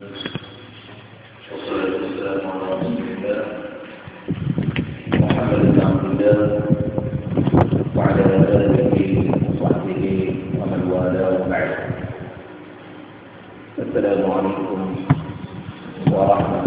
والصلاة والسلام على الله محمد وعلى آله وصحبه ومن والاه بعد السلام عليكم ورحمة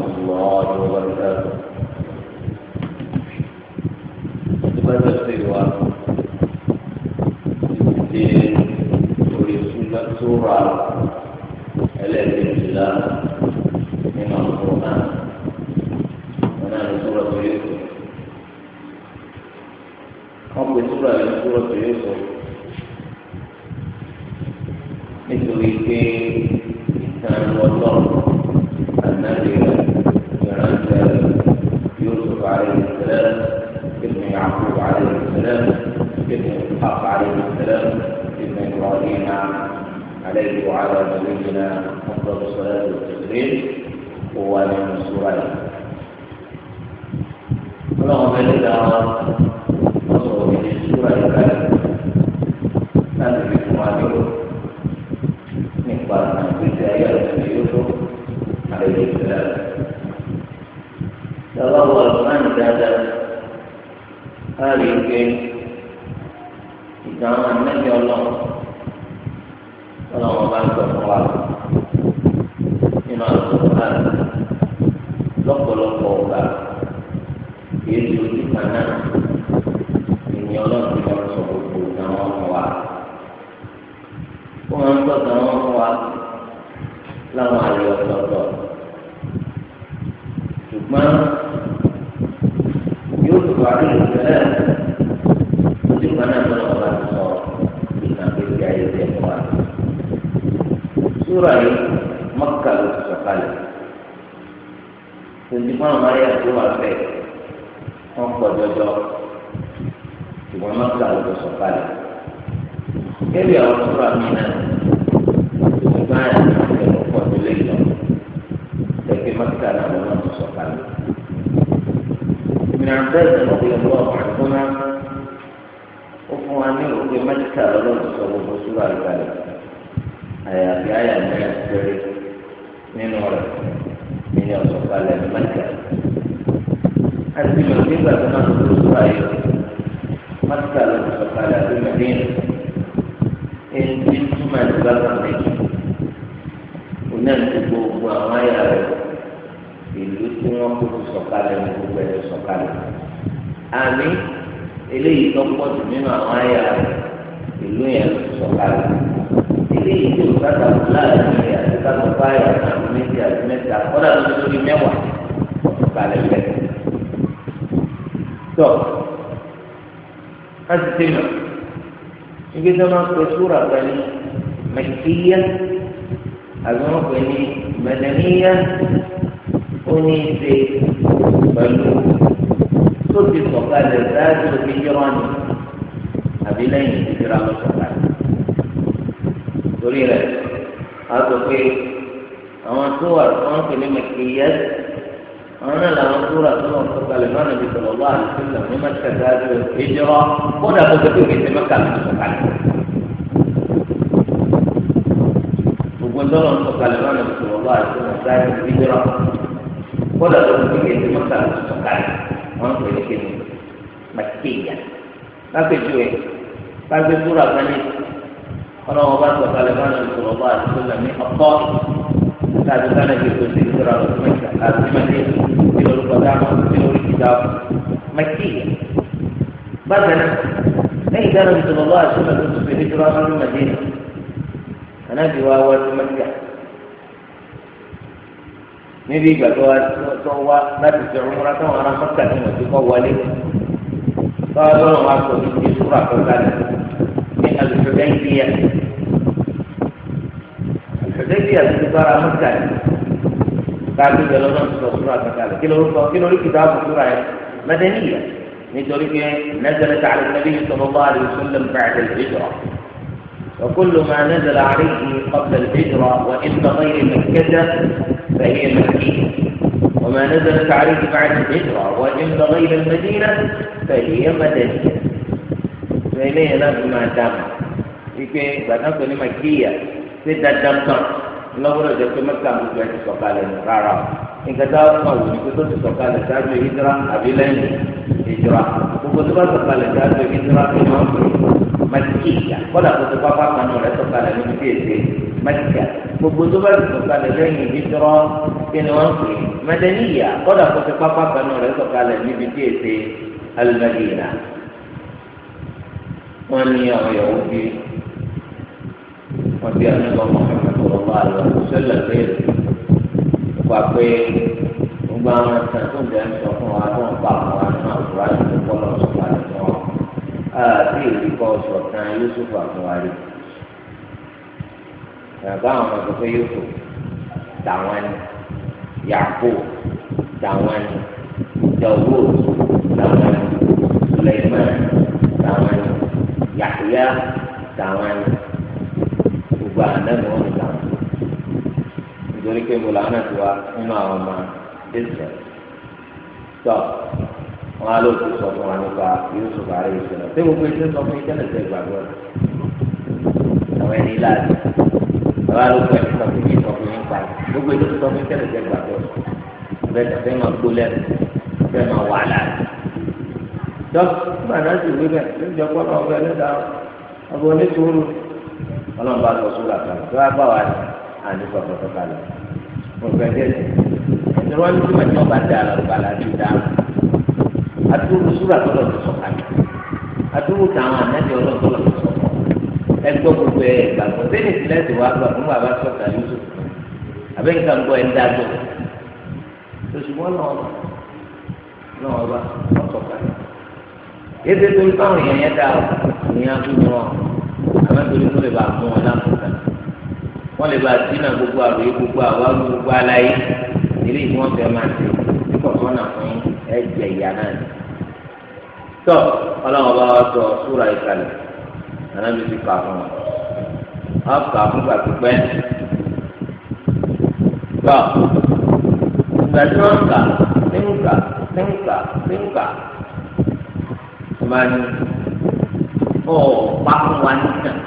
رسول الله صلى الله عليه وسلم بمكة هذه الهجرة هنا متفق في مكة من تفعل وقلنا صلى الله عليه وسلم هذه الهجرة هنا متفق في مكة من تفعل وانا في الهجرة مكية ما في جوية ما في سورة ثانية أنا وبعض الله صلى الله عليه وسلم من الطائف tàbí sànàbí tó ti sọ̀rọ̀ àti mẹ́tẹ́ tí lórúkọ dáhùn tí lórí ti dáhùn mẹ́tẹ́ bákan náà lẹ́yìn dáhùn ní sọ̀rọ̀ lọ́wọ́ àti mẹ́tẹ́ tó fi sọ̀rọ̀ àwọn ọmọdé náà sànàbí wa wá ní mẹ́tẹ́ níbi ìgbà tó wá tó wá láti fi ọmọdé tó wọn ará mọ́tà tí wọ́n ti kọ́ wọlé báwa lọ́rùn wa kò ní ti àkọ́kọ́ débi àti sọ́ra mọ́tà yìí káàbí bẹ̀rẹ̀ lọ́nà tó sọ sọ́ra kankan kí ló sọ kí ló rí kìtà àbò sọ́ra yẹn mẹdẹ́nìyà nítorí pé nẹ́sẹ̀lẹ̀ tààrí nàbí sọ̀rọ̀ bá àlè sọ́lẹ̀ bàtẹ̀ ìjọ وكل ما نزل عليه قبل الهجرة وإن غير مكة فهي مكية وما نزلت عليه بعد الهجرة وإن غير المدينة فهي مدنية فإليه لازم ما دام يكي بعد نقول مكية ṣé dandan kan lọ́gbọ́dọ̀ jẹ́ pé mẹ́ta gbogbo ẹ̀ ti sọ̀kalẹ̀ rárá nǹkan tá a kàn wò ní pé tó ti sọ̀kalẹ̀ sáájú ìdíra àbí lẹ́yìn ìdíra gbogbo tó bá sọ̀kalẹ̀ sáájú ìdíra tó máa ń pè mẹ́tíkìyà kọ́dà tó ti pápá kan náà rẹ̀ sọ̀kalẹ̀ níbi tí èsè mẹ́tíkìyà gbogbo tó bá ti sọ̀kalẹ̀ lẹ́yìn ìdíra kí ni wọ́n pè mẹ́dẹ́níyà kọ́dà wọ́n ti ànágbà Muhammad sallallahu alaihi wasallam léèrè wà pé gbogbo àwọn ẹ̀sán tó ń jẹ́ ń sọ fún wa tó ń pa àwọn àná àkùrá ìlú bọ́lá ọ̀ṣọ́fà nìkan wọn àti ìdíkọ̀ ọ̀ṣọ̀kan Yusuf àfọwárí bàbá àwọn ọmọ pé Yusuf tàwọn ni Yaqub tàwọn ni Dawud tàwọn ni Suleiman tàwọn ni Yahya tàwọn ni. gbogbo àná ni wọ́n gbà nítorí pé mo làwọn náà ti wá nínú àwọn ọmọ Israel tọ́ wọn á lọ sí sọ fún wa nípa Yusuf ààrẹ ìṣẹ̀lẹ̀ tí gbogbo ìṣẹ̀lẹ̀ sọ fún ìṣẹ̀lẹ̀ tẹ gbàgbọ́ àwọn ẹni láàbì wọn á lọ sí ẹni sọ fún yìí sọ fún yín pa gbogbo ìṣẹ̀lẹ̀ sọ fún ìṣẹ̀lẹ̀ tẹ gbàgbọ́ bẹ́ẹ̀ tẹ máa gbó lẹ́nu tẹ máa wà láàbì tọ́ gbàdá sì wí bẹ́ẹ̀ lójú ọpọlọ ọgbẹ ẹlẹ́dàá ọgbọ oníṣòro ọlọ́run bá sọ sóra kan tó bá bá wa àní sọ̀tọ̀ tó kalẹ̀ òfin ẹ̀jẹ̀ ti ìṣòro wọn ní kí wọ́n ti ọba dá lọ gbàlá ti dá àtúrò sóra tó lọ ti sọ kalẹ̀ àtúrò táwọn ànájẹ ọlọ́run tó lọ ti sọ ẹgbẹ́ gbogbo ẹ̀ gbàgbọ́ sẹ́ni ìsìlẹ̀ ti wá gbà fún bàbá sọ̀tà yusuf àbẹ́ńkà ń gbọ́ ẹ̀ ń dá àmọ́ torí kó lè bá mú wọn láǹfààní wọ́n lè bá dínà gbogbo àrò yìí gbogbo àwọn àwọn gbogbo aláyé ilé ìwọ̀n fẹ́ máa ṣe kíkọ̀kọ́ náà fún ẹ̀jẹ̀ ìyá náà ni. tọ́ ọlọ́run bá wa sọ súra ìkàlẹ̀ ànábi ti kà fún wọn á kà fún gbàgbẹ́ tọ́ ìgbà tí wọ́n kà ní ń kà ní ń kà ní ń kà ìmáà ní. ọ̀ pa fún wa nìkan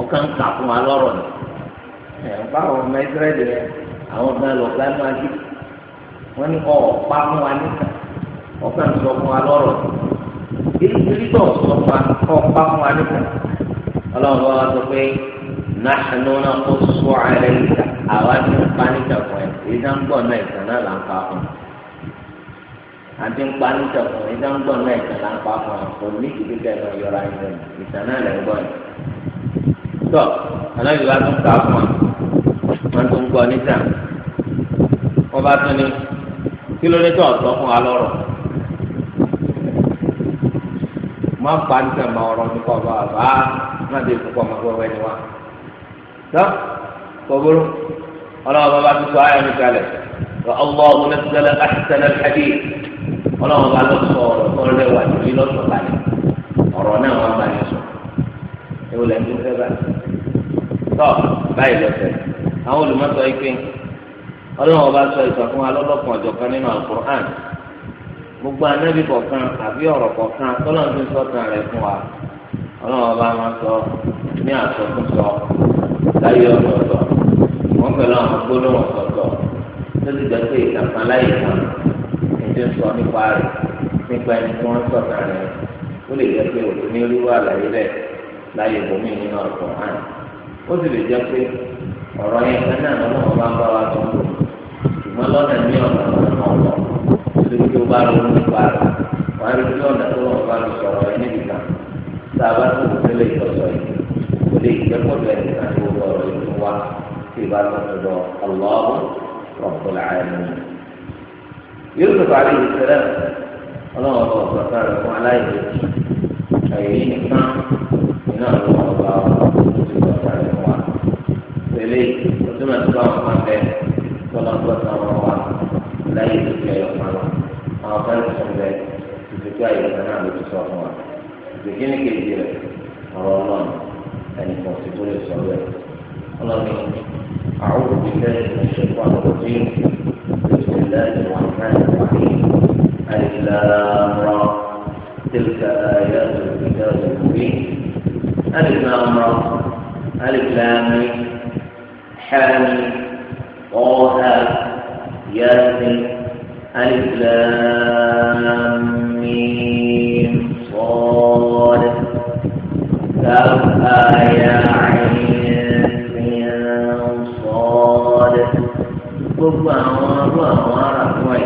ọ̀kan kà fún wa lọ́rọ̀ ni ẹ̀ báwo ọmọ ìsírẹ́lì rẹ àwọn ọ̀gá lọ̀gá náà fún wa sọ fún wa ni tó sọ fún wa fún wa ọlọ́run bá wa sọ pé náà kó sọ àwa ti ń pa níta fún náà ìtàn náà là ń pa àti ńpa nítọ̀kùn ní sọ́ńgbọ̀n náà ìtàn là ń pa fún ọ kò ní kìkì kẹ́kẹ́ náà yọra ẹ̀jẹ̀ ìtàn náà lẹ̀ ń gbọ́ yìí. tọ́ alábi bá tún kà fún ọ wọ́n tún gbọ́ níta wọ́n bá tún ní kí ló ní tọ́ ọ̀tọ́ fún wa lọ́rọ̀ máa ń pa níta mọ ọ̀rọ̀ ní kọ́ bá bá má dé fún kọ́ ọmọ wẹ́wẹ́ ni wa. tọ́ kọ́búrú ọlọ́wọ́ bá tún sọ ayọ̀ níta lẹ̀ ọlọ́run bá lọ sọ ọ̀rọ̀ tó rẹwà lórí lọ́sọ̀ báyìí ọ̀rọ̀ náà wọ́n bá yẹn sọ ewu lẹ́nu tó fẹ́ báyìí tọ́ báyìí lọ́sẹ̀ àwọn olùmọ̀sọ yìí pé ọlọ́run bá sọ ìtàn fún wa lọ́lọ́kan ọ̀jọ̀kan nínú alukur'an gbogbo anábì kọ̀ọ̀kan àbí ọ̀rọ̀ kọ̀ọ̀kan tọ́lọ́run ti sọ tàn rẹ̀ fún wa ọlọ́run bá máa sọ ní àsọkúsọ láyé ọ̀tọ̀ọ̀tọ̀ wọ́n pẹ̀lú àwọn gbólóhùn ọ̀tọ̀ọ̀tọ̀ tó ti dẹ́ pé ìtàn ti ń sọ nípa rẹ̀ nípa ẹni tí wọ́n ń sọ̀tà rẹ̀ ó lè jẹ́ pé òtún ní irú àlàyé rẹ̀ láyé bòmí nínú ọ̀pọ̀ hàn ó sì lè jẹ́ pé ọ̀rọ̀ yẹn kan náà lọ́nà wọn bá ń bá wa tó ń bò ṣùgbọ́n lọ́nà ní ọ̀nà ọ̀nà ọ̀nà lórí tó bá lọ nípa rẹ̀ wọ́n á rí bí ọ̀nà tó wọ́n bá lọ sọ̀rọ̀ ẹ̀ níbi kan tá a bá tó kò tẹ́lẹ̀ ìtọ̀sọ̀ yìí kò lè ìjẹ́pọ̀ bẹ́ẹ̀ nìkan tó wọ́n lọ sí wa tí ì يوسف عليه السلام الله الله تعالى عليه أي نعمة من الله تعالى سلي ثم تبارك الله صلى الله عليه وسلم لا يدرك يوم الله أو كان سنبه تذكى يوم أنا بتصور ما تذكيني كثير الله أن يكون سبول الصلاة الله أعوذ بالله من الشيطان الرجيم بسم الله الرحمن الرحيم ألف تلك آيات الكتاب المبين ألف لام ألف لام حامي طه ياسين ألف لام ميم صاد كم آيات gbogbo àwọn ọdún àwọn ará fún ẹ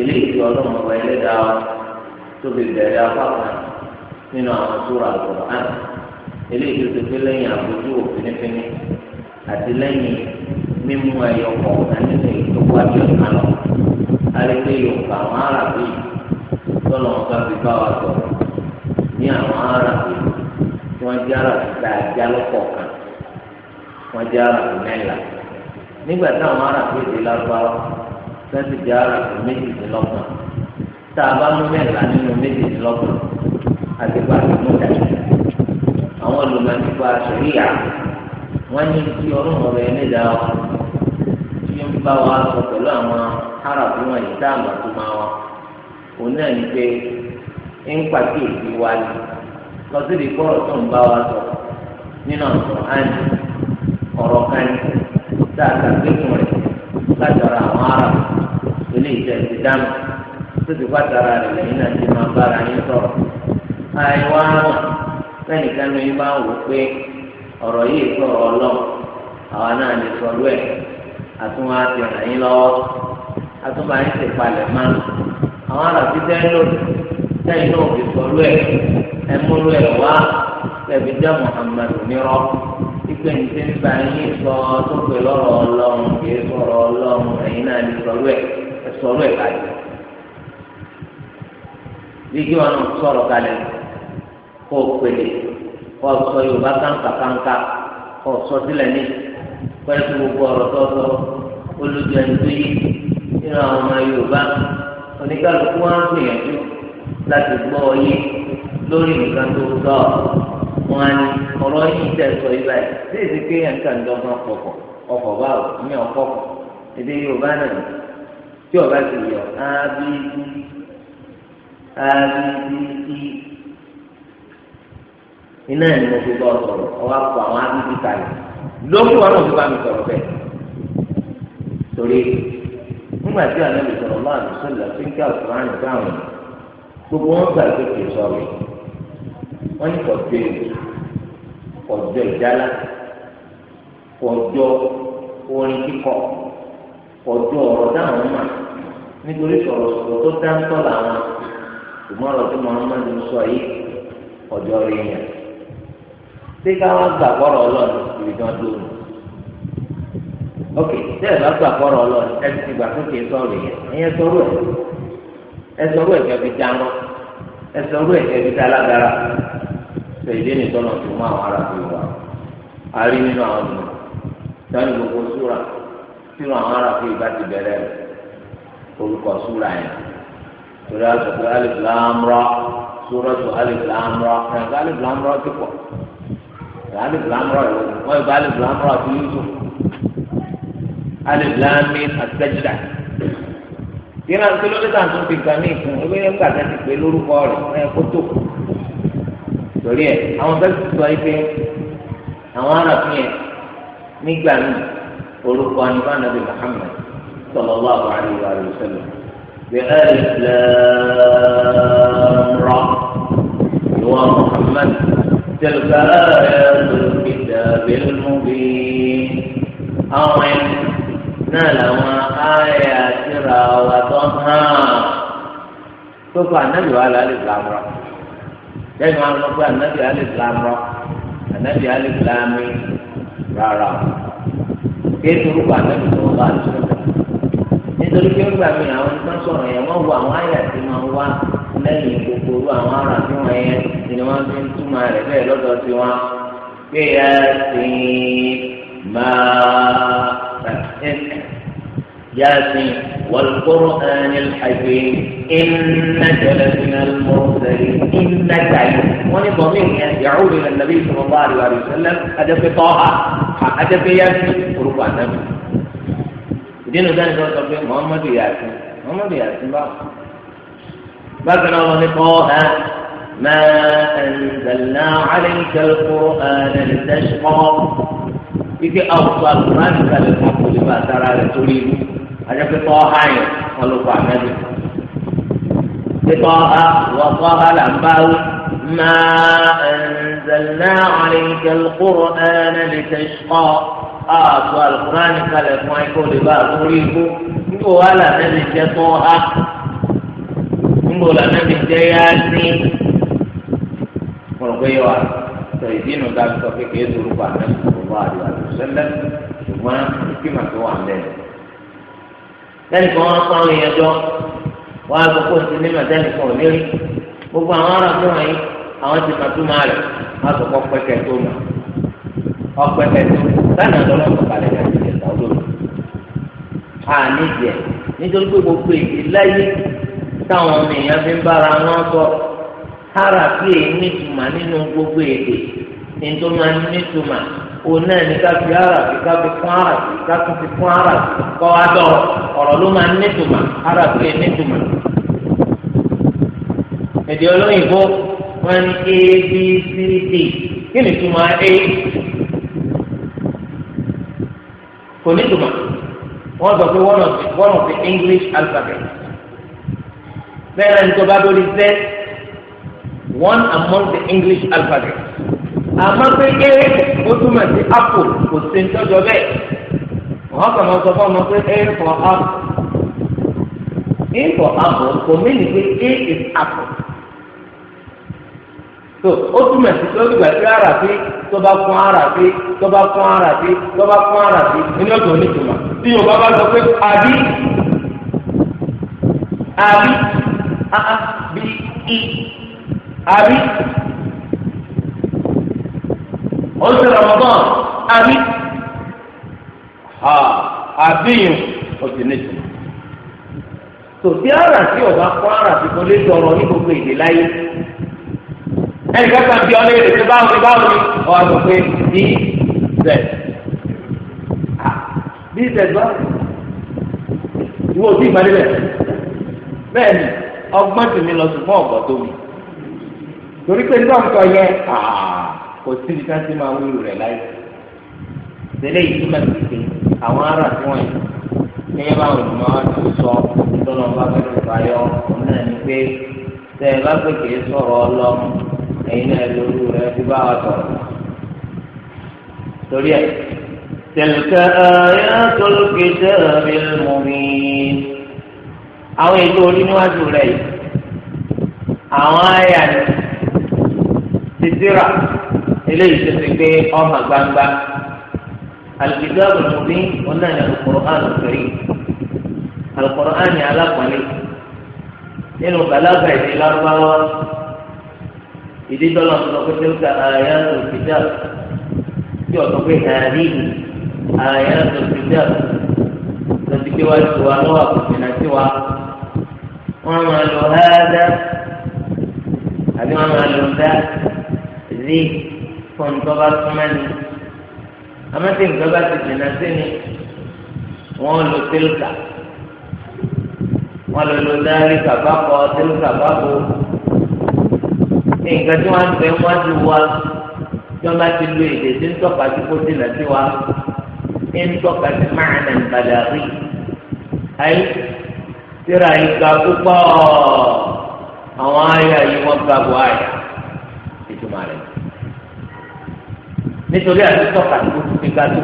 eléyìí tí ọlọ́run ọba ẹlẹ́dàá tó fi bẹ̀rẹ̀ apá kan nínú àwọn sóra àgbọ̀rọ̀ hàn eléyìí tó ti pé lẹ́yìn àbójú òfinifini àti lẹ́yìn mímú ẹyọ kọ̀ọ̀kan nínú ìtọ́kọ àbíọ̀nà lọ alẹ́gbẹ́ yorùbá àwọn ará fún yìí tọ́lọ̀ ọba fi bá wa sọ̀rọ̀ ní àwọn ará fún yìí wọ́n jẹ́ ará fún dáadáa lọ́kọ̀ọ̀kan wọ́n jẹ́ ará fún mẹ́la. nígbà táwọn aráàlú èdè lágbára sẹ́ńtì di aráàlú méjìdínlọ́gbọ̀n tá a bá mú mẹ́ta nínú méjìdínlọ́gbọ̀n àdìgbà àdìgbò dàgbà àwọn olùmọ̀nípa sẹ̀ríyà wọ́n ní kí ọlọ́run ọ̀rọ̀ ẹlẹ́dàá tí ń bá wa sọ pẹ̀lú àwọn aráàlú wọn yìí tá àmà tó máa wọn òun náà ní pé ń pàkíyèsí wa ni lọ sí tó ń bá wa sọ nínú àwọn ọ̀rọ̀ tá a kà gbẹ́kùn rẹ̀ látara àwọn arab ilé ìjẹ ti dáná tó ti wá tara rẹ̀ lẹ́yìn náà ti máa bára yín sọ̀rọ̀. àìwá wọn lẹ́nìkan ní bá wò pé ọ̀rọ̀ yìí sọ̀rọ̀ ọlọ́ àwa náà lè sọ̀rọ̀ ẹ̀ àtúnwá ti ràn yín lọ́wọ́ àtúnbà yín ti palẹ̀ mọ́ àwọn arab ti tẹ́ lò sẹ́yìn náà fi sọ̀rọ̀ ẹ̀ ẹ̀ múlò ẹ̀ wá lẹ́bi jẹ́ Muhammadu nírọ́ ìgbẹ́ ìṣe ń bá yín sọ tó pè lọ́rọ̀ ọlọ́run kì í sọ̀rọ̀ ọlọ́run ẹ̀yin náà ní sọ̀rọ̀ ẹ̀ sọ̀rọ̀ ẹ̀ kalẹ̀. bí kí wọn sọ̀rọ̀ kalẹ̀ kó o pèlè kó o sọ yorùbá kánká kánká kó o sọ sílẹ̀ ní pẹ́ẹ́lú gbogbo ọ̀rọ̀ tọ́tọ́ olójú ẹni tó yí nínú àwọn ọmọ yorùbá oníkálukú wọn gbìyànjú láti gbọ́ ọ yé lórí nǹkan tó sọ ọ́ wọn á ní ọ̀rọ̀ yìí tẹ̀ sọ yìí báyìí sí èsì pé yẹn kà ń dọ́gbọ́n pọ̀pọ̀ ọkọ̀ báwo mi ò pọ̀pọ̀ èdè Yorùbá náà tí ọba ti yọ ábíbí ábíbí e. iná ẹ̀ ní mo fi bọ́ sọ̀rọ̀ ọwọ́ àpò àwọn ábíbí kalẹ̀ lókè wọn fi bá mi sọ̀rọ̀ bẹ́ẹ̀ torí nígbà tí àná mi sọ̀rọ̀ lọ́wọ́ àdùsọ̀lá fi ń kí àkùrán báwọn gbogbo wọn gbà pé kì í sọ̀rọ̀ yìí wọ́n ní kọjọ ìlú kọjọ ìjálá kọjọ orin kíkọ kọjọ ọ̀rọ̀ dáhùn mà nítorí sọ̀rọ̀ sọ̀rọ̀ tó dáńtọ́ làwọn ṣùgbọ́n ọ̀rọ̀ tó Muhammad ń sọ yìí kọjọ ìyẹn ṣé káwọn gbà kọ́rọ̀ ọlọ́run ibi tí wọ́n dúró ok tẹ́ ẹ̀ bá gbà kọ́rọ̀ ọlọ́run ẹ ti gbà fún kí ẹ yẹn sọ̀rọ̀ ẹ sọ̀rọ̀ ẹ̀ ẹsẹ orú ẹsẹ bíi tá a lágara ṣe ìdí nìtọ́nà tó mú àwọn ará fi wá a rí nínú àwọn ọmọ sani gbogbo súra sínú àwọn ará fi ìgbà ti bẹ̀rẹ̀ orúkọ súra yẹn torí a sọ pé alif lamra súra tó alif lamra ẹ̀ka alif lamra ti pọ̀ alif lamra yìí wọ́n yóò bá alif lamra fi yíṣu alif lamin àti sẹ́jìdá yìí náà nítorí lóde tàǹtún fi gbà mí ìkùn ewé yẹn gbàgbé ti pé lórúkọ rẹ̀ ẹ kó tó torí ẹ àwọn bẹ́ẹ̀ ti sọ yìí pé àwọn aráàfin yẹn nígbà míì orúkọ anibá nàbì Muhammad sallallahu alaihi wa sallam bí alif lam ra ìwà Muhammad tilka ayatul kitabil mubin àwọn ẹni náà làwọn ayé àtìrà wa tó hàn tó kọ ànábì wa lálẹ́ islam rọ wọn lọ pé ànábì alẹ́ islam rọ ànábì alẹ́ islam rárá kéétu rúkọ ànábì tó wà lọ́sọ̀rọ̀ nítorí pé nígbà mi àwọn tó ń yẹn wọ́n wo àwọn ayé àti máa wá lẹ́yìn gbogbo àwọn ará tí wọ́n yẹn ni wọ́n fi ń túmọ̀ rẹ̀ bẹ́ẹ̀ lọ́dọ̀ tiwọn pé ẹ máa. ياسين والقرآن الحكيم إنك لمن المرسلين إنك ونظامين يعني يعود إلى النبي صلى الله عليه وسلم هذا في طه هذا في ياسين قرب النبي دين ذلك قال محمد ياسين محمد ياسين بقى بقى الله طه ما أنزلنا عليك القرآن لتشقى ike àwùjọ àlùmáàdì kalẹ̀ fún ọkùnrin bá dára rẹ̀ torí inú ajẹ́pẹ́tọ́ ọ̀há yẹn wọn ló kọ́ àmẹ́lẹ̀. pẹ́tọ́ ọ̀há wọ́n kọ́ ọ̀há là ń bá wí. ما أنزلنا عليك القرآن لتشقى آتوا آه القرآن كالف ما يكون لبعض ريبو ولا نبي جتوها ولا نبي جياسين ورقيوها sọ ìdínú dáa sọ pé kìí sọ orúkọ àná ìṣòro àdìwà àdìsẹ́lẹ̀ ṣùgbọ́n ìkímà tó wà lẹ́nu. lẹ́nu kan wọ́n pa àwọn jọ wọ́n á gbogbo ti ní màdánì kan ò ní rí gbogbo àwọn ará tó wọ̀nyí àwọn ti máa máa rẹ̀ wọ́n á sọ pé ọpẹ́ ọpẹ́ ìjẹta a nídìí ẹ̀ nítorí pé gbogbo ara fi èyí nítumà nínú gbogbo èdè nítorí wọn nítumà òun náà ní ká fi ara fi ká fi fún ara fi ká fi fún ara fi kọ́ wa dọ̀ ọ̀rọ̀ ló máa ara fi èyí nítumà. èdè wọn a b c d kí ni a kò nítumà wọn sọ pé one of the one of the English alphabet bẹ́ẹ̀ ni tó bá dórí z one among the English alphabet àmọ́ pé é ó túmọ̀ sí apple kò sí ntọ́jọ́ bẹ́ẹ̀ wọ́n kàn máa sọ fún ọmọ pé a for apple a for apple kò mí ní pé a is apple so ó túmọ̀ sí tó gbà pé ara pé tó bá fún ara pé tó bá fún ara pé tó bá fún ara pé nínú ọ̀dọ̀ onítùmọ̀ tí yorùbá bá sọ pé àbí àbí àbí i àbí oṣù ramadan àbí àbíyàn oṣù nìkan tòsí ara tí ọba kọ ara tí kò lè dọrọ ní gbogbo èdè láyé ẹnì kẹta bí ọ léèrè tí báwo ni báwo ni ọ wà gbogbo bí zẹ bí zẹ gbọ ìwọ òbí ìgbàlẹ bẹ́ẹ̀ ni ọgbọ́n tèmi lọ ṣùgbọ́n ọgbọ́n tó mi torí pé nígbà tó yẹ kò sí ibi tí wọ́n ti máa wúlò rẹ̀ láyé tẹ́lẹ̀ yìí túmọ̀ sí pé àwọn ará tí wọ́n yìí kẹ́yẹ́ báwọn olùmọ̀ wá ti sọ ìtọ́nà bá fẹ́ẹ́ fà yọ òun náà ni pé tẹ́ ẹ bá gbèké sọ̀rọ̀ ọlọ́mù ẹ̀yin náà lóru rẹ̀ fi bá wa sọ̀rọ̀ torí ẹ̀ tẹ̀lẹ̀kẹ́ ẹ̀yà tọ́lókè jẹ́ ẹ̀mí mọ̀mí àwọn ètò oníwájú rẹ̀ yìí àwọn àyà ni títírà eléyìí tó ti pé ọmọ gbangba alùpùpù àbùnúbí ọ̀nà ní al-Qur'an al-Karim al-Qur'an ní alápọ̀lẹ́ nínú balaga ìdí lárúbáwá ìdí tọ́lọ̀ tó pé tilka ayatul kitab tí ọ̀tọ̀ pé hàdíhì ayatul kitab lọ́sí pé wáá tiwa lọ́wọ́ àkùnfìnà tiwa wọ́n máa lò hádá àbí wọ́n máa lò dáa sí fún ntọ́ba súnmọ́ ni amẹ́tí ntọ́ba ti dènà sí ni wọ́n lo tílkà wọ́n lo lo dárí kàbá kọ tílkà bá bo nǹkan tí wọ́n fẹ́ wọ́n ti wá tí wọ́n ti lo èdè tí ń tọ́ka tí kò dènà sí wa ń tọ́ka sí máàna ìbàdàrí ayé tíra ìgbà púpọ̀ àwọn ayé àyè wọn gbàgbọ́ àyè. nítorí àti tọ́ka tó ti fi gàdú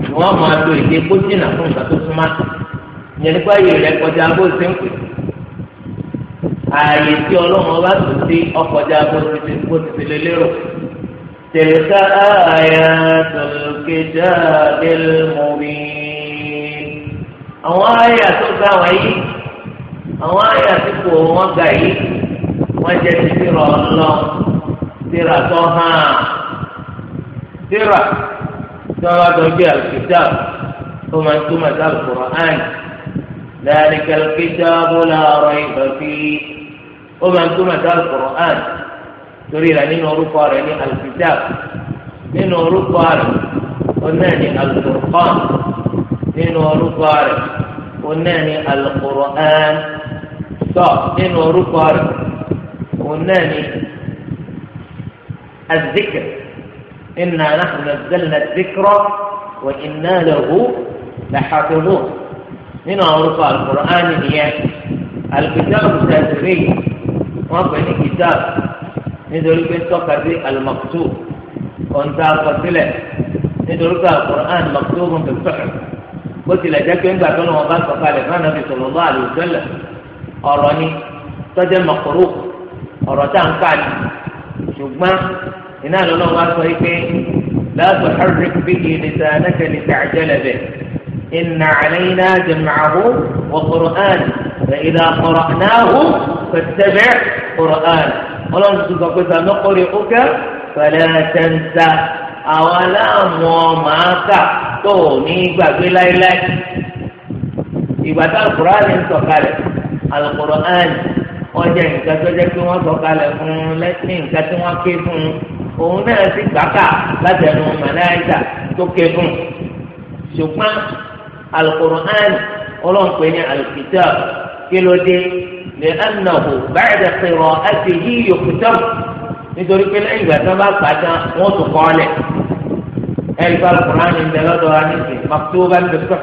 ni wọ́n máa lo èdè kójìnà fún ìgbà tó súnmọ́ ìyẹn nípa ayé rẹ kọjá bó ṣe ń pè ààyè tí ọlọ́run ọba tó sí ọkọjá bó ti fi bó ti fi lé lérò tẹ̀síká ààyè tòlùkẹ́jà bẹ́lẹ́mọ̀rí àwọn ààyè àtúntà wọ̀nyí àwọn ààyè àtúntò wọn gà yìí wọ́n jẹ́ ti fi rọ̀ ọ́ lọ ti rà tó hàn. síra tí wọ́n bá dọ̀gbé alkitab ó máa ń túmọ̀ sí alukur'an dhalika alkitab la rayba fihi ó máa ń túmọ̀ sí alukur'an torí rẹ̀ nínú orúkọ rẹ̀ ní alkitab nínú orúkọ rẹ̀ ó náà ní alfurqan nínú orúkọ rẹ̀ ó náà ní alukur'an tọ́ nínú orúkọ rẹ̀ ó náà ní azikr. إنا نحن نزلنا الذكر وإنا له لحافظون من عرف القرآن هي الكتاب التدريج وبني كتاب nítorí pé tọ́ka sí alimakutu ọ̀ǹta àkọsílẹ̀ nítorí pé alukur'an makutu ọ̀hún ti sọ̀rọ̀ bó tilẹ̀ jẹ́ pé ńgbà tó lọ́wọ́ bá sọ̀kalẹ̀ fún anabi sọ̀rọ̀lá àlùsẹ́lẹ̀ ọ̀rọ̀ ni tọ́jẹ́ makuru ọ̀rọ̀ tá à ń kà ní ṣùgbọ́n iná lọ́nà wa sọ yìí pé láàbù harric bíyì lisanaka lita'jala bihi inna alayna jam'ahu wa qur'an fa idha qara'nahu fattabi' qur'an ọlọ́run tuntun sọ pé sanukuri uka fala tansa àwọn aláwọ̀ máa tó ní gbàgbé láéláé ìgbà tá alukur'an ń sọ̀kalẹ̀ alukur'an wọ́n nǹkan tó jẹ́ pé wọ́n sọ̀kalẹ̀ fún lẹ́sìn nǹkan tí wọ́n ké fún un òun náà sì gbàkà láti ẹnu màláìsà tó ké fún ṣùgbọ́n al-Qur'an ọlọ́run pè ní al-kitab kí ló dé lè anahu ba'da qira'atihi yukutab nítorí pé lẹ́yìn ìgbà tí wọ́n bá kà á tán wọ́n tún kọ́ ọ́lẹ̀ ẹ̀rí bá al-Qur'an ń bẹ lọ́dọ̀ wa níbi maktuban bi suhuf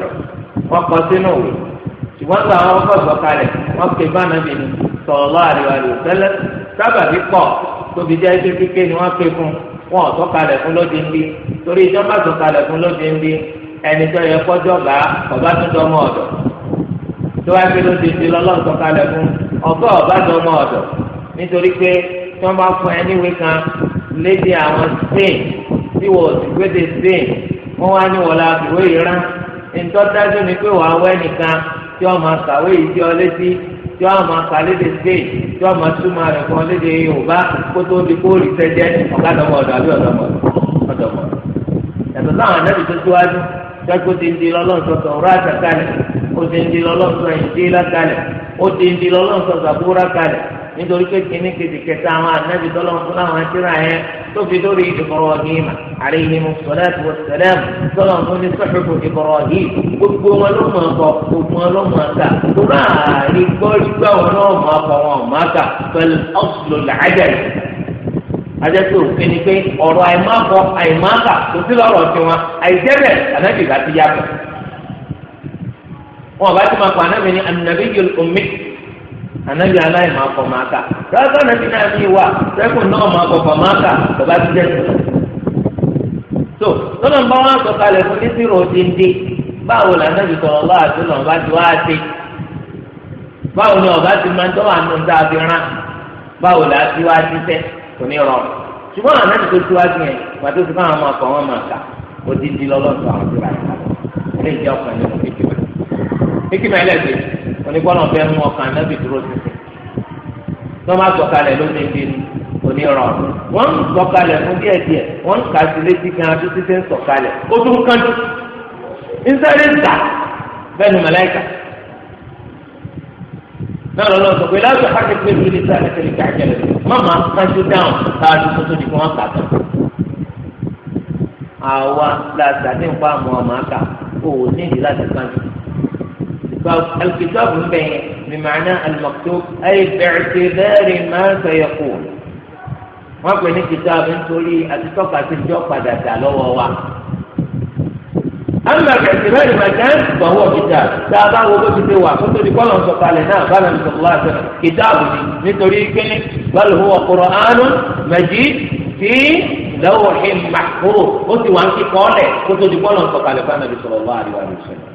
wọ́n kọ́ sínú òwe ṣùgbọ́n gbà wọ́n kọ́ sọ̀kalẹ̀ wọ́n ké sallallahu alaihi wa sallam sábàbí pọ̀ tóbi jẹ́ ife kíké ni wọ́n ké fún wọn ò sọ̀kalẹ̀ fún lóde ń bí torí ìjọba sọ̀kalẹ̀ fún lóde ń bí ẹni tó yẹ kọjọ́ bá ọba tó dọ́mọ ọ̀dọ̀ tó wáá fi lóde ti lọ́lọ́run sọ̀kalẹ̀ fún ọgọ́ ọba dọ́mọ ọ̀dọ̀ nítorí pé tí wọ́n bá fún ẹni kan léde àwọn spain tí wọ́n ti gbéde spain wọ́n wá ní wọ́lá ìwé ìran ìtọ́jú ni pé wàá wẹ́ nìkan tí wọ́n máa kàwé ìdí ọ létí tí wọn máa kà lédè spain tí wọn máa túmọ̀ rẹ̀ kàn lédè yorùbá kó tó di kó rí sẹ́jẹ́ ọ̀gá dọ̀mọ̀dọ̀ àbí ọ̀dọ̀mọ̀dọ̀ ọ̀dọ̀mọ̀dọ̀ yàtọ̀ láwọn anábì tó síwájú jẹ́kó ti ń di lọ́lọ́sọ̀ tọ̀rọ̀ àtàkálẹ̀ ó ti ń di lọ́lọ́sọ̀ ìdílá kalẹ̀ ó ti ń di lọ́lọ́sọ̀ sàbúrà kalẹ̀ nítorí pé kìíní kejì kẹta àwọn anábì tọ́lọ́ fún àwọn akíra yẹn tó fi lórí Ibrahim alayhi salatu wassalam tọ́lọ́ fún ní sọ́fẹ̀kù Ibrahim gbogbo wọn ló mọ̀ ọkọ̀ gbogbo wọn ló mọ̀ ọ̀tà kúrò àárí gbọ́rí gbà wọn náà mọ̀ ọkọ̀ wọn mọ̀ ọkà pẹ̀lú ọ̀sùlù làájẹ̀lì adẹ́tò òfin ni pé ọ̀rọ̀ àìmáàkọ anabi aláì máa fọ máa kà rárá anabi náà ní ìwà sẹ́kùn náà máa fọ fọ máa kà bàbá ti dẹ́sẹ̀. So, lọ́nà bá wọn sọ kalẹ̀ fún dídí báwo sọ̀rọ̀ lọ́wọ́ àti lọ́nà bá ti wá báwo ni ọba ti máa ń tọ́wọ́ àánú a rán báwo là ti wá kò ní rọrùn ṣùgbọ́n anabi tó yẹn pàtó wọn ma ka. odidi lọ́lọ́sọ̀ àwọn ti rà ekima ẹlẹ́gbẹ́ onígbọnà fẹ́ mú ọkàn anábì dúró títí wọn máa sọ̀kalẹ̀ lónìí bí onírọrùn wọn ń sọ̀kalẹ̀ fún díẹ̀ díẹ̀ wọn ń kà sí létí kan tó ti ṣe ń sọ̀kalẹ̀ ó tún kánjú nsáré ta bẹ́ẹ̀ ni màláíkà náà lọ́nà sọ pé láti ọ̀ká kékeré ló lè sáré kiri káàkiri má máa kánjú dáhùn káàdùn tó tó di fún wọn kà tán àwa la sàdéǹpá àwọn ọmọ àkà o ní ìdí láti kánjú. فالكتاب بمعنى المكتوب أي باعتبار ما سيقول ما بين كتاب تولي أتوقع تجوا قد تعلو أما باعتبار ما كان فهو كتاب تابع وبدي سوا كنت بقول أن سؤال هنا قال أن الله كتاب نتريك بل هو قرآن مجيد في لوح محفوظ قلت وانت قال كنت بقول أن سؤال هنا قال النبي صلى الله عليه وسلم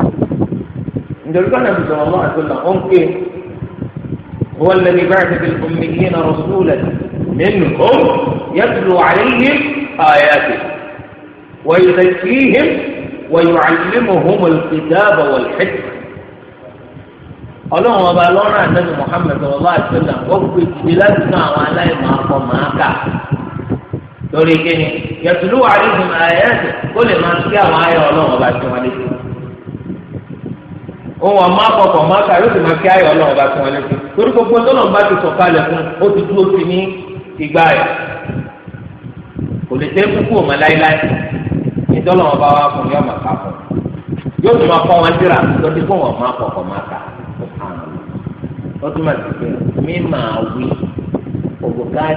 ده النبي صلى الله عليه وسلم ممكن هو الذي بعث في الأميين رسولا منهم يتلو عليهم آياته ويزكيهم ويعلمهم الكتاب والحكمة ọlọ́run ọba lọ́rùn àtẹ́nu Muhammad sallallahu alaihi wasallam ó fi ti láti fún àwọn aláìmọ̀ akọ màá kà lórí kíni yàtúlù àríhùn àyẹ̀sẹ̀ kó lè máa kí àwọn ayọ̀ ọlọ́run ọba tí wọ́n lè fi. òun ọmọ akọkọ ọmọ aka yóò sì máa kí ayọ̀ Ọlọ́run bá fún wọn létí torí gbogbo tọlọ́run bá ti sọ kalẹ̀ fún ó ti dúró sí ní ìgbà rẹ̀ kò lè dé kúkú ọmọ láéláé ìtọ́lọ́run bá wà fún yọọ màkà fún yóò sì máa mi máa wí mi máa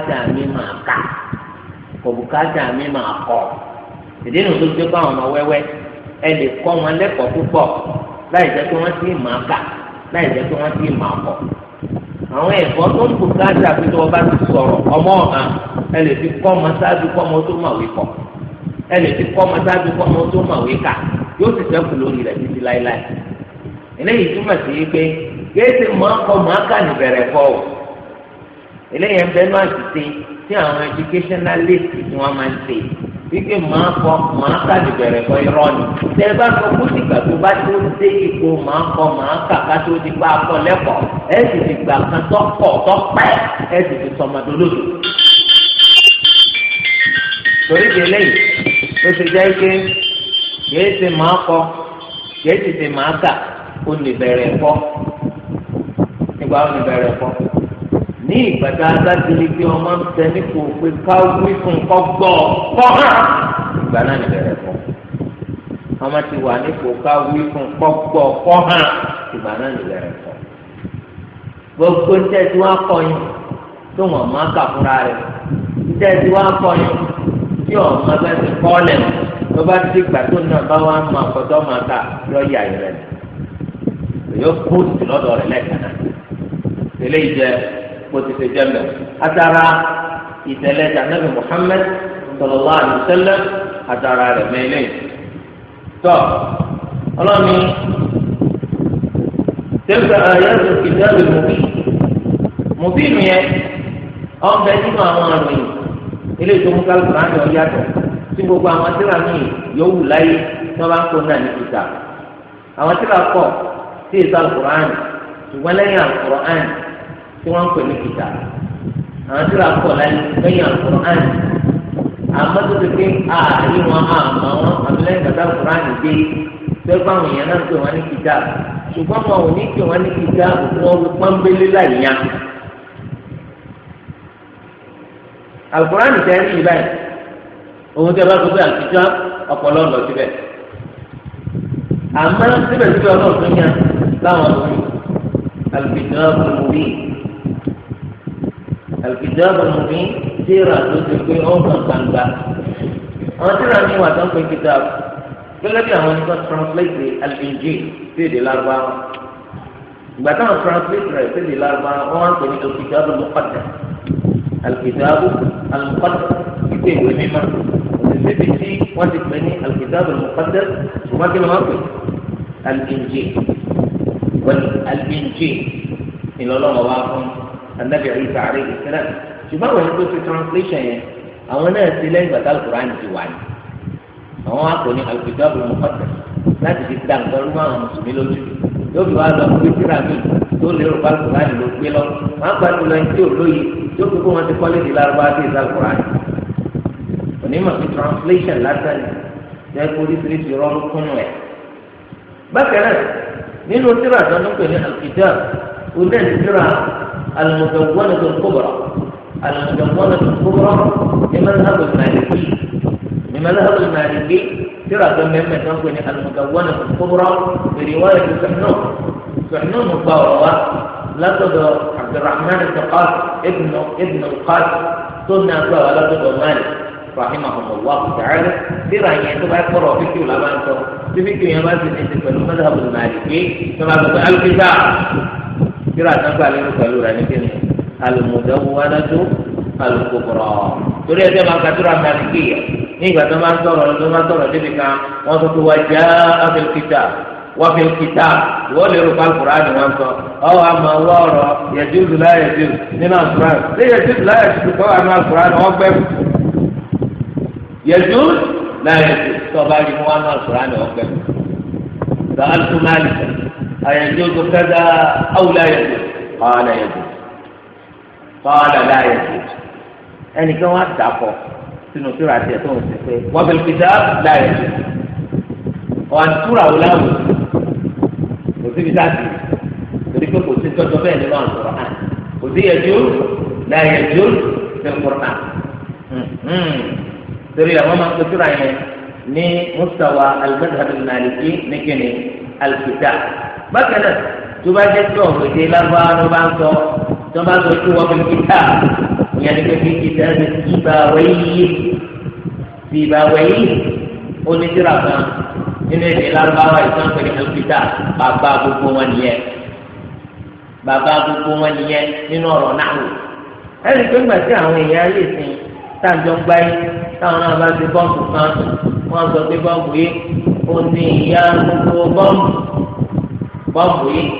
kà mi máa kọ, ìdí tó ti àwọn ọmọ láì jẹ́ pé wọ́n ti máa kà láì jẹ́ pé wọ́n ti máa kọ̀ àwọn ẹ̀kọ́ tó ń kó káàtà pé tí wọ́n bá ti sọ̀rọ̀ ọmọ ọ̀hán ẹ lè fi kọ́ ọmọ sáájú kọ́ ọmọ tó màwé kọ́ ẹ lè fi kọ́ ọmọ sáájú kọ́ ọmọ tó kà yóò sẹ́kù lórí rẹ̀ títí eléyìí túmọ̀ sí pé máa kọ́ máa kà ní bẹ̀rẹ̀ o eléyìí ẹ̀ bẹ́ẹ̀ náà ti ṣe wípé màá kọ màá kà lè bẹ̀rẹ̀ kọ irọ́ ni tẹ́ ẹ bá sọ fún ìgbà tó bá tó dé ipò màá kọ màá kà ká tó di pa akọ lẹ́kọ̀ọ́ ẹ sì ti gbà kan tọkọ̀ tọpẹ́ ẹ sì ti sọmọdé lòdù. torí di eléyìí ló ṣe jẹ́ pé kìí ṣe màá kọ kìí ṣe ṣe màá kà ó lè bẹ̀rẹ̀ kọ́ nígbà ó lè bẹ̀rẹ̀ kọ́ ní ìgbàdá adájúlé bí ọmọ ń tẹ nípò pé ká wí fún kọ gbọ kọ hàn ìgbà náà ní bẹ̀rẹ̀ fún ọmọ ti wà nípò ká wí fún kọ gbọ kọ hàn ìgbà náà ní bẹ̀rẹ̀ fún gbogbo tẹ́tí wá kọyìn tó wọ́n máa kà fúnra rẹ̀ tẹ́tí wá kọyìn tí ọmọ bá ti kọ́ lẹ̀ ló bá ti gbà tó náà bá wà máa kọ́tọ́ máa kà lọ́ọ̀yà rẹ̀ yóò kó lọ́dọ̀ rẹ̀ lẹ́ẹ̀kan náà bó ti ṣe jẹ́mbẹ̀. Atara ìtẹ̀lẹ̀ Janabi Muhammad sallallahu alaihi wasallam atara rẹ̀ mẹ́lẹ̀. Tọ́ ọlọ́ni tẹ́lifà ayélujára kìtàbí mọ̀bí mọ̀bí mi yẹ ọ̀bẹ nínú àwọn àrùn ilé ìtòmú kálukú àti ọ̀yàtọ̀ tí gbogbo àwọn tíra mi yóò wù láyé tí wọ́n bá ń kó náà ní kìtà. Àwọn tíra kọ̀ sí ìsàlùkùrọ̀ àná ṣùgbọ́n lẹ́yìn àlùkùrọ̀ àná tí wọ́n ń pè ní kìtà àwọn tí ra pọ̀ láyé lẹ́yìn àkùrọ̀ àyè àmọ́ tó ti pé ààrí wọn àmọ́ wọn àbílẹ̀ ìgbàdá àkùrọ̀ àyè dé sẹ́gbà àwọn èèyàn náà ń pè wọ́n ní kìtà ṣùgbọ́n wọn ò ní pè wọ́n ní kìtà wọn wọ pọ́nbélé láyé yá. àkùrọ̀ àyè tẹ́ ẹ́ báyìí òun tẹ́ bá tó pé àtijọ́ ọ̀pọ̀lọ́ lọ síbẹ̀ àmọ́ síbẹ̀síbẹ̀ ọlọ́ọ̀tún yá láwọn ọ̀sìn àlùkìtà ọ̀pọ̀lọ́ الكتاب المبين سيرة تدركي أمة كنبا أنا ترى أني واتن في الكتاب gẹ́gẹ́ bí àwọn ẹnìkan translate al-Injil sí èdè lárúbáwá ìgbà táwọn translate rẹ̀ sí èdè lárúbáwá wọ́n wá ń pè ní al-Kitab al-Muqaddas al-Kitab al-Muqaddas títí ìwé mímọ́ òṣìṣẹ́ bíi tí wọ́n ti pè ní al-Kitab al-Muqaddas ṣùgbọ́n kí ló máa pè al-Injil wọ́n al-Injil fún النبي Isa alayhi salam ṣùgbọ́n هو ẹgbẹ́ ti translation yẹn àwọn náà ti lẹ́yìn gbàtà alukur'an ti wà الكتاب المقدس akọ ní alukitabu mọ̀kọ́tẹ̀ láti fi dá nǹkan rú àwọn mùsùlùmí lójú yóò fi wá lọ pé tíra mi tó lérò bá alukur'an ló gbé lọ wọn gba tó lọ tí ò lóye tí ó fi kó wọn ti kọ́lé di lárúbá sí ìdá alukur'an onímọ̀ fi translation lásán ní ẹgbẹ́ oríṣiríṣi rọ́ọ̀lù kúnnù ẹ̀ bákan nínú tíra àtọ́nú pè ní alukitabu onídàá المكونة الكبرى المكونة الكبرى بمذهب المالكي بمذهب المالكي ترى كم مما تنقل المكونة الكبرى برواية سحنون سحنون الضوء لقد عبد الرحمن الثقافي ابن ابن القاسم سنة لقد مالك رحمهم الله تعالى ترى يعني تبع قرأ فيكي ولا ما أنت فيكي يا ما تنسي المذهب المالكي كما تقول الكتاب kíra àtàgbà lérò pẹ̀lú rẹ̀ níbi ni al-Mudawwanatu al-Kubra torí ẹgbẹ́ máa ka kíra màlìkìyà ní ìgbà tó máa ń sọ̀rọ̀ tó máa ń sọ̀rọ̀ débi kan wọ́n sọ pé wà já afẹ́kìtà wọ́n fi kìtà wọ́n lérò pàlùkùrá ni wọ́n sọ ọ́ àmọ́ wọ́ọ̀rọ̀ yẹ̀dúdú láyẹ̀dú nínú àkùrá ní yẹ̀dúdú láyẹ̀dú kọ́ àmọ́ àkùrá ni wọ́n gbẹ́ yẹ̀dúdú láyẹ̀dú tọ́ba أيجوز كذا أو لا يجوز قال يجوز قال لا يجوز يعني كم أتعفو sínú síra tiẹ̀ tó ń sè pé wọ́n bẹ̀rẹ̀ kìtà láyé ọ̀hún túra wò láwùjọ kò síbi táàtì torí pé kò sí tọ́jọ́ bẹ́ẹ̀ nínú àkùrọ̀ hàn kò sí yẹjú láyé yẹjú fẹ́kùrọ̀ hàn torí àwọn máa ń tó túra yẹn ní mustawa al-madhhab al-maliki ní kíni alùpùpù bákan náà tó bá jẹ́ tó ọ̀gbìn dé lágbára ló bá ń sọ tó bá sọ tó wọ́n fi kíkà ìyẹn ní pé kíkà ti ìbá wẹ̀yí ti ìbá wẹ̀yí onídìrà kan nínú èdè lágbára ìtàn pẹ̀lú alùpùpù bàbá gbogbo wọn nìyẹn bàbá gbogbo wọn nìyẹn nínú ọ̀rọ̀ náà ẹnì pé ńgbà àwọn èèyàn ayé sìn táàjọ gbáyé táwọn náà bá ti bọ́ọ̀bù kan wọ́n sọ pé bọ́ọ̀bù yìí ó ní ìyá gbogbo bọ́ǹbù bọ́ǹbù yìí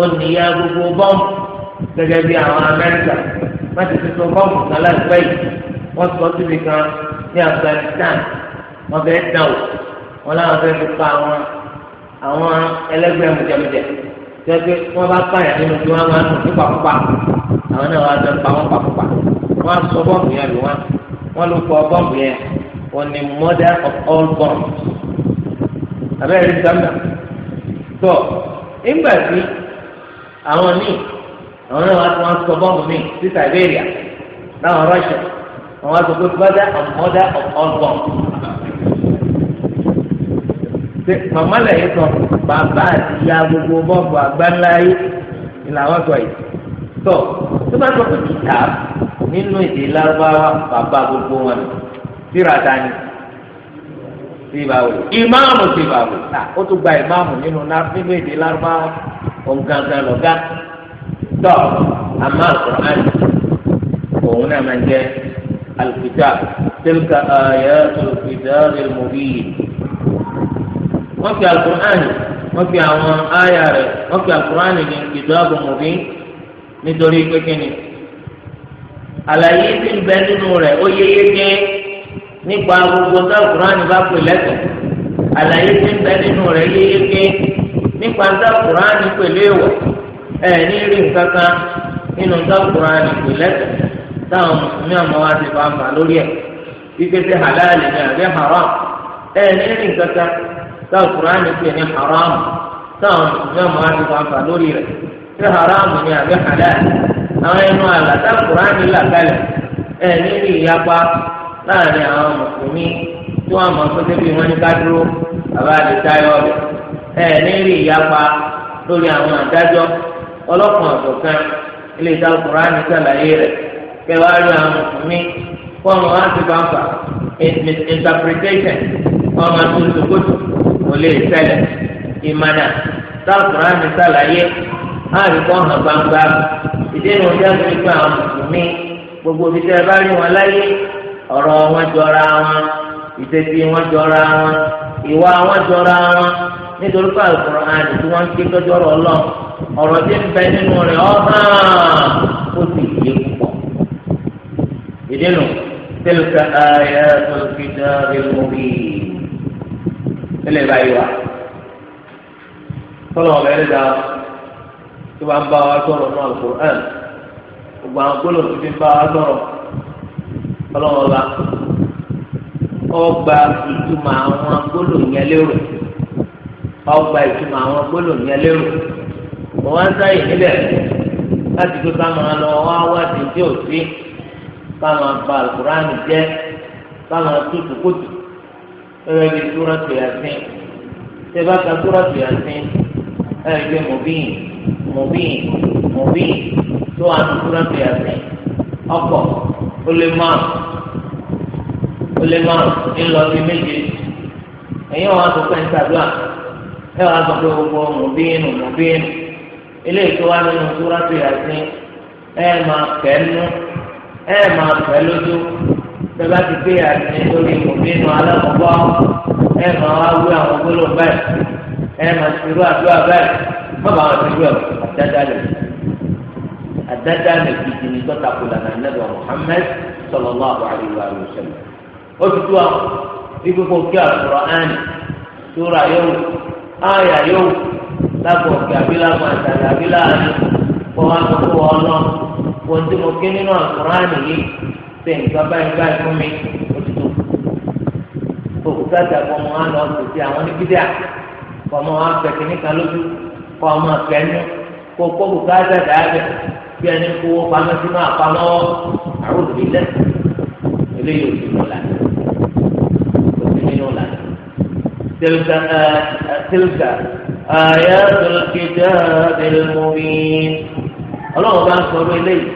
ó ní ìyá gbogbo bọ́ǹbù gẹ́gẹ́ bí àwọn Amẹ́ríkà wọ́n ti tuntun bọ́ǹbù kan láìpẹ́ yìí wọ́n sọ síbi kan ní Afghanistan wọ́n fẹ́ dàn ó wọ́n láwọn fẹ́ fi pa àwọn àwọn ẹlẹ́gbẹ́ mùjẹmùjẹ tẹ́gbẹ́ wọ́n bá pààyàn nínú bí wọ́n máa ń tún pàpàpà àwọn náà wọ́n á dán pa wọ́n pàpàpà wọ́n á sọ bọ́ǹbù yẹn lù wọ́n wọ́n ló kọ bọ́ǹbù yẹn wọ́n ní mother of all bombs abẹ́rẹ́ sábà tọ́ nígbà tí àwọn míì àwọn náà wá wọn sọ bọ́ọ̀mù míì sí Siberia láwọn Russia àwọn aṣọ pé father and mother of all born ṣe màmá lẹ́yìn sọ bàbá àti ìyá gbogbo bọ́ọ̀bù àgbáńlá yìí ni làwọn sọ yìí tọ́ tó bá sọ pé kìtà nínú èdè lárúbáwá bàbá gbogbo wọn síra dání síbáwò ìmáàmù síbáwò ó tún gba ìmáàmù nínú nínú èdè lárúbáwá òǹgangan lọ́gá tọ́ àmà àkùrán òun náà máa ń jẹ́ al-kitab tilka ayatul kitabil mubin wọ́n fi al-Qur'an wọ́n fi àwọn àyà rẹ̀ wọ́n fi al ní kitabul mubin nítorí pé kíni àlàyé tí ń bẹ nínú rẹ̀ ó yéye gẹ́ẹ́ nípa gbogbo sáàkùránì bá pè lẹ́tọ̀ àlàyé tí ń bẹ nínú rẹ̀ yéyéké nípa sáàkùránì pẹ̀lú èèwọ̀ ẹ̀ ní rí nǹkan kan nínú sáàkùránì pè lẹ́tọ̀ táwọn mùsùlùmí àmọ́ wa ti fàǹfà lórí ẹ̀ wípé ṣe halali ni àbí haram ẹ̀ ní rí nǹkan kan sáàkùránì pè ní haram táwọn mùsùlùmí àmọ́ wa ti fàǹfà lórí rẹ̀ ṣe haram ni àbí halali àwọn ẹnu àlàtà kùránì làkàlẹ̀ ẹ̀ ní rí ìyapa. láàrin àwọn mùsùlùmí tí wọ́n mọ̀ pété bí wọ́n ní ká dúró bàbá àti táyọ̀ rẹ̀ ẹ̀ ní rí ìyapa lórí àwọn àdájọ́ ọlọ́kùnrin ọ̀dọ̀kan ilé ìtàkùnrin àti sàlàyé rẹ̀ kẹwàá rí àwọn mùsùlùmí fọ́ọ̀mù wọn ti bá ń fà interpretation kò lè àti sàlàyé hàn gbogbo ẹ bá rí ọ̀rọ̀ wọn jọra wọn ìṣesí wọn jọra wọn ìwà wọn jọra wọn nítorí pé Al-Qur'an tí wọ́n ń ké tọ́jọ́rọ̀ ọlọ́run ọ̀rọ̀ tí ń bẹ nínú rẹ̀ ọ̀hán ó sì yé púpọ̀. ìdínú tilka ayatul kitabil mubin nílẹ̀ báyìí wà tọ́lọ̀ ọ̀bẹ ẹ̀rẹ́dà tó bá ń bá wa sọ̀rọ̀ náà Al-Qur'an gbogbo àwọn bá wa sọ̀rọ̀ ọlọ́wọ́n bá ọgbà ìtumọ̀ àwọn gbólóhùn yẹn lérò ọgbà ìtumọ̀ àwọn gbólóhùn yẹn lérò mo wá ń sáyè nílẹ̀ láti tó ká máa lọ wá wádìí tí ò sí ká máa ba àlùkùránì jẹ́ ká máa tú tùkùtù ẹ̀rọ ibi túrọ̀ tó yà sí ṣé bá ka túrọ̀ tó yà sí ẹ̀rọ ibi mòbíìn mòbíìn tó wà ní túrọ̀ tó yà sí ọkọ̀. ó lé márùn ó lé márùn ńlọ bí méje ẹ̀yin wọn sọ pé ntàdúrà ẹ wàá sọ pé gbogbo mùbínú mùbínú eléyìí tó wá nínú súrátì Yásìn ẹ máa kẹ́nu ẹ máa fẹ́ lójú tẹ́lá ti gbé Yásìn lórí mùbínú alákọ̀ọ́kọ́ ẹ máa wá wí àwọn gbólóhùn bẹ́ẹ̀ ẹ ti rú àdúrà bẹ́ẹ̀ má bàa ti rú ẹ̀ lè àdáda nàìjíríà ní tọ́ta kò lànà nàbẹ Muhammad sallallahu alaihi wa sallam ó ti tó àwọn ibi kò kí Al-Qur'an sóra yóò áyà yóò lágbo ọ̀gá bí lágbo àtàlà bí láàánú kó wá sọ fún wọn lọ wọn tí mo ké nínú Al-Qur'an yìí ṣe nǹkan báyìí báyìí fún mi ó ti tó òkúta àtàkùn ọmọ wa lọ ti àwọn oníbídà kọ́ ọmọ wa fẹ̀ lójú kọ́ ọmọ fẹ́ nú kó kó òkúta àtàkùn bí ẹni kó pamọ́ sínú àpamọ́ àwọn òbí lẹ́ eléyìí òsì nù lànà òsì nínú lànà tẹlifà tẹlifà àyà tẹlifà tẹlifọ̀mìn ọlọ́run bá ń sọ̀rọ̀ eléyìí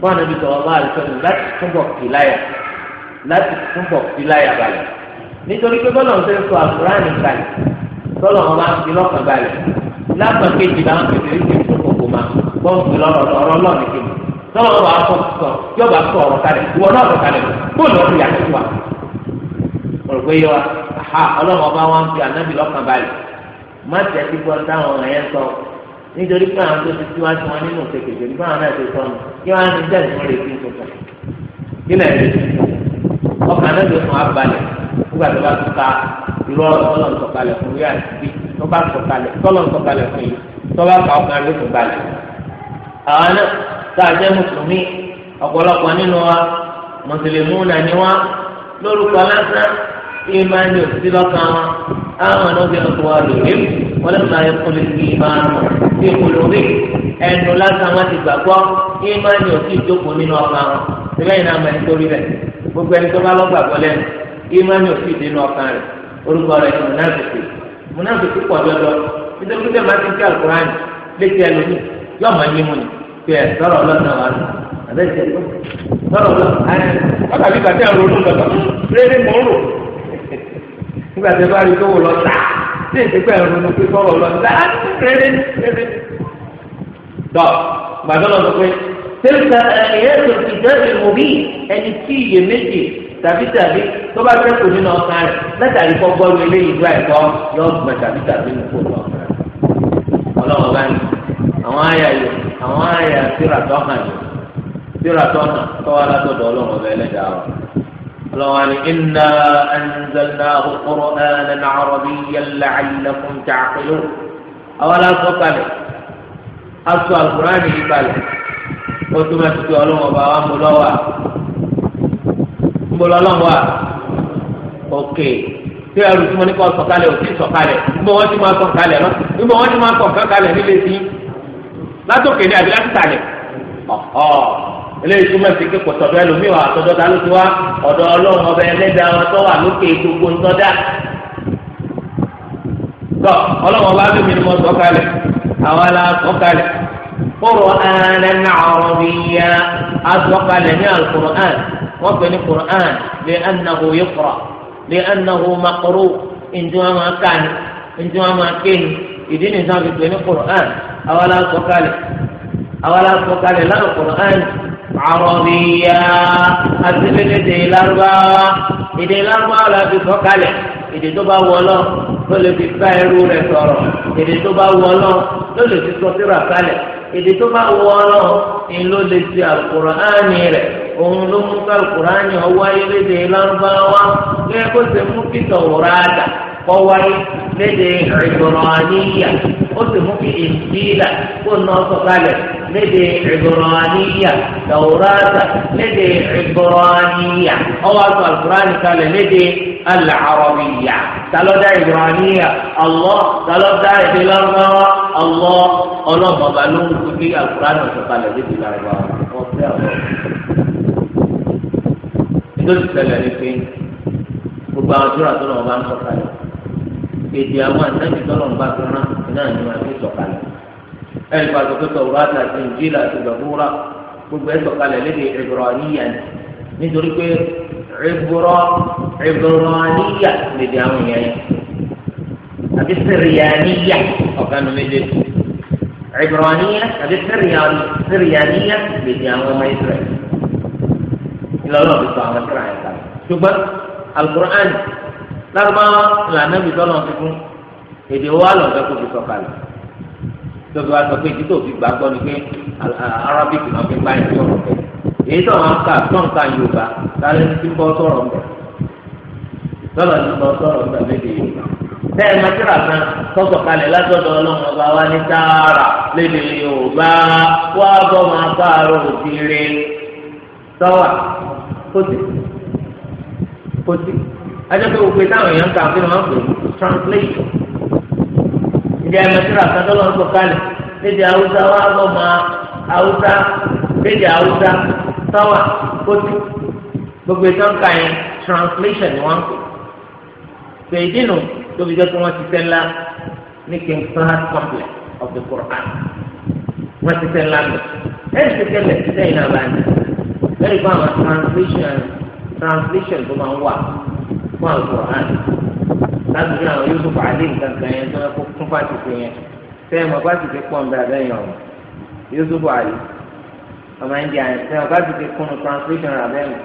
fún ànábi sọ̀rọ̀ máa lè sọ̀rọ̀ láti túbọ̀ fìláyà láti túbọ̀ fìláyà balẹ̀ nítorí pé bọ́lá ń sọ àkùrá nìkan tọ́lọ̀ wọn bá ń fi lọ́kàn balẹ̀ lápá kejì bá ń pèsè ìpè ma gbọ́n fi lọ́rọ̀ lọ́rọ̀ lọ́ọ̀ni kí ni tọ́wọ́ bá kọ́ sọ yóò bá sọ ọ̀rọ̀ kalẹ̀ ìwọ náà lọ kalẹ̀ bóòlù ọ̀rọ̀ yà sí wa. olùkọ́ yẹ wa aha ọlọ́mọ bá wọn fi ànábì lọ́kàn balẹ̀ má tẹ̀ sí gbọ́ táwọn ẹ̀yẹ sọ nítorí pé àwọn tó ti tí wọ́n ti wọn nínú kékeré nígbà wọn náà ti sọ ọ́nù kí wọ́n á ní jẹ́ ìfún rẹ̀ fún tuntun kí lẹ̀ rẹ̀ ọkàn ànábì fún wa balẹ̀ nígbà tó bá tún ka irú ọ̀rọ̀ tọ́lọ̀ ń sọ̀kalẹ̀ fún yíyá àti bí tó bá sọ̀kalẹ̀ tọ́lọ̀ ń sọ̀kalẹ̀ fún yìí tọ́ba kà ọkàn ló kò balẹ̀. àwọn náà tá a jẹ́ mùsùlùmí ọ̀pọ̀lọpọ̀ nínú wa mùsùlùmí náà ni wá lórúkọ lásán ìmánì òsì lọ́kàn wọn àwọn náà bí ọkọ̀ wa lòlẹ́ wọn lè máa yẹ kúlẹ̀ sí ìmáàmù sí ìkòlórí ẹnu lásán wọn ti gbàgbọ́ ìmánì òsì ìjókòó nínú ọkàn wọn sílẹ̀yìn náà mẹ́rin torí rẹ̀ gbogbo ẹni tó bá lọ́gbàgbọ́ lẹ́nu ìmánì òsì ìdínú ọkàn rẹ̀ orúkọ rẹ̀ nítorí pé máa ti ń kí alukur'an létí ẹlòmíì yóò máa yé mu ni pé ẹ sọ̀rọ̀ ọlọ́dún wa ni àbẹ́ ìṣẹ̀ tó sọ̀rọ̀ ọlọ́dún ẹ ọ̀gá mi kàtẹ́ ọ̀rọ̀ ọdún lọ́dọ̀ rere mò ń rò nígbà tí ẹ bá rí kówó lọ tà sí ìdíkọ̀ ẹ̀rọ ní pé sọ̀rọ̀ ọlọ́dún rere rere. dọ̀ gbàdúrà lọ sọ pé tẹ́lifà ẹ̀yẹ́ tó ti dẹ́ tàbí tàbí tó bá fẹ́ kò nínú ọkàn rẹ̀ látàrí fọ́gbọ́n mi léyìí dúrà ẹ̀kọ́ yọ gbọ̀n tàbí tàbí nù kó lọ. ọlọ́wọ́ bá ní àwọn àyà yìí àwọn àyà síra tó hàn yìí síra tó hàn tó wà látọ̀dọ̀ ọlọ́wọ́ bẹ́ẹ̀ lẹ́dàá wa. ọlọ́wọ́ ni iná ẹnzẹ́lá kúrò ẹ̀ẹ́dẹ̀ náà rọ̀bì yẹlẹ̀ gbọ́dọ̀ ọlọ́run wà òkè tí ẹrù tí mo ní kọ́ sọ̀kalẹ̀ òkè sọ̀kalẹ̀ níbo wọ́n ti máa sọ̀kalẹ̀ lọ níbo wọ́n ti máa sọ̀kalẹ̀ nílé sí látòkè ní àbí látìsàlẹ̀ ọ̀họ́ eléyìí túmọ̀ sí pé kò sọ̀dọ̀ ẹlòmíràn àtọ̀dọ̀ ta ló ti wá ọ̀dọ̀ ọlọ́run ọbẹ̀ ẹlẹ́dàá wọn tó wà lókè gbogbo ńtọ́dá tọ ọlọ́run ọba bíbí ni mo sọ̀kalẹ̀ àwọn la sọ̀kalẹ̀ kóró ẹ̀ẹ́dẹ́gbẹ̀rún ọ̀rọ̀ bíi ya asọ̀kalẹ̀ ní alukóró ẹ̀ẹ́ wọ́n pè ní Qur'an lè anahu yukra lè anahu makoro ǹjẹ́ wọn máa kà ní ǹjẹ́ wọn máa ké ní ìdí ni sáà fi pè ní Qur'an àwa la sọ kalẹ̀ àwa la sọ kalẹ̀ lánàá Qur'an àròbíyá àti lédè lárúbáwá èdè lárúbáwá la fi sọ kalẹ̀ èdè tó bá wọ lọ lè fi bá ẹrú rẹ sọ̀rọ̀ èdè tó bá wọ lọ lè fi sọ síra kalẹ̀ tó bá wọ lọ lè fi Al-Qur'ani rẹ òun ló mú kálukùránì ọwọ́ ayélédè lárúbáwá lẹ́yìn kó ṣe mú pítọ̀ wòrà àdà kọ́ wáyé lédè ìgbọ̀rànìyà ó sì mú kí ìdílà kó ná sọ̀kalẹ̀ lédè ìgbọ̀rànìyà tàwùràdà lédè ìgbọ̀rànìyà ọwọ́ àti kálukùránì kalẹ̀ lédè العربية قالوا ده إبرانية الله قالوا ده إبرانية الله الله lórí ṣẹlẹ̀ ni pé gbogbo àwọn àdúrà tó lọ́wọ́ bá ń sọ̀ka lẹ̀ èdè àwọn àtẹ́jú tó lọ́wọ́ bá tó rán iná ni wọ́n ti sọ̀ka lẹ̀ ẹnì kan tó tọ̀ tọ̀wúrọ̀ àtàtì ìjìlá àti ìgbàgbọ́ra gbogbo ẹ̀ sọ̀ka sọ̀kalẹ̀ lédè ni nítorí pé ìbùrọ̀ ìbùrọ̀níyà lédè àwọn èèyàn yẹn àbí sìrìyàníyà ọ̀kanu méjèèjì ìbùrọ̀níyà àbí sìrìyàníyà lédè àwọn ọmọ ìsirẹ̀lì lọ́lọ́ fi sọ àwọn tíra yẹn kalẹ̀ ṣùgbọ́n alukur'an lárúbáwá lànà bí sọ́lọ́ ti fún èdè wa lọ́fẹ́ kó fi sọ kalẹ̀ tóbi wá sọ pé èyí tó fi gbàgbọ́ ni pé arabic náà fi gbá ẹ̀sìn ọ̀rọ̀ bẹ́ẹ̀ èyí tó wọn kà tó nǹkan yorùbá lálẹ́ ní bọ́ sọ̀rọ̀ mbẹ̀ sọ̀rọ̀ ní bọ́ sọ̀rọ̀ mbẹ̀ lédè yorùbá bẹ́ẹ̀ mẹ́tìrà kan tọ́sọ̀ kalẹ̀ látọ̀dọ̀ ọlọ́run ọba wa ní tààrà lédè yorùbá wá bọ́ máa bá àárọ̀ òbí rẹ̀ sọ́wà kòsì kòsì ajọ́pẹ́ òpè táwọn èèyàn kà fún wọn pè translation ìdí àmọ́tíra kátólọ́ ń sọ̀kalẹ̀ lédè haúsá wà lọ́ mọ haúsá lédè haúsá táwà kòsì gbogbo ìtọ́ka yẹn translation ni wọ́n pè pè ìdínú tóbi jẹ́ kí wọ́n ti tẹ́lá ní king fahad complex of the Quran wọ́n ti tẹ́lá lọ ẹ̀ ń tẹ́lẹ̀ tẹ́lẹ̀ náà bá lẹ́yìn fún àwọn translation translation tó máa ń wà fún àwọn Quran láti fi àwọn Yusuf Ali nǹkan yẹn tó ń kó fún fásitì yẹn sẹ́yìn mọ̀ fásitì pọ̀ ń bẹ abẹ́yẹn ọ̀hún Yusuf Ali ọmọ India yẹn sẹ́yìn mọ̀ fásitì kún un translation rà bẹ́ẹ̀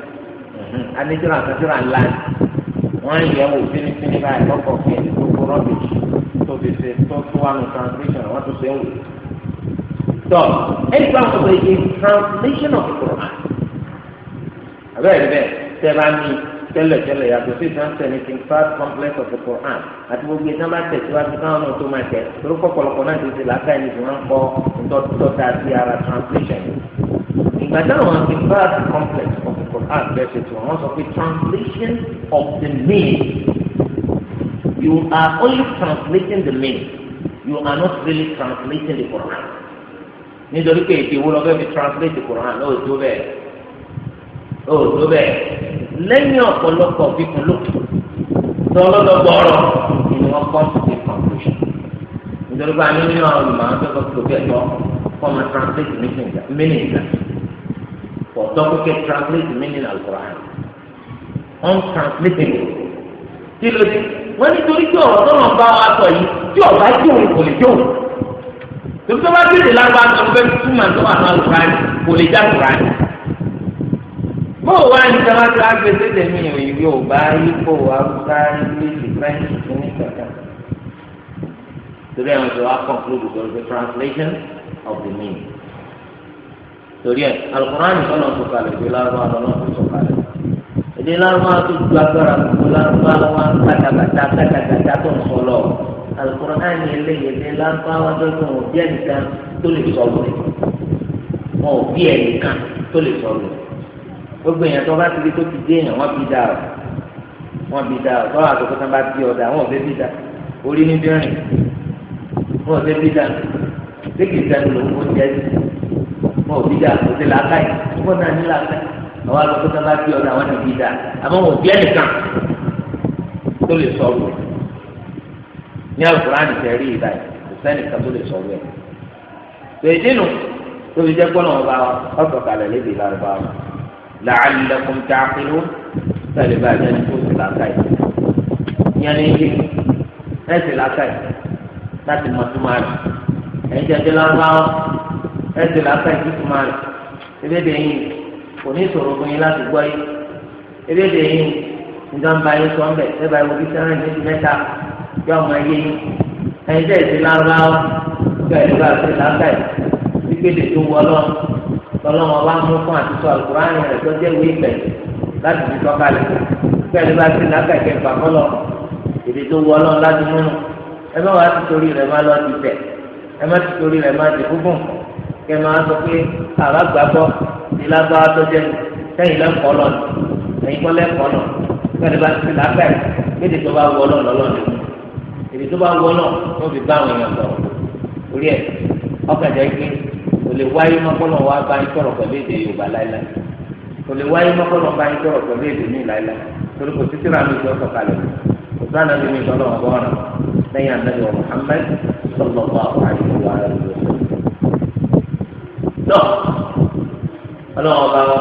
anijọ́ àtàtúrà ńlá wọ́n yẹ wò fínífíní báyìí lọ́kọ̀ fún ẹni tó kó rọ́bìṣì tó fi ṣe tó tó wà ní translation wọ́n tó ṣe ń wò. tọ́ ẹ̀yìn fún àwọn ọ̀sẹ̀ yìí translation of the Quran. àbẹ́rẹ́ bẹ́ẹ̀ tẹ́ bá ní tẹ́lẹ̀ tẹ́lẹ̀ yàtọ̀ sí ìtànsẹ̀ ní king fat complex of the Quran àti gbogbo ìtàn bá tẹ̀ síwájú káwọn náà tó máa tẹ̀ torúkọ pọ̀lọpọ̀ náà ti ṣe làákàyè ní ìwọ̀n kọ́ ìtọ́tọ́ta sí ara translation. ìgbà táwọn king fat complex of the Quran bẹ́ẹ̀ ṣe tó wọ́n sọ pé translation of the meaning you are only translating the meaning you are not really translating the Quran nítorí pé èdè wo lọ fẹ́ fi translate the Quran náà ò tó bẹ́ẹ̀. òòdó bẹ́ẹ̀ lẹ́yìn ọ̀pọ̀lọpọ̀ fífún lókè lọ́lọ́lọ́gbọ̀ọ́rọ̀ ni wọ́n kọ́ sí conclusion nítorí pé àmì nínú àwọn olùmọ̀ àwọn tó kọ́ sí òbí ẹ̀tọ́ kọ́mọ translate meaning ìgbà ọ̀tọ́ kókè translate meaning alukoran untranslatable kí ló dé wọ́n nítorí pé ọ̀rọ̀ tó náà bá wa sọ yìí tí ọ̀bá jóun kò lè jóun tòbí tó bá bèrè lágbàá tó fẹ́ túmọ̀ tó wà náà alukoran kò lè já alukoran bó o wá ní sábà tó agbèsè tẹ̀mí ìròyìn yóò bá yípo haúsá english french ní kàkà torí àwọn ìṣòro akọ̀nkúrò pẹ̀lú the translation of the meaning torí ẹ alukurani ọlọ́run tó kalẹ̀ ìdí lárúbá ọlọ́run tó kalẹ̀ ìdí lárúbá tó ju agbára gbogbo lárúbá wọn kátàkátà kátàkátà tó ń sọ lọ alukurani eléyìí ìdí lárúbá wọn tó tó wọn bí ẹnìkan tó lè sọ lọ wọn ò bí ẹnìkan tó lè sọ lọ gbogbo èèyàn tó bá ti di tó ti dé èèyàn wọ́n bí da ọ wọ́n bí da ọ tọ́wọ́ àtòkò tán bá bí ọ̀dà wọ́n ò fẹ́ bí da orí ní bí rìn wọ́n ò fẹ́ bí da lékè sẹ́nu ló ń kó jẹ́ wọ́n ò bí da kò sí làákàyè wọ́n náà ní làákàyè àwọn àtòkò tán bá bí ọ̀dà wọ́n ti bí da àmọ́ wọn ò bí ẹnìkan tó lè sọ̀rọ̀ ní alukóraani tẹ̀ rí ìdá yìí kò sẹ́nìkan tó lè sọ̀rọ̀ ẹ̀ tòyí dínú tóbi jẹ́ gbọ́n la'allakum ta'qilun sẹ́lẹ̀ bá ẹ̀jẹ̀ ní kóòtù làákàyè yẹn ní ibi ẹ̀sìn làákàyè láti mọ tó máa rẹ̀ ẹ̀jẹ̀ ti lárúbáwọ́ ẹ̀sìn làákàyè tó tó máa rẹ̀ ebédè yìí kò ní ìṣòro fún yín láti gbọ́ yìí ebédè yìí ìjọba yín sọ ọ́nbẹ̀ ẹ̀bà ìwòbí sẹ́rìn méjì mẹ́ta yọ ọmọ ẹyẹ yín ẹ̀jẹ̀ ti lárúbáwọ́ ẹ̀sìn làákàyè tọ́lọ́wọ́n bá mú fún àtúntò alukurani rẹ̀ tó jẹ́ wí bẹ̀ láti fi sọ́kalẹ̀ pẹ̀lú bá ti lákàkẹ́ fàkọ́lọ̀ èdè tó wọ ọlọ́run láti múnu ẹ má wàá ti torí rẹ̀ má lọ ti tẹ̀ ẹ má ti torí rẹ̀ má ti fúnfún kẹ máa sọ pé àrà gbàgbọ́ ìlágbá tó jẹ́ sẹ́yìn lẹ́kọ̀ọ́ lọ ẹ̀yin kọ́ lẹ́kọ̀ọ́ lọ pẹ̀lú bá ti lákàkẹ́ méjì tó bá wọ ọlọ́run lọ́lọ́run èdè tó bá wọ ọlọ́run tó fi bá àwọn èèyàn sọ̀rọ̀ kò lè wáyé mọ́kànlá wa bá yín sọ̀rọ̀ pẹ̀lú èdè Yorùbá láíláí kò lè wáyé mọ́kànlá bá yín sọ̀rọ̀ pẹ̀lú èdè mi láíláí torí kò títí ra mi jọ sọ̀kalẹ̀ kò sáà náà mi sọ̀rọ̀ ọ̀gọ́ ọ̀rọ̀ lẹ́yìn anábì wa Muhammad sọ̀rọ̀ àwọn àyẹ̀wò rẹ̀ lọ. ọlọ́wọ́ ọba wa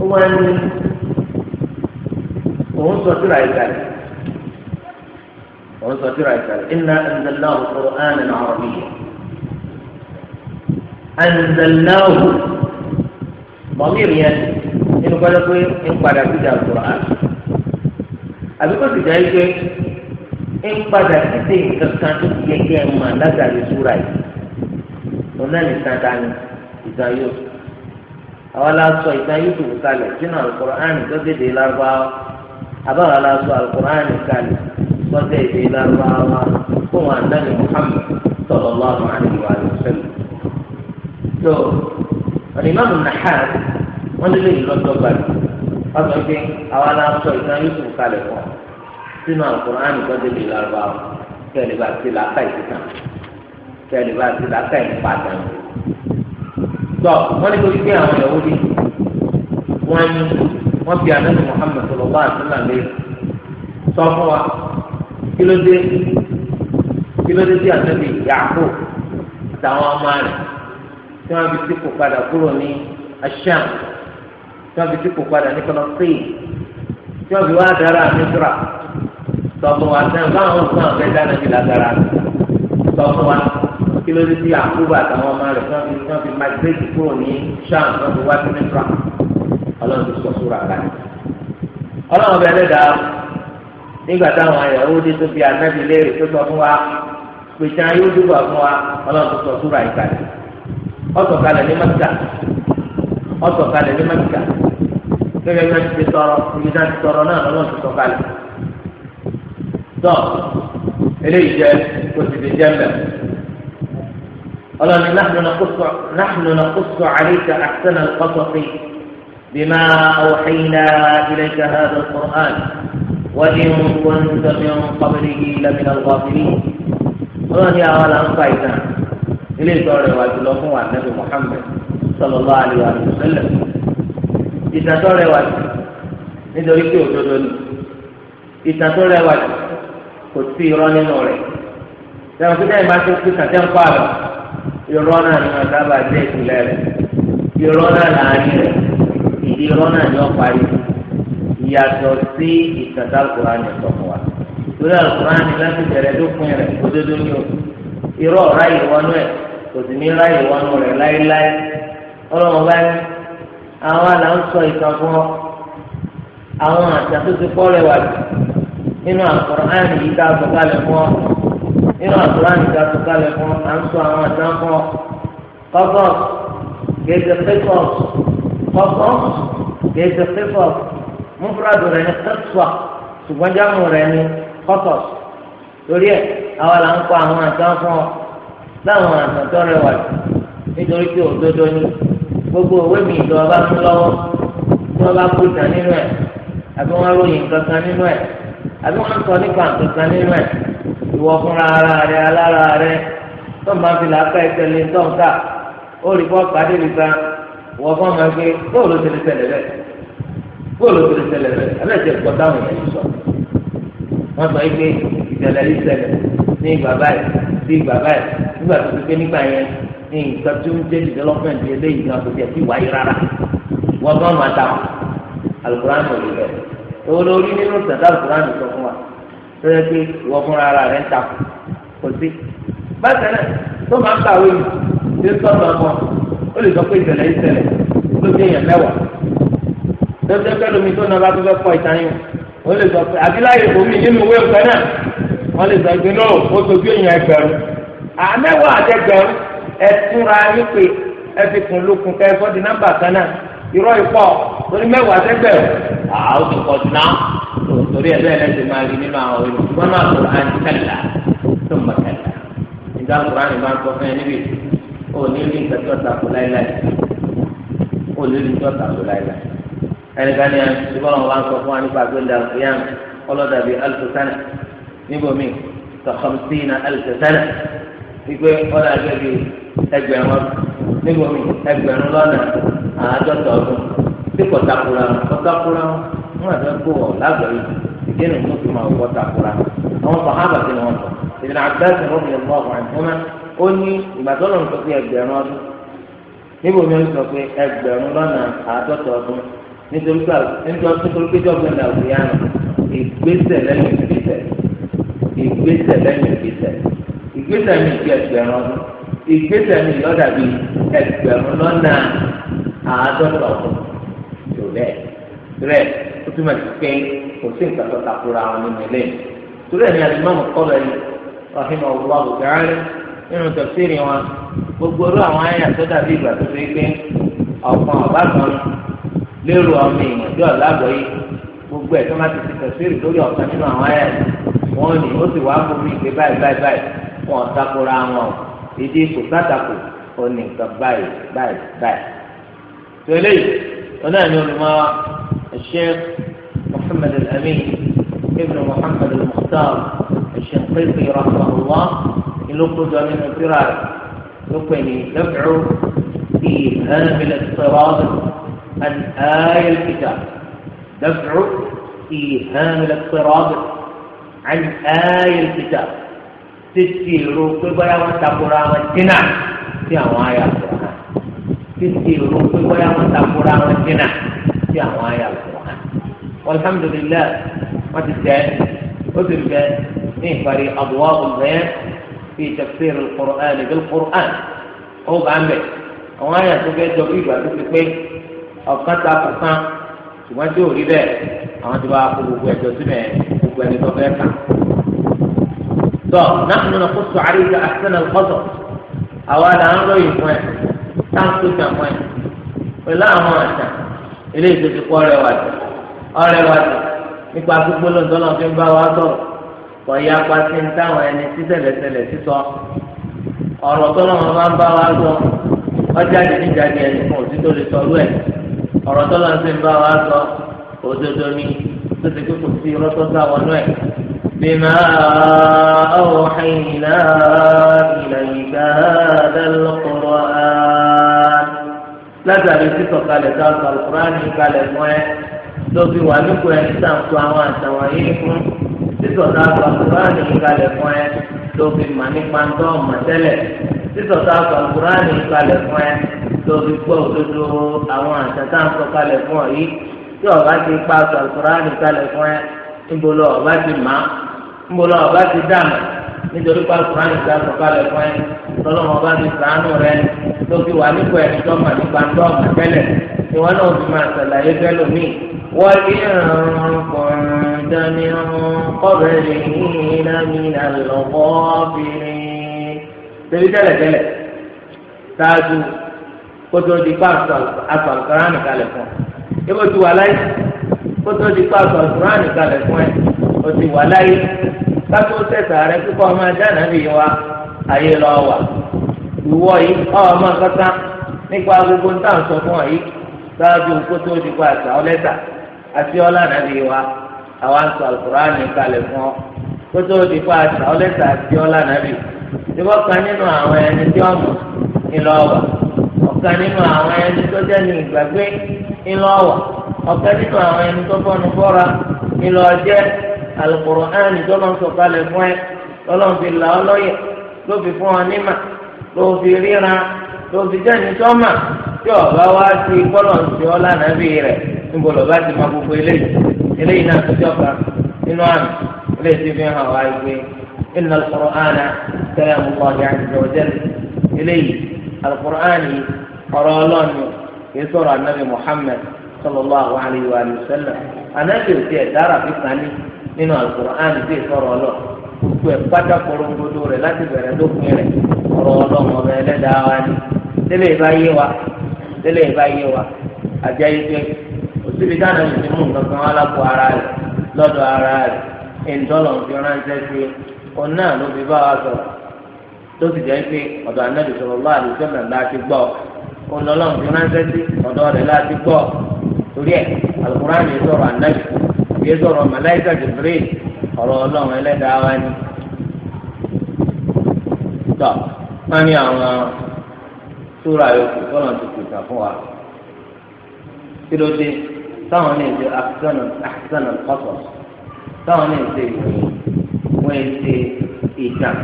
ó wá ní òun sọ síra ìkàlẹ̀ òun sọ síra ìkàlẹ̀ anzalnahu mọ̀míìrì yẹn nínú gbọ́dọ̀ pé ń padà síta Al-Qur'an àbíkó sì dáa yìí pé ń padà síta nǹkan kan tó ti yẹ kí ẹ mọ̀ látàrí súra yìí òun náà nìkan dání ìtàn yóò àwọn aláṣọ ìtàn yóò tòun kalẹ̀ sínú Al-Qur'an tó dédé lárúbáwá àbáwọn aláṣọ Al-Qur'an kalẹ̀ tó dédé lárúbáwá fún wa nàbì Muhammad sallallahu alaihi wa sallam tó Imam An-Nahawi wọ́n lé lẹ́yìn lọ́dọ̀ gbàdú wọ́n sọ pé àwa náà sọ ìtàn Yusuf kalẹ̀ fún ọ sínú Al-Qur'ani tó débi lọ́rọ̀ àwọn kẹ́lẹ́ bá ti làákà ìtìkàn kẹ́lẹ́ bá ti làákà ìpàdán tó wọ́n ní torí pé àwọn Yahudi wọ́n ní wọ́n fi àdánù Muhammad sallallahu alaihi wasallam lé sọ fún wa kí ló dé kí ló dé sí àdánù Yaqub àtàwọn ọmọ rẹ̀ tí wọ́n fi dípò padà kúrò ní asham tí wọ́n fi dípò padà ní kọ́nọ́tì tí wọ́n fi wá dára nígbà tọ́kùn wa sẹ́yìn báwọn fún àwọn fẹ́ dáná sí lágbára tọ́kùn wa kí ló dé sí àkúrò àtàwọn ọmọ rẹ̀ tí wọ́n fi migrate kúrò ní sham tí wọ́n fi wá sí nígbà ọlọ́run ti sọ sóra kalẹ̀ ọlọ́run bẹ̀rẹ̀ lẹ́dàá nígbà táwọn ẹ̀yàwó dé tó fi ànábì tó sọ fún wa pèsè ayé ó dúpọ̀ fún wa ọlọ́run ti sọ sóra ìkàlẹ̀. ọsọkalẹ ní mẹta ọsọkalẹ ní mẹta gẹ́gẹ́ bí wọn ti tọrọ ibi náà ti tọrọ náà lọ́wọ́ ti sọ̀kalẹ̀ tọ eléyìí jẹ òsìsì jẹmbẹ ọlọni nahnu naqussu alayka ahsana al-qasasi bima awhayna ilayka hadha al-Qur'an wa in kunta min qablihi lamina al-ghafilin ọlọni àwọn là ń fa ìtàn. ilé ìtọ́rẹ̀ wà jùlọ fún wa nẹ́bí Muhammad sallallahu alaihi wa sallam ìtàtọ́rẹ̀ wà jù nítorí pé òdodo ni ìtàtọ́rẹ̀ wà jù kò sí irọ́ nínú rẹ̀ lẹ́yìn pípa ìgbà tó kú kàtẹ́ ń pààrọ̀ irọ́ náà ni wọn sábà jẹ́ ìpìlẹ̀ rẹ̀ irọ́ náà láàárín rẹ̀ ìdí irọ́ náà ni wọ́n parí ìyàtọ̀ sí ìtàtà Kùránì sọ̀kọ̀ wa Kùránì láti bẹ̀rẹ̀ lópin rẹ̀ òdodo ni o irọ́ ọ̀rá ìwọ́nú ẹ̀ kò sì ní ráyè wọnú rẹ̀ láéláé ọlọ́run bá ní àwọn àlà ń sọ ìtàn fún ọ àwọn àṣà tó ti kọ́ rẹwà jù nínú àkùrán yìí ká sọ̀kalẹ̀ fún ọ nínú àkùrán yìí ká sọ̀kalẹ̀ fún ọ à ń sọ àwọn àṣà fún ọ kọ́kọ́ gèdè pépọ̀ kọ́kọ́ gèdè pépọ̀ múfúrádù rẹ̀ ní kẹ́tùwà ṣùgbọ́n jáàmù rẹ̀ ní kọ́tọ̀ torí ẹ̀ àwọn là ń kọ́ àwọn àṣà fún ọ. láwọn àtàntọ́ rẹwà nítorí pé òdodo ni gbogbo òwe mi ìjọba bá mú lọ́wọ́ tí wọ́n bá kú ìtàn nínú ẹ̀ àbí wọ́n ròyìn kankan nínú ẹ̀ àbí wọ́n sọ nípa kankan nínú ẹ̀ ìwọ fúnra ara rẹ alára rẹ tó máa fi làákà ẹsẹ̀ lé ó rí bọ́ pàdé nìkan ìwọ fún ọmọ ẹgbẹ́ bóòlù tẹ̀lé bẹ́ẹ̀ bóòlù tẹ̀lé bẹ́ẹ̀ ẹlẹ́jẹ̀ sọ wọ́n sọ nígbà tó gbé nígbà yẹn ní nǹkan tó ń jẹ́ development eléyìí náà kò jẹ́ sí wáyé rárá wọ́n bá wọn àtàwọn alukóraní ò lè bẹ̀rẹ̀ èwo lórí nínú tàdá alukóraní sọ fún wa sọ́jà pé wọ́n fúnra ara rẹ̀ ń ta kò sí. bákan náà tó máa ń kàwé yìí tó sọ̀rọ̀ ọmọ ó lè sọ pé ìṣẹ̀lẹ̀ ìṣẹ̀lẹ̀ ló dé èèyàn mẹ́wàá tó jẹ́ pẹ́ lómi tó náà bá tó fẹ́ pọ̀ ìtayín ó lè sọ pé àbíláyè omi nínú ìwé ọ̀fẹ́ náà wọ́n lè sọ pé náà ó sojú èèyàn ẹgbẹ̀rún àmẹ́wàá àdẹ́gbẹ̀rún ẹ̀túnra yín pé ẹ̀fí kun lókun kẹ́sọ́ di nọ́mbà kan náà irọ́ ìpọ̀ torí mẹ́wàá àdẹ́gbẹ̀rún àwọn tó kọ̀ sí náà torí ẹ̀ bẹ́ẹ̀ lẹ́sìn máa rí nínú àwọn ìlú wọn náà tó à ń kẹ́là tó mọ̀ kẹ́là nígbà kúrò àná ìbá ń sọ fún ẹ níbi ò ní rí nǹkan tó tako láéláé ò ní rí nǹkan tó tako láéláé ẹnìkan ni ìbọn wọn wípé ọ̀dà àgbẹ̀bí ẹgbẹ̀rún níbomi ẹgbẹ̀rún lọ́nà àádọ́ta ọdún tí kò takura kò takura wọn àti ẹgbẹ́ wọ̀ lágbẹ̀rẹ̀ ìdí nu tó fi máa wọ́ takura àwọn sàhábà ti wọn sọ ìdìní àgbẹ̀sì rọ́bì ẹ̀ lọ́wọ́ àìfúnná ó ní ìgbàdọ́lọ̀ nǹkan pé ẹgbẹ̀rún ọdún níbomi ó sọ pé ẹgbẹ̀rún lọ́nà àádọ́ta ọdún nítorí pé nítorí pé jọ́gbọ́n náà wù ìgbésẹ̀ lẹ́yìn ìgbésẹ̀ ìgbésẹ̀ ìgbésẹ̀ mi ju ẹgbẹ̀rún ọdún ìgbésẹ̀ mi yọ dàbí ẹgbẹ̀rún lọ́nà àádọ́ta ọdún tó bẹ́ẹ̀ rẹ̀ ó túmọ̀ sí pé kò sí nǹkan tó takora àwọn nínú ilé yìí torí ẹ̀mí kọ́lọ̀ yìí nínú wọn gbogbo gbogbo ẹ̀ tó má ti lórí ọ̀kan nínú àwọn wọn takora wọn ìdí kò sátàkù òní nǹkan báyìí báyìí báyìí. tẹ́lẹ̀ ọ̀nà ni olùmọ̀ الشيخ محمد الأمين ابن محمد المختار الشنقيطي رحمه الله يلقد من الفرار يقني دفع إيهام الاضطراب عن آية الكتاب دفع إيهام الاضطراب عن آية الكتاب títí ìró pé bóyá wọn takora wọn dínà sí àwọn àyà àlùkò hàn títí ìró pé bóyá wọn takora wọn dínà sí àwọn àyà àlùkò hàn. alhamdulilayi wọn ti tẹ ó ti bẹ ní ìparí àbúwá ọ̀gbẹ́ fi tafsir al-Qur'an bil-Qur'an ó bá ń bẹ̀ àwọn àyà tó fẹ́ jọ bí ìgbà tó ti pé ọ̀kan ta kò kan ṣùgbọ́n tí ò rí bẹ́ẹ̀ àwọn ti bá kó gbogbo ẹ̀jọ́ síbẹ̀ gbogbo ẹni tó fẹ́ kà. tọ nahnu naqussu alayka ahsana al-qasas àwa là ń lóyún fún ẹ táǹkì tàn fún ẹ pẹ̀lú àwọn àṣà ilé ìtòsí kọ ọ̀rẹ́ wa jù ọ̀rẹ́ wa jù nípa gbogbo lọdọọlọ fi ń bá wa sọ̀rọ̀ kọ ya pàṣẹ ń táwọn ẹni tí tẹ́lẹ̀tẹ́lẹ̀ sísọ ọ̀rọ̀ tọlọ máa ń bá wa sọ ọjà jẹjẹjẹ ẹni fún òsì tó lè sọrú ẹ ọ̀rọ̀ tọlọ ń fi ń bá wa sọ òdodo ni tó ti kó kò sí rọtọ sáwọn náà بما أوحينا إليك هذا القرآن látàrí sísọ̀kalẹ̀ sáàtọ̀ القرآن kalẹ̀ mọ́ ẹ lóbi wà nípò ẹni sàǹkó àwọn àtàwọn yìí fún sísọ̀kalẹ̀ alukurani kalẹ̀ mọ́ ẹ lóbi mà nípa ńdọ́ mọ̀tẹ́lẹ̀ sísọ̀kalẹ̀ alukurani kalẹ̀ mọ́ ẹ lóbi gbọ́ òdodo àwọn àtàtà ńkọ kalẹ̀ mọ́ yìí tí ọ̀gá ti pa alukurani kalẹ̀ mọ́ ẹ níbo lọ ọba ti mà á níbo lọ ọba ti dàmà nítorí pé alukur'an ti sàkó kalẹ̀ fún ẹ tọ́lọ́mọ ọba ti sàánù rẹ lókè wà nípa ẹni tó mà nípa tó ọmọ tẹ́lẹ̀ ìwọ náà fi máa ṣàlàyé fẹ́lú mi wọ́n ti rán kọ̀ọ̀dání kọ́bẹ̀rẹ̀ yìí lámìnà lọ́wọ́ bìnrin. Ṣèbí tẹ́lẹ̀tẹ́lẹ̀ ṣáájú kótó di pa àṣàkárá nìkalẹ̀ fún ọ. Ibo ti wà láyé kó tó di pa sọ kúránì kalẹ̀ fún ẹ o ti wà láyé kátó tẹ̀sà rẹ kíkọ́ ọmọ ajá nàbí wa ayé lọ wà ìwọ yìí ọmọ kankan nípa gbogbo ń tàn sọ fún ọ yìí sáájú kó tó di pa àṣà ọlẹ́sà àti ọlá nàbí wa àwa ń sọ kúránì kalẹ̀ fún ọ kó tó di pa àṣà ọlẹ́sà àti ọlá nàbí ìwọ kan nínú àwọn ẹni tí ọmọ ńlọ wà ọ̀kan nínú àwọn ẹni tó jẹ́ ní ìgbàgbé ńlọ wà ọ̀kan nínú àwọn ẹni tó fọ́nu fọ́ra ńlọ jẹ́ Al-Qur'ani tọ́lọ́ ń sọ̀kalẹ̀ fún ẹ tọ́lọ́ ń fi là ọ́ lọ́yẹ̀ ló fi fún ọ nímà ló fi ríra ló fi jẹ́ ní sọ́mà tí ọba wá sí kọ́lọ̀ ń sọ lánàá bí rẹ̀ níbo lọ́ba ti máa gbogbo eléyìí eléyìí náà tó jọba nínú àmì eléyìí fi hàn wá gbé إن القرآن كلام الله عز وجل إليه القرآن ọ̀rọ̀ ọlọ́ọ̀ni kì í sọ̀rọ̀ anabi muhammed sallallahu alayhi wa sallam anabi ò tiẹ̀ dára nínú korongodo láti lópin ọrọ wa ni tẹ́lẹ̀ ìbá yé wa tẹ́lẹ̀ ìbá yé wa àjẹ́ ike òsibí dáná yìí ti mú nǹkan alábò ara rẹ̀ lọ́dọ̀ ara rẹ̀ ìdọ́lọ̀ fi na sí òun náà ló olùlọ́lọ́mù tó ránṣẹ́ sí ọ̀dọ́ rẹ̀ láti gbọ́ torí ẹ̀ alukur'an yìí anabi yìí sọ̀rọ̀ malaika jibril ọ̀rọ̀ ọlọ́run ẹlẹ́dàá wa ni. tọ́ wọ́n ní àwọn súra yòókù tọ́lọ̀ ti pèsè fún wa kí ló dé táwọn ní ìṣe àkísànà àkísànà kọ́sọ̀ táwọn ní ìṣe ìròyìn wọ́n ń ṣe ìtàn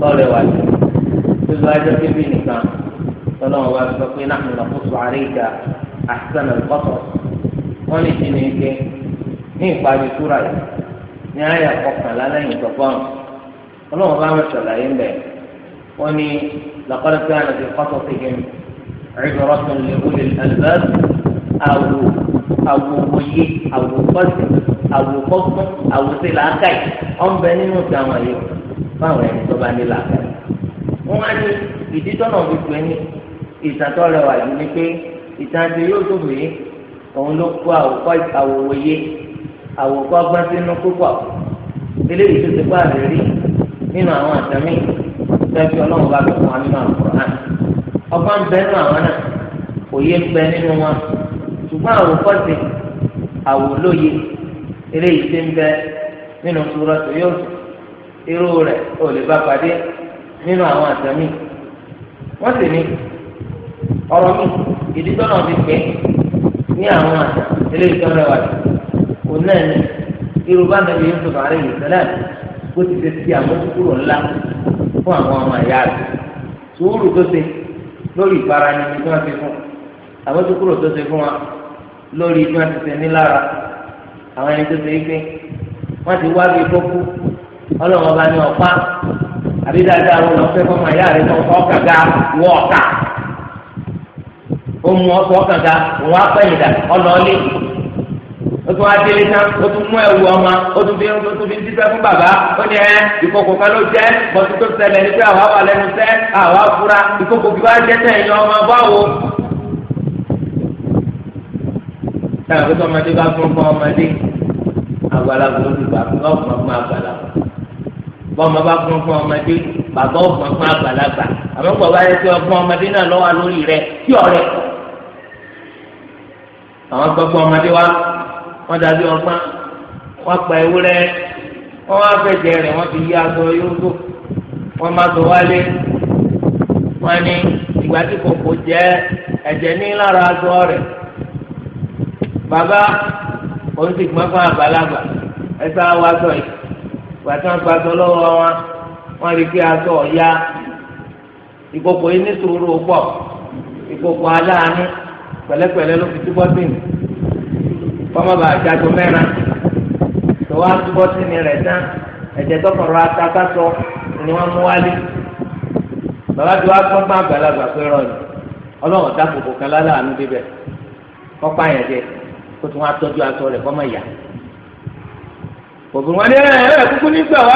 tọ́lẹ̀ wájú tó lọ́jọ́ kébì nìkan tọ́lọ́wọ́n bá sọ pé náà lọ kó sọ àríkà àṣìṣàn àlùkọ́sọ̀ wọ́n lè jí ní ike ní ìparí súra yìí ní àyà kọkànlá lẹ́yìn tọ́gbọ́n ọlọ́wọ́n bá wọn ṣàlàyé ń bẹ̀ wọ́n ní laqad kana fi qasasihim ibratun li ulil albab àwò àwòwòye àwòkọ́sì àwòkọ́gbọ́n àwòsí làákàyè ọ̀nbẹ nínú ìgbà wọn yìí fáwọn ẹni tó bá ní làákàyè wọ́n á ní ìdí tọ́nà òbí pé ní ìtàtọ́ rẹ̀ wà jù ní pé ìtàtí yóò dùn mí òun ló kó àwòkọ́ àwòwòye àwòkọ́ ọgbọ́n púpọ̀ eléyìí tó ti bá rí nínú àwọn àtàmì tẹ́tí ọlọ́run bá nínú àkùrán ọgbọ́n nínú àwọn náà òye ń bẹ nínú wọn ṣùgbọ́n àwòkọ́ eléyìí ti ń bẹ nínú irú rẹ̀ ò lè ọ̀rọ̀ mi ìdí tọ́nà ti pẹ́ ní àwọn àṣà eléyìí tó rẹwà jù kò náà ní yorùbá nàbí yóò sọ̀rọ̀ àrẹ yìí sẹ́lẹ̀ bó ti ṣe ti àmójúkúrò ńlá fún àwọn ọmọ ìyá rẹ̀ sùúrù tó ṣe lórí ìbára ni bí wọ́n ti fún àmójúkúrò tó ṣe fún wa lórí bí wọ́n ti ṣe nílára àwọn ẹni tó ṣe é pé wọ́n ti wá bí kókó ọlọ́run ọba ní ọ̀pá àbí dáadáa wọn lọ fẹ́ fọmọ ìyá rẹ̀ náà ó mú ọkọ̀ kànga òun á pẹ̀yìn dà ọlọ́ọ̀lẹ́ ó tún wá délé tán ó tún mú ẹ̀wù ọmọ ó tún fi ó tún fi dípẹ́ fún bàbá ó ní ẹ ìkòkò kan ló jẹ́ bọ́tú tó ṣẹlẹ̀ ní pé àwa wà lẹ́nu sẹ́ àwa fura ìkòkò kí wá jẹ́ tẹ̀yìn ọmọ báwo. táwọn akókò ọmọdé bá fún ọkọ ọmọdé àgbàlagbà ló ti gbà fún ọkùnrin fún àgbàlagbà bọ́ọ̀mọ bá fún fún ọmọdé bàbá ọ̀gbọ̀n fún àgbàlagbà àmọ́ pọ̀ bá yẹ kí ọgbọ́n ọmọdé náà lọ́wọ́ lórí rẹ̀ kí ọ̀rẹ́ kọ́. àwọn gbọ́gbọ́ ọmọdé wa wọ́n dàbí ọgbọ́n wọ́n pa ewúrẹ́ wọ́n wá fẹ̀jẹ̀ rẹ̀ wọ́n fi yí aṣọ yóò wọ́n má sọ wálé wọ́n ní ìgbà tí kòkò jẹ́ ẹ̀jẹ̀ ní lára aṣọ rẹ̀ bàbá òun ti gbọ́n fún àgbàlagbà sọ yìí ìgbà tí wọ́n gba aṣọ lọ́wọ́ wọn pẹ̀lẹ́pẹ̀lẹ́ ló fi túbọ̀ sí ni kọ́mọ́ bá àjàgbọ́ mẹ́rin tó wá túbọ̀ sí ni rẹ̀ tán wa tọkọ̀rọ̀ atakásọ ni wọ́n mú wálé bàbá tó wá gbọ́n bá àgbàlagbà pé rọ ni ọlọ́run dá kòkò kan láláàánú débẹ̀ kọ́pá yẹn jẹ kó tún wá tọ́jú aṣọ rẹ̀ kọ́mọ ìyá òbí wọn ní ẹ kúkú nígbà wá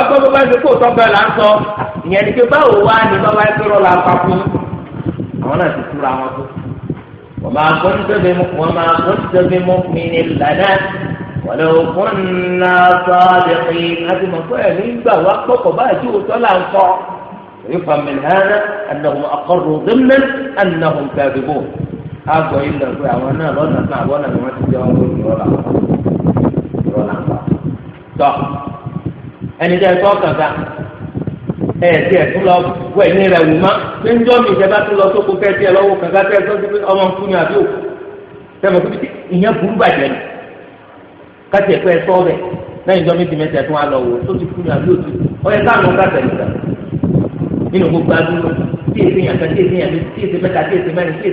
وما كنت وما كنت بمؤمن لنا ولو كنا صادقين هذه مقولة نسبة وقت بقى شو طلع يفهم من هذا أنهم أقروا ضمنا أنهم كاذبون أقوى إلا في لا نسمع ولا نمسك يوم ولا ولا طب أنا جاي توقف Ee, tiẹ̀ tún lọ wọ ihe rẹ̀ wù má ṣé ń jọ́ mi ìjẹba tún lọ sóko kẹ́ tiẹ̀ lọ́wọ́ kàkà tẹ́ ẹ sọ́sí pé ọmọ fún yàn àbí òkú tẹ́lẹ̀ kó ti ìyẹn burú bàjẹ́ ni káti ẹ̀kọ́ ẹ lẹ́yìn jọ́ mẹ́tẹ̀ tún lọ wò tó ti fún àbí ọyẹ káàmù nínú gbogbo adúlọ tí èsì tí èsì tí èsì mẹ́ta tí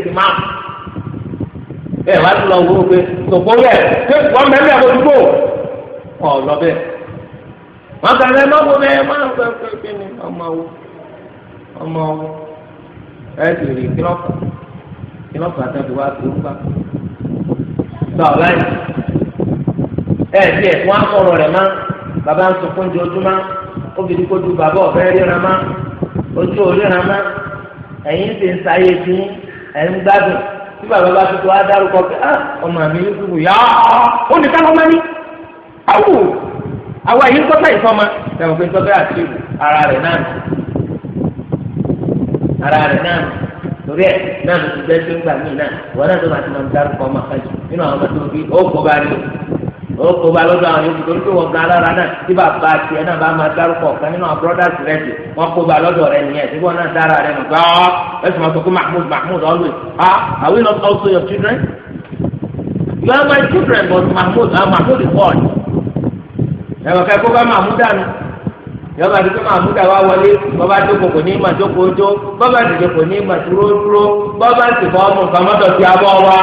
èsì wọn kàn lẹ mọ́wó bẹ́ẹ̀ máa ń gbẹ pé ní ọmọ wo ọmọ wo ẹ ti rí kílọ̀pù kílọ̀pù àtàkùn wa tó ń gbà ọ̀ láyé ẹ ti má bàbá ń sunkún di ojúmọ́ obìnrin kojú bàbá má ojú má ti ń sáyé gbádùn tí bàbá bá àwa yìí ń tọ́ta ìfọ́mọ ẹ̀wọ̀n pé tọ́ta àti ara rẹ̀ náà ara rẹ̀ náà torí ẹ̀ náà ló ti jẹ́ tó ń gbà mí náà wọ́n náà tó máa ti máa ń dárúkọ ọmọ àkájù nínú àwọn ọmọ tó ń fi ó kó bá rí o ó kó bá lọ́dọ̀ àwọn yòókù torí pé wọ́n gan alára náà tí bàbá tiẹ̀ náà bá máa dárúkọ ọ̀kan nínú àwọn brothers rẹ̀ jù wọ́n kó bá lọ́dọ̀ rẹ̀ nìyẹn tí wọ́n náà dára rẹ̀ nù gbọ́ ẹ̀sùn máa sọ pé always ah are we not also your children you are my children but mahmood ah mahmood is born ẹ̀wọ̀n kẹ́kọ̀ọ́ bá máa mú dànù yọba àti pé mahmuda wa wọlé bọba àdókò kò ní ma jókòó tó bọba àdókò kò ní ma dúró dúró bọba àti bọ ọmọ nǹkan mọdọ ti abọ wa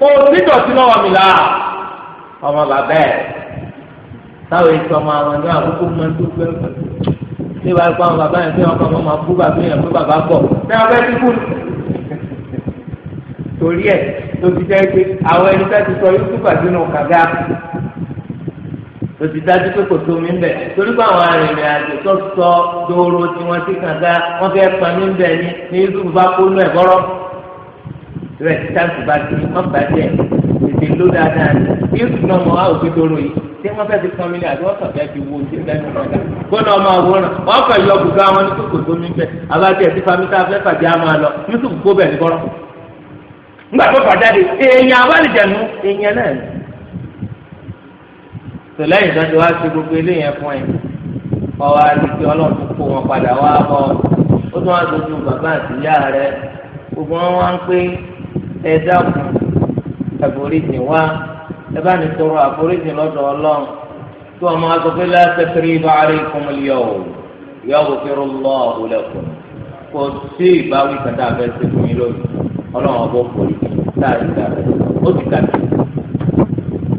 kò sí dọ̀tí lọ́wọ́ mi la ọmọ bàbá ẹ̀ táwọn èso ọmọ àwọn ní àkókò máa ń tó fẹ́ ṣé wàá gbọ́ àwọn bàbá yẹn fẹ́ ọkọ̀ ọmọ máa bú bàbá yẹn fún bàbá bọ̀ ṣé wọ́n fẹ́ ti kú torí ẹ̀ tó ti jẹ́ pé àwọn ẹni o ti dájú pé kò tómi ń bẹ̀ torí pé àwọn arìnrìn àjò tó sọ dòòrò tiwọn sí kànga wọn fẹ́ pa mí ń bẹ̀ ni ní yusuf bá kó nú ẹ̀ bọ́rọ́ rẹ̀ ti táǹtì bá ti wọ́n bá jẹ́ tètè ló dáadáa ni yusuf náà mọ̀ á òfin dòòrò yìí tí wọ́n fẹ́ ti pọn mi ní àti wọ́n kàn fẹ́ fi wo sí bẹ́ẹ̀ nínú ọ̀gá gbọ́dọ̀ ọmọ àwòrán wọ́n kàn yọ gbùgbà wọn ní kò tómi ń bẹ̀ abájẹ́ ti fa mi tá a fẹ́ fàdí àmọ́ àlọ́ yusuf kó bẹ̀ ní tòlẹ́ ìdájọ́ wa ṣe gbogbo eléyẹn fún ẹ ọwọ́ àdìsí ọlọ́run kó wọn padà wá bọ̀ ó tún wá dojú bàbá àti ìyá rẹ gbogbo wọn wá ń pé ẹ dákun àforíjì wá ẹ bá ní tọrọ àforíjì lọ́dọ̀ ọlọ́run tí wọn máa sọ pé látẹ̀kẹ́rì ìbáraẹ̀ ìkọmọlẹ́yọ̀ yọ̀ọ́ fi rú lọ́ọ̀ọ́ lẹ́kùn kò sí ìbáwí kàtà fẹ́ fún yín lónìí ọlọ́run ọgbọ́n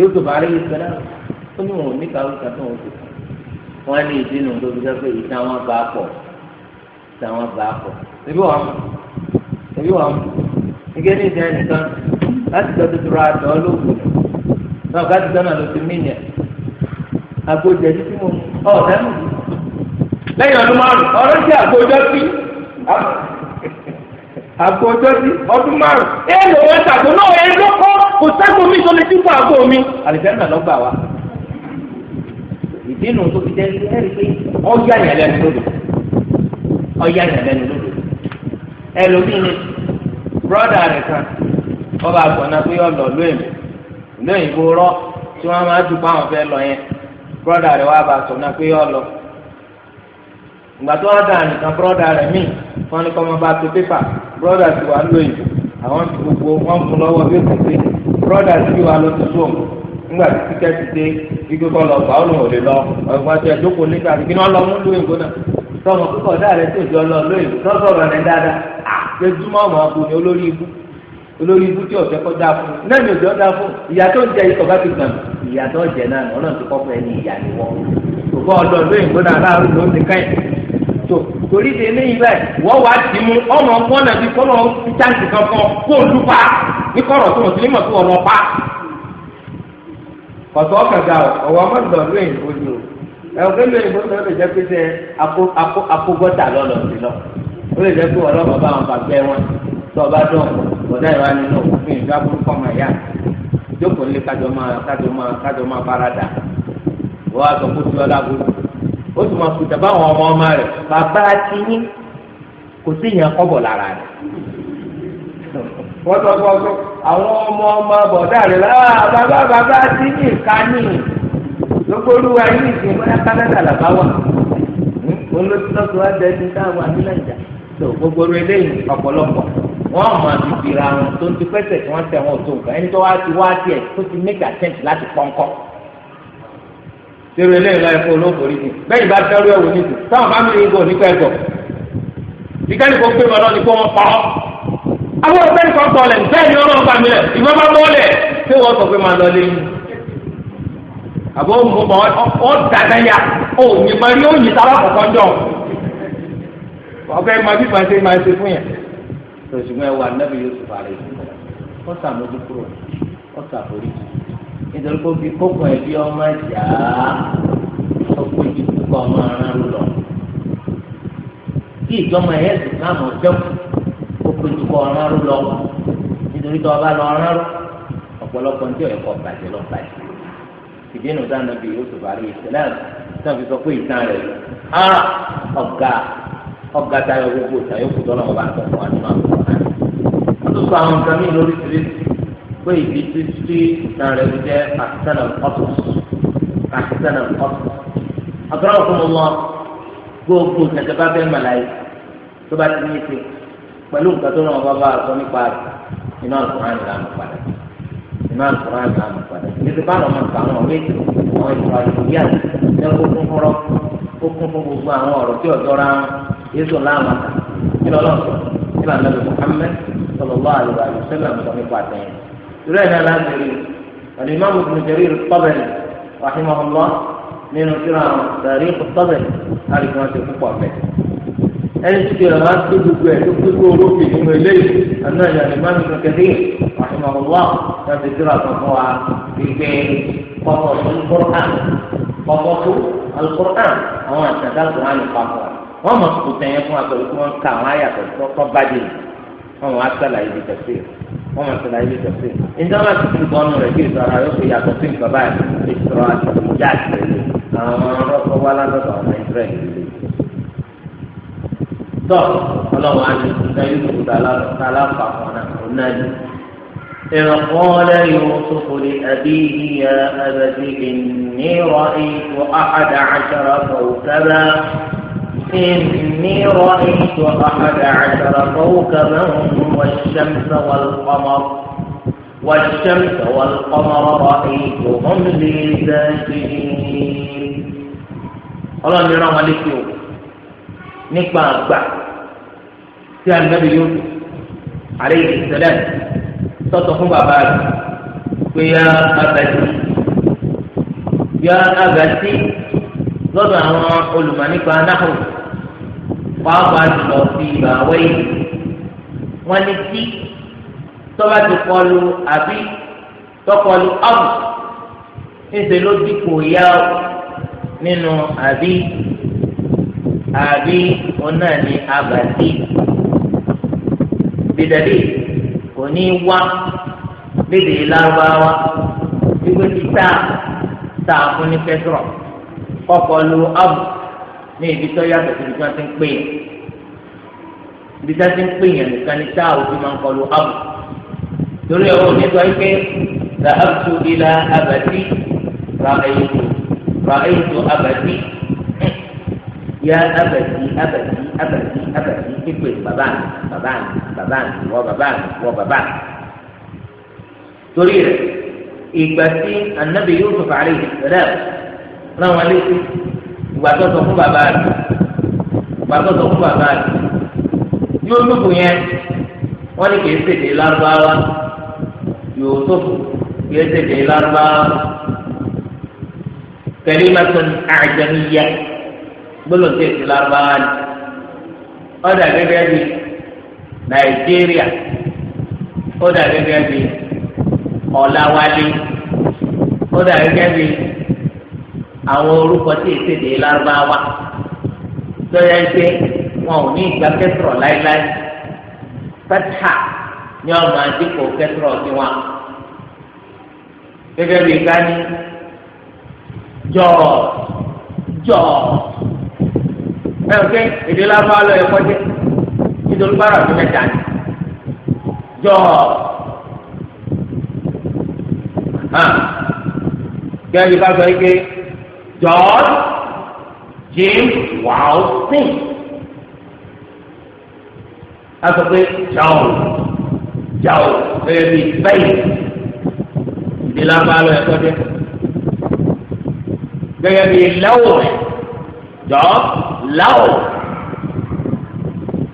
Yusuf alayhi salam ó ní wọn ò ní kàwé kàtó wọn tó wọn ní ìdí nu tó fi sọ pé ìta wọn bá pọ̀ ìta wọn bá pọ̀ ebi wà mú ebi wà mú nígbà ní ìdí ẹnìkan láti tọ́ tuntun ra àtọ́ lóògùn náà ká ti dáná ló ti mí nìyẹn agbójẹ ní tí mo ọ sẹ́nu lẹ́yìn ọdún márùn ọdún tí agbójọ sí agbójọ sí ọdún márùn èèlò wọn tàbí náà èèlò kọ́. kò sáàgbó mi tó lè dínkù àgbo mi àlìjánnà lọ gbà wá. ìdínú tó fi jẹ́ ẹ̀rí pé ọ̀yá yẹn lẹ́nu lódò yẹn lẹ́nu lódò kan ọba àgbọ̀nà pé ọ̀lọ́ lóyìnbó lóyìnbó rọ́ tí wọ́n máa dùn báwọn fẹ́ lọ yẹn bọ́dà rẹ̀ wá bá sọ̀nà pé ọ̀lọ́ ìgbà tó wá dáa nìkan rẹ̀ ní kọ́ bá tó pépà ti wà brọ́dà sí wa ló ti tó nígbà tí tíkẹ́ẹ̀tì dé ibi kọ́ lọ bá òun ò lè lọ ọ̀gbọ́n ti ẹ̀dókòó nígbà tí kíni ọlọ́mú ló èkó náà tọmọ púpọ̀ dáa rẹ tó jọ lọ lóyè lọ́sọ̀rọ̀ rẹ dáadáa ọmọ ọkùnrin ni olórí ibú olórí ibú tí fún náà fún ìyá tó ń jẹ bá ti ìyá tó ni tó torí de eléyìí bẹ́ẹ̀ wọ́n wá ti mú ọmọ ọgbọ́n náà fi kọ́nà kan fọ́ kó o ní kọ́rọ̀ tó o ti ní mọ̀ tó o lọ pa. kọ̀tọ̀ ọ̀kàgà ọ̀wọ́ mọ̀tò lóyìn ojú ẹ̀wọ̀n pé lóyìn bó lè jẹ́ pé sẹ́ akógọ́tà lọ́lọ́ sí lọ ó lè jẹ́ pé ọlọ́mọ bá wọn fàgbẹ́ wọn tó ọba dán bọ̀dá ìwà nínú òfin ìgbà burúkọ ọmọ ìyá jókòó nílé kájọ máa kájọ máa kájọ máa báradà wọ́n á sọ fún ti ọlá burúkú ó sì máa kùtà báwọn ọmọ ọmọ rẹ̀ bàbá ti yín kò sí ìyàn kọ́bọ̀ lára rẹ̀ wọ́n sọ fún ọ àwọn ọmọ ọmọ bọ̀dá rẹ̀ láà ah, bàbá bàbá ti ní ìkànnì gbogbo olúwa yìí ìsìn bóyá kánádà làbá wà olóṣèlú wa dẹni táwọn amílẹ̀jà tó gbogbo eléyìí ọ̀pọ̀lọpọ̀ wọ́n máa fi fira wọn tó ń ti pẹ́sẹ̀ tí wọ́n tẹ̀ wọn tó nǹkan ẹni tó wá ti wá tiẹ̀ tó ti make attempt láti pọ́nkọ́ lérò eléyìí lọ́yẹ̀ fún olóògbé orí mi bẹ́ẹ̀ bá dẹ́rù nídìí táwọn fámìlì ń gò nípa ẹ̀gọ́ ìkẹ́ni kò wọn lọ ní kó wọn pa ọ́ àwọn ọ̀gbẹ́ni kan sọ̀lẹ̀ bẹ́ẹ̀ ni ọlọ́run bá mi rẹ̀ ìbọn bá bọ́ọ̀lẹ̀ ṣé wọ́n sọ pé máa lọ lé yín àbọ̀ mọ̀ ọ́ dàdáyà ó yìí máa rí òyìn sára kọ̀ọ̀kan jọ ọ̀gbẹ́ máa bí máa máa ṣe fún yẹn lọ́sùnmọ́ nítorí kó fi kókò ẹbí ọmọ jà á ọkọ ìdí púpọ̀ ọmọ ara ń lọ kí ìjọba ẹ̀yẹ́ sì sáàmù ọjọ́ ọkọ ìdí púpọ̀ ọmọ ara ń lọ nítorí tó ọba lọ ọ̀rán rú ọ̀pọ̀lọpọ̀ ní ọ̀yọ̀kọ̀ bàjẹ́ lọ bàjẹ́ ìdínú dáná bíi yóò sọ̀rọ̀ àrí ìṣẹ̀lẹ̀ náà fi sọ pé ìtàn rẹ̀ á ọ̀gá ọ̀gá tayọ gbogbo tayọ kù tọ́lọ́ ọba àtọ̀kọ̀ àti máa ń sọ àwọn nǹkan mí lórí tìrìtì pé ìdí títí ìtàn rẹ̀ jẹ́ àtẹnà ọ̀tọ̀ àtẹnà ọ̀tọ̀. àbúrò fún mi lọ gbogbo ìtẹ̀tẹ̀ bá fẹ́ màláyé tó bá ti ní í ṣe pẹ̀lú nǹkan tó náà bá bá a sọ nípa rẹ̀ iná àlùkùrán ni lànà padà iná àlùkùrán ni lànà padà títí bá àwọn ọmọkà àwọn ọ̀rẹ́ ètò àwọn ìtura ìgbéyà ní ó kún fọ́rọ́ ó kún fún gbogbo àwọn ọ̀rọ̀ tí ọ̀dọ́ ra yéésù láàmà kí lọ́lọ́sọ̀ kí lànà lè Muhammad sallallahu alaihi nípa àtẹ̀yìn. سلينا الأمري الإمام ابن جرير الطبري رحمه الله من ترى تاريخ الطبري هذه كانت الفقه فيه ẹni tí kìlọ̀ máa ń tó gbogbo ẹ̀ tó gbogbo olóògbé nínú eléyìí àná ìyá ìmáà mi kankan dé àṣìmọ̀wá láti dúró àtọ̀fọ́ wa gbígbé kọ́kọ́ tó alukur'an kọ́kọ́ tó alukur'an àwọn àtàdá alukur'an ní papọ̀ wọ́n mọ̀ kó tẹ̀yẹ fún wa pẹ̀lú kí wọ́n ka àwọn àyà pẹ̀lú tó bá dé wọ́n mọ̀ á sàlàyé di tẹ̀síì wọ́n mọ̀ sílá ilé ìjọsìn ìjọba ti tún bọ́ọ̀nù rẹ̀ bí ìsọ̀rọ̀ yóò fi yàtọ̀ sí nǹkan báyìí ìsọ̀rọ̀ àti ìyá àtìrẹ́lẹ̀ àwọn ọlọ́kọ̀ wá ládọ́dọ̀ ọ̀nà ìsirẹ̀lẹ̀ lè. tọ́ ọlọ́wọ́ á ní ìsúná yóò tó ta aláǹfà kan náà ó náà ní. ìrọ̀kọ́lẹ̀ yóò tó kórè àbí ìyá àbẹ̀tì ìní إني رأيت أحد عشر كوكبا والشمس والقمر والشمس والقمر رأيتهم لي ساجدين. الله عليك لكيو نكبا أكبا كان النبي يوسف عليه السلام صدقوا بعد يا أبتي يا أبتي lọ́dọ̀ àwọn olùmọ̀ nípa náhùn pàápàá jùlọ fi ìgbà wẹ́yì wọ́n ní tí tọ́ba ti kọlu àbí tọkọlu ọ̀hún níṣẹ́ ló dípò yá nínú àbí àbí ọ̀nà ní abàtì bìdàdì kò ní wá lédè lárúbáwá wípé títà tá ní pẹ́trọ̀. kọ́kọ́ lu abu ní ibi tó yàtọ̀ síbi tí wọ́n ti ń pè yẹn ibi tí wọ́n ti ń pè yẹn nìkan ní táà òbí ta obi ń kọ́ lu abu torí ọ̀rọ̀ òní sọ pé làbùtù ilà abàtì ra èyítò ra èyítò abàtì yá abàtì abàtì abàtì abàtì pípé bàbá mi bàbá mi bàbá mi wọ bàbá mi wọ bàbá mi torí rẹ̀ ìgbà tí anabi yóò Yusuf alayhi salam. náà wọn létí ìgbà tó sọ fún bàbá rẹ̀ ìgbà tó sọ fún bàbá rẹ̀ yóò tóbu yẹn wọn ní kì í ṣèdè lárúbáwá yóò tóbu kì í ṣèdè lárúbáwá kẹlímàtún àjẹmíyà gbọ́dọ̀ ṣèdè lárúbáwá ni ọ̀dà gẹ́gẹ́ bíi nàìjíríà ó gẹ́gẹ́ bí ọ̀làwálé ó gẹ́gẹ́ bí àwọn orúkọ tí èsè dè lárúbáwá lọ́yà pé wọn ò ní ìgbà kẹsìrọ̀ láíláí fẹ́tà ni wọn máa dípò kẹsìrọ̀ tiwọn gẹ́gẹ́ bí gani jọ̀ọ́ jọ̀ọ́ ẹ̀ ń pé èdè lárúbáwá lọ́yà kọjá nítorí bára ọdún mẹ́ta ni jọọ hàn gẹ́gẹ́ bá sọ yìí John James Wild thing. Singh a sọ John jàù jàù ẹ̀yẹ bíi bẹ́ẹ̀ ìdílé abáàlọ́ ẹ̀kọ́ jẹ́ gẹ́gẹ́ bíi lẹ́wọ̀ rẹ̀ jọ́ láwọ̀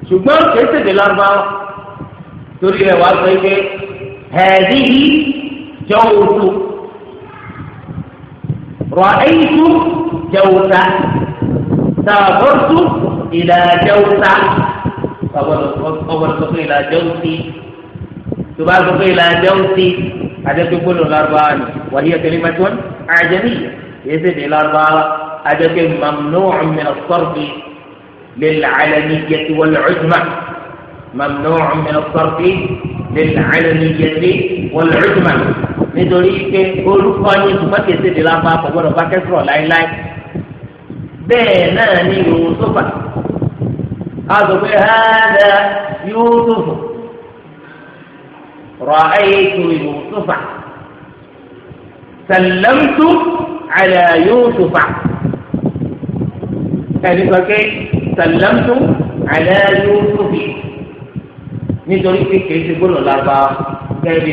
ṣùgbọ́n kéésì ìdílé abáàlọ́ torí rẹ̀ wá sọ pé ẹ̀ẹ́dì yìí jọ́ òdu. رأيت جوزة سافرت إلى جوزة أول فقه إلى جوزي سافرت فقه إلى جوزي هذا تقول الأربعان وهي كلمة أعجمية يزيد إلى أربعة هذا ممنوع من الصرف للعلنية والعزمة ممنوع من الصرف للعلنية والعزمة nítorí pé orúkọ yín ṣùgbọ́n kì í ṣèdè lápá kò gbọ́dọ̀ bá kẹ́sìrọ̀ láéláé bẹ́ẹ̀ náà ni Yusufa azọ̀gbẹ́ hàdà Yusufu ra'aytu Yusufa sallamtu ala Yusufa ẹni sọ pé sallamtu ala Yusufi nítorí pé kì í ṣe gbọ́dọ̀ lábá kẹ́ẹ̀bí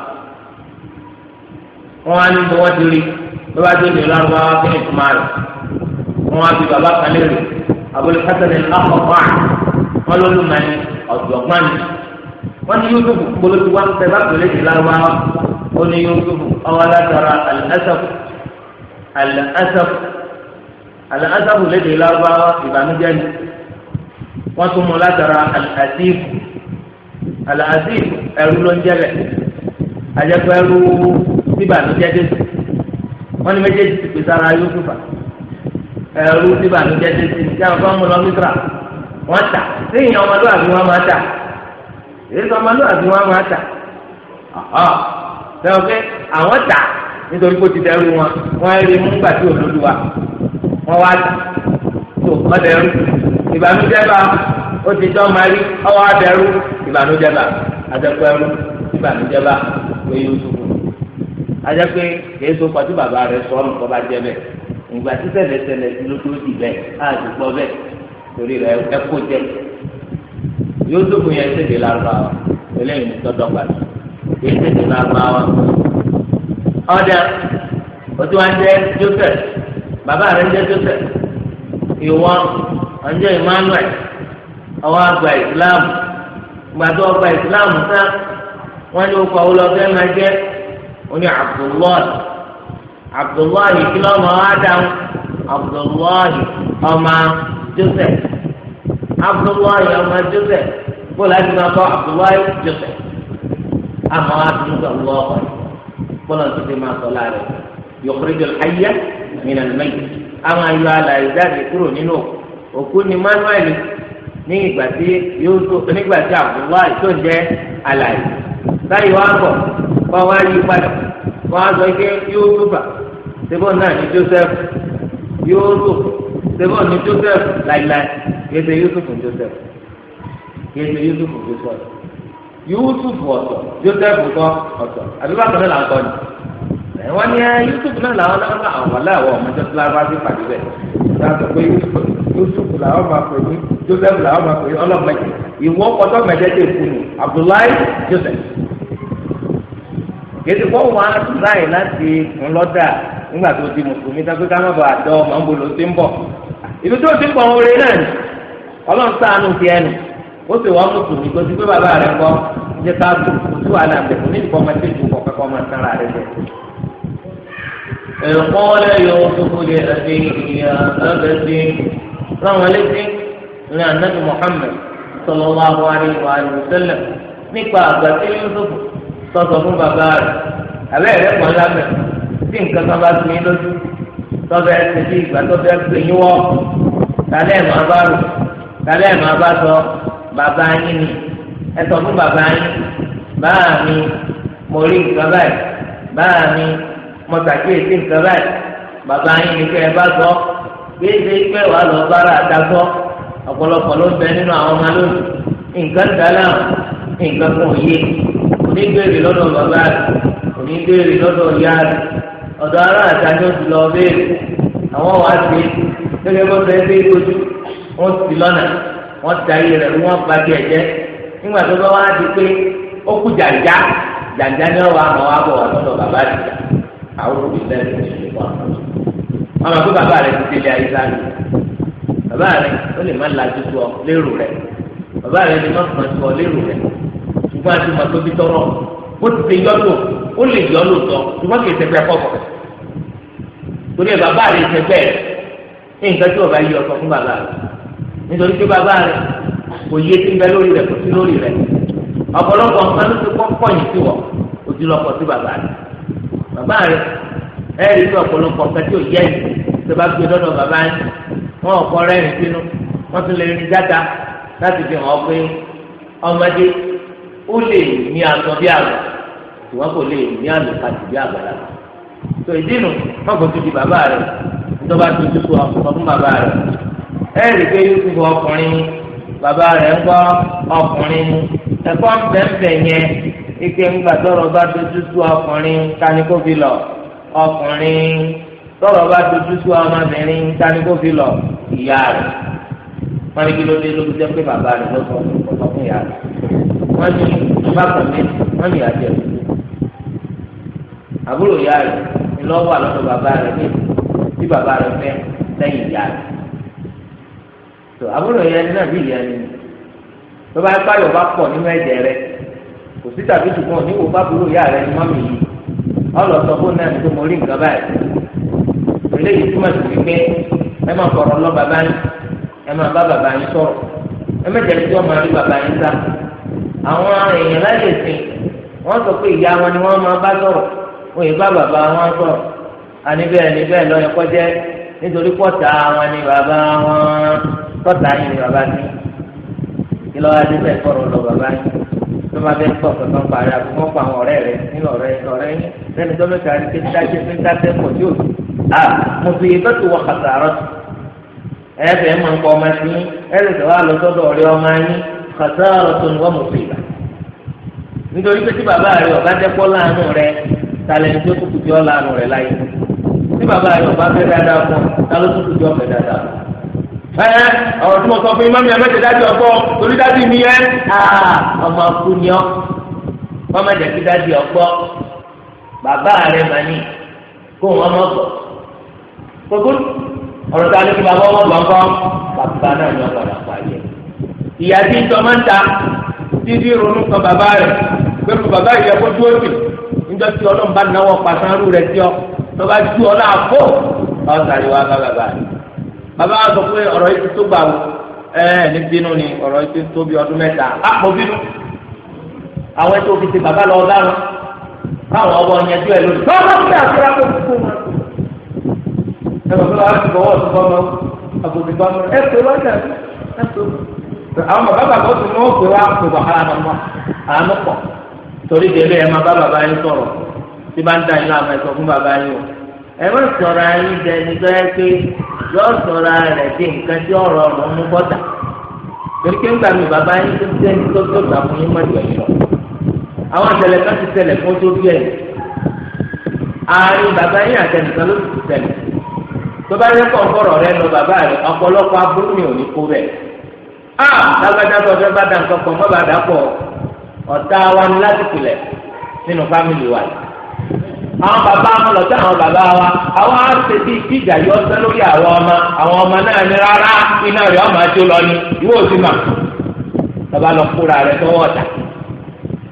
wọn á ní bọ́wọ́ ti rí bàbá tó lè lọ́rùn wọn kí ni tuma rẹ̀ wọn á fi bàbá kan lè rí Abul Hasan al-Qattan wọn ló lù mẹ́ni ọ̀jọ̀gbọ́n ni wọn ní Yusuf kpolótú wa tẹ bá tó lè di lọ́rùn wọn ní Yusuf ọwọ́ látara al-asaf al-asaf al-asaf lè di lọ́rùn wọn ìbànújẹ́ ni wọn tún mú látara al-asif al-asif ẹrú ló ń jẹ́lẹ̀ àjẹpẹ́ bíbànújẹ́ dé sí wọ́n ní méjèèjì ti pèsè ara Yusufa ẹrú bíbànújẹ́ dé sí ní àwọn ọmọ lọ mísírà wọ́n tà lẹ́yìn ọmọlúwàbí wọ́n máa tà èyí sọ ọmọlúwàbí wọ́n máa tà ọ̀họ́ sẹ́wọ́n pé àwọn tà nítorí kó ti dẹrú wọn wọ́n rí mú gbàtí òdoduwa wọ́n wá tà tó wọ́n dẹrú ìbànújẹ́ bá ó ti dán marí ọwọ́ adẹrú ìbànújẹ́ bá adẹkùn ẹrú ìbànújẹ́ bá wọ́n yóò tó kù ajá pé kìí so pàtó bàbá rẹ sọ ọ́nù kọ́ bá jẹ bẹ́ẹ̀ ìgbà tí ṣẹlẹ̀ ṣẹlẹ̀ sí ló tó di bẹ́ẹ̀ láti gbọ́ bẹ́ẹ̀ torí rẹ ẹ kó jẹ yóò tó fún yẹn ṣèdè lárúbáwá eléyìí ní tọ́tọ́ pàtó kìí ṣèdè lárúbáwá ọ̀dà o ti wá ń jẹ Joseph bàbá rẹ ń jẹ Joseph ìwọ ọ̀njẹ́ Emmanuel ọwọ́ àgbà ìsìláàmù gbàdúrà ọgbà ìsìláàmù sá wọ́n ní o kọ̀ ọ́ ó ní abdullahi abdullahi kí lọ́mọ adam abdullahi ọmọ joseph abdullahi ọmọ joseph kó láti máa kọ́ abdullahi joseph àmọ́ abdullahi ọlọ́ọ̀kọ́ kọ́nà tó ti máa sọ láàrin yọkùrẹ́jọ ayé nínú ẹ̀mẹ́yì àwọn ayọ̀ àlàyé jáde kúrò nínú òkú ni manuel ní ìgbà tí yóò tó nígbà tí abdullahi tó ń jẹ́ àlàyé báyìí wọ́n á bọ̀ wọ́n wá yí padà wọ́n á sọ pé yóò túbà sẹ́bọ̀ náà ní Joseph yóò tó sẹ́bọ̀ ní Joseph láìláì yẹtẹ Yusuf ní Joseph yẹtẹ Yusuf ní Joseph Yusuf ọ̀tọ̀ Joseph kọ́ ọ̀tọ̀ àbíbá kan náà là ni wọ́n ní Yusuf náà làwọn náà wà láwọ̀ ọmọdé tó lágbá sí pàdé bẹ́ẹ̀. sọ pé yusuf làwọn máa pè ní joseph làwọn máa pè ní ọlọ́mọdé ìwọ ọkọ̀tọ́ mẹ́tẹ́ẹ̀tẹ̀ kù abdullahi joseph kìí kọ́ wọn á láti ńlọ́dà nígbà tó di mùsùlùmí ká má ọmọ ń bolo ń ibi tó ti ń náà ni ọlọ́run sáànù ti ẹnu ó sì wọ́n mùsùlùmí tó ti gbé bàbá rẹ̀ ń jẹ́ ká tó ní máa tán ara rẹ̀ إذ قال يوسف لأبيه يا أبت رحمة الله ní anabi muhammed sallallahu alayhi wa alayhi wa sallam nípa àgbàtí yusuf sọsọ fún bàbá rẹ̀ abẹ́ rẹ̀ pọ̀ lábẹ́ tí nǹkan kan bá tún yín lójú tọ́bẹ̀ ẹsẹ̀ bí ìgbà tọ́bẹ̀ ẹsẹ̀ yín wọ́ tálẹ̀ ẹ̀ máa bá rò tálẹ̀ ẹ̀ máa bá sọ bàbá yín ni ẹ sọ fún bàbá yín báà mi mo rí nǹkan báyìí báà mi. mo ṣàkíyèsí nǹkan báyìí bàbá yín ni kẹ́ ẹ bá sọ bíi ṣe pé wàá lọ bára àdásọ ọ̀pọ̀lọpọ̀ ló ń bẹ nínú àwọn ọmọ lónìí nǹkan dáná nǹkan kan yé oníbèrè lọ́dọ̀ bàbá ìyá ará ti lọ béèrè àwọn wàá ṣe bó ṣe ti ba nígbà tó bá wá di àwọn olùdílé rẹ̀ ti lè wà. wọn máa gbé bàbá rẹ̀ ti délé ayé sáré bàbá rẹ̀ ó lè má lajú tó ọ lérò rẹ̀ bàbá rẹ̀ lè má fún ọ lérò rẹ̀ ṣùgbọ́n àti màtó bí tọrọ ó ti fi yọ́ lò ó lè yọ́ lò tọ́ ṣùgbọ́n kì í ṣe pẹ́ kọ́kọ́ torí ẹ̀ bàbá rẹ̀ ṣe bẹ́ẹ̀ ní nǹkan tí ọba yí ọsọ fún bàbá rẹ̀ nítorí pé bàbá rẹ̀ kò yé tí bẹ lórí rẹ̀ kò sí lórí rẹ̀ ọ̀pọ̀lọpọ̀ nǹkan ló ti kọ́ pọ̀yìn sí wọ̀ òjúlọpọ̀ sí bàbá rẹ̀ bàbá rẹ ẹ rí ní ọ̀pọ̀lọpọ̀ nǹkan tí ò yẹ yìí tó bá gbé lọ́dọ̀ bàbá yín wọn ò tún lè láti fi hàn pé ọmọdé ó lè ní bí àgbà kò lè ní bí tó wọn kò tún di bàbá rẹ ìjọba tó ti kó ọkùnrin bàbá rẹ ẹ rí pé ọkùnrin bàbá rẹ ń ọkùnrin ike ńgbà tọrọ bá dojú sú ọkùnrin tani kó fi lọ ọkùnrin tọrọ bá dojú sú ọmọbìnrin tani kó fi lọ ìyá rẹ wọn ní kí ló dé ló fi jẹ pé bàbá rẹ ló sọ ọsọ fún ìyá rẹ wọn ní bákan mi wọn ní ìyá jẹ àbúrò ìyá rẹ ni lọ wà lọ́dọ̀ bàbá rẹ ní tí bàbá rẹ fẹ́ lẹ́yìn ìyá rẹ tó àbúrò ìyá rẹ náà bí ìyá rẹ ni tó bá yọ bá pọ̀ nínú ẹ̀jẹ̀ rẹ kò sí tàbí ṣùgbọ́n níwò bábúrò ìyá rẹ ni mọ́mì yìí ọlọ sọ fún náà nítorí mo rí nǹkan báyìí eléyìí túmọ̀ sí wípé ẹ máa fọ̀rọ̀ lọ bàbá yín ẹ máa bá bàbá yín sọ̀rọ̀ ẹ mẹ́jẹ̀ tí wọ́n máa rí bàbá yín sá àwọn èèyàn láyè sìn wọ́n sọ pé ìyá wọn ni wọ́n máa bá sọ̀rọ̀ wọ́n yìí bá bàbá wọn sọ̀rọ̀ àníbẹ̀ níbẹ̀ lọ́yẹ kọjẹ́ nítorí pọ̀tà wọn ni bàbá wọn pọ̀tà yìí ni bàbá yín kí lọ́wọ́ adé fẹ́ fọ̀rọ̀ lọ bàbá yín tó máa fẹ́ pọ̀ pẹ̀lú ọ̀pá rẹ̀ àbí wọ́n pa àwọn ọ̀rẹ́ rẹ̀ nínú ọ̀rẹ́ ọ̀rẹ́ yín lẹ́nu tó lóṣà rí pé dájẹ́ pé dájẹ́ pọ̀ tí ò sí. à mo fi ibẹ̀ tó wọ kàtàrọ̀ ẹ̀fẹ̀ mọ̀ ń pọ̀ ọmọ sí yín ẹ̀rẹ̀sẹ̀ wà lọ sọ́dọ̀ ọ̀rẹ́ ọmọ yín kàtàrọ̀ tó ni wọ́n mọ̀ sí ìgbà. nítorí pé tí bàbá rẹ̀ ọ̀gá dẹ́pọ̀ láàánú rẹ̀ talẹ̀ ní tó kúkú jọ́ láàánú rẹ̀ láyé tí bàbá rẹ̀ ọ̀gá fẹ́ dáadáa fún ọ ẹ ọ̀rọ̀ tí mo sọ fún imáàmù yẹn mẹ́tẹ̀ẹ́ dájú ọkọ torí dájú mi yẹn ah, ọmọ kú ni ọ ọmọ jẹ́ kí dájú ọkọ bàbá rẹ̀ mà ní kó wọn mọ̀ gbọ́ gbogbo ọ̀rọ̀ tí a lè fi bàbá wọn gbọ́ ńkọ́ bàbá náà ni ọ̀gbọ̀dọ̀ pààyẹ. ìyá tí ń tọ́mọ́ ń ta títí ronú kan bàbá rẹ̀ pé kò bàbá yìí ẹ̀kọ́ dúró tì níjọ́ tí ọlọ́run bá náwó pàṣán rú rẹ̀ tí ọ tó bá tú ọ náà fò ọ̀sàrí bàbá wa sọ pé ọ̀rọ̀ yìí ti tó gbà wò ní bínú ni ọ̀rọ̀ yìí tó bí ọdún mẹ́ta àpò bínú àwọn ẹ̀tọ́ fi bàbá lọ ọ̀daràn káwọn ọmọ yẹn tó ẹ lónìí. lọ́wọ́ ẹ bàbá wa ti bọ́ mọ́ mọ́ ẹ pé lọ́jà ẹ tó. àwọn bàbá bàbá tó ní pè wá pè àánú pọ̀ torí ẹ bá bàbá yín sọ̀rọ̀ tí ẹ má sọ̀rọ̀ ayé dẹni tó yẹ pé yọ sọ̀rọ̀ rẹ̀ dé nǹkan tí ọ̀rọ̀ ọ̀rọ̀ mú bọ́tà torí pé ńgbà mi bàbá yín tó sẹ́ni tó tó gbà fún yín má jọ ìṣọ̀ àwọn àtẹlẹ kan ti ṣẹlẹ̀ fún tó bí ẹ̀yìn àárín bàbá yín àtẹnìkan ló ti ṣẹlẹ̀ tó bá yẹ kọ̀ọ̀kọ̀rọ̀ rẹ lọ bàbá rẹ ọ̀pọ̀lọpọ̀ aburú mi ò ní kó bẹ̀ á lágbájá tó bá da nǹkan pọ̀ mọ́ bàdà pọ̀ ọ̀tá wa ni láti pilẹ̀ nínú fámìlì wa yìí. àwọn bàbá wọn lọ sí àwọn bàbá wa àwọn á ṣe yọ ọsẹ lórí àwọn ọmọ àwọn ọmọ náà ní rárá iná rẹ ọmọ àti olọ ni ìwé òsì mà bàbá lọ kúra rẹ tọwọ ọ̀tà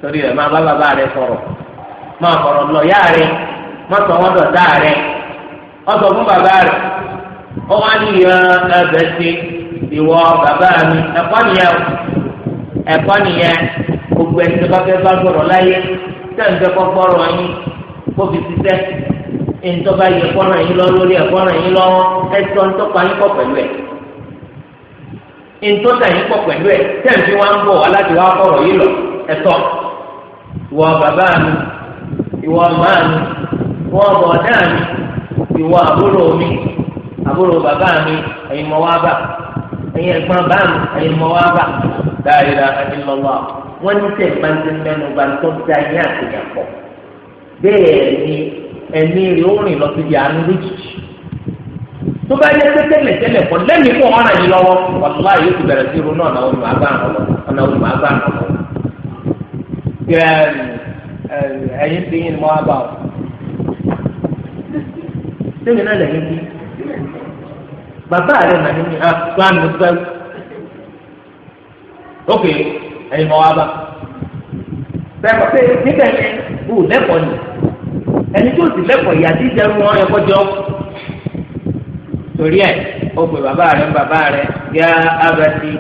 torí rẹ máa bá bàbá rẹ rẹ sọ wọn rẹ ọsọ fún bàbá rẹ ní ìwọ bàbá mi nìyẹn nìyẹn gbogbo bá láyé kó fi ṣiṣẹ́ ntọ́ba yẹ kọ́nà yín lọ lórí ẹ̀ kọ́nà yín lọ ẹ̀sọ́ ntọ́pa yín pọ̀ pẹ̀lú ẹ̀ ntọ́ta yín pọ̀ pẹ̀lú ẹ̀ tẹ̀m̀fí wa ń bọ̀ wá láti wá kọ̀rọ̀ yín lọ ẹ̀tọ́ ìwọ bàbá mi ìwọ màá mi ìwọ bọ̀dá mi ìwọ àbúrò mi àbúrò bàbá mi ẹ̀yin mọ̀ wá bà ẹ̀yin ẹ̀gbọ́n bá mi ẹ̀yin mọ̀ wá bà dáadáa ẹ̀yin lọ́wọ́ wọn ní sẹ́ẹ̀ bá ń tẹ́ mẹ́nu bá yín àtìyàn pọ̀. bẹ́ẹ̀ ni ẹ̀mí rẹ̀ ó rìn àánú lójijì tó bá yẹ pé tẹ́lẹ̀ tẹ́lẹ̀ kọ́ lẹ́mìí kó ọ̀ràn yìí lọ́wọ́ wàlúwà yóò ti bẹ̀rẹ̀ sí irun náà náà olùmọ̀ agbára lọ ọ̀nà olùmọ̀ agbára lọ. ẹ̀yin ti yín ni mo ọ. sẹ́mi náà lẹ́yìn bí bàbá rẹ̀ nà ní ókè ah, ẹ̀yin mo wá bá. bẹ́ẹ̀ kọ́ ẹni tí ó sì lẹ́kọ̀ọ́ ìyá jíjẹ ń wọ́n ẹ̀kọ́ jọ torí ẹ̀ ó pè bàbá rẹ̀ ń bàbá rẹ̀ yá abẹ́sí.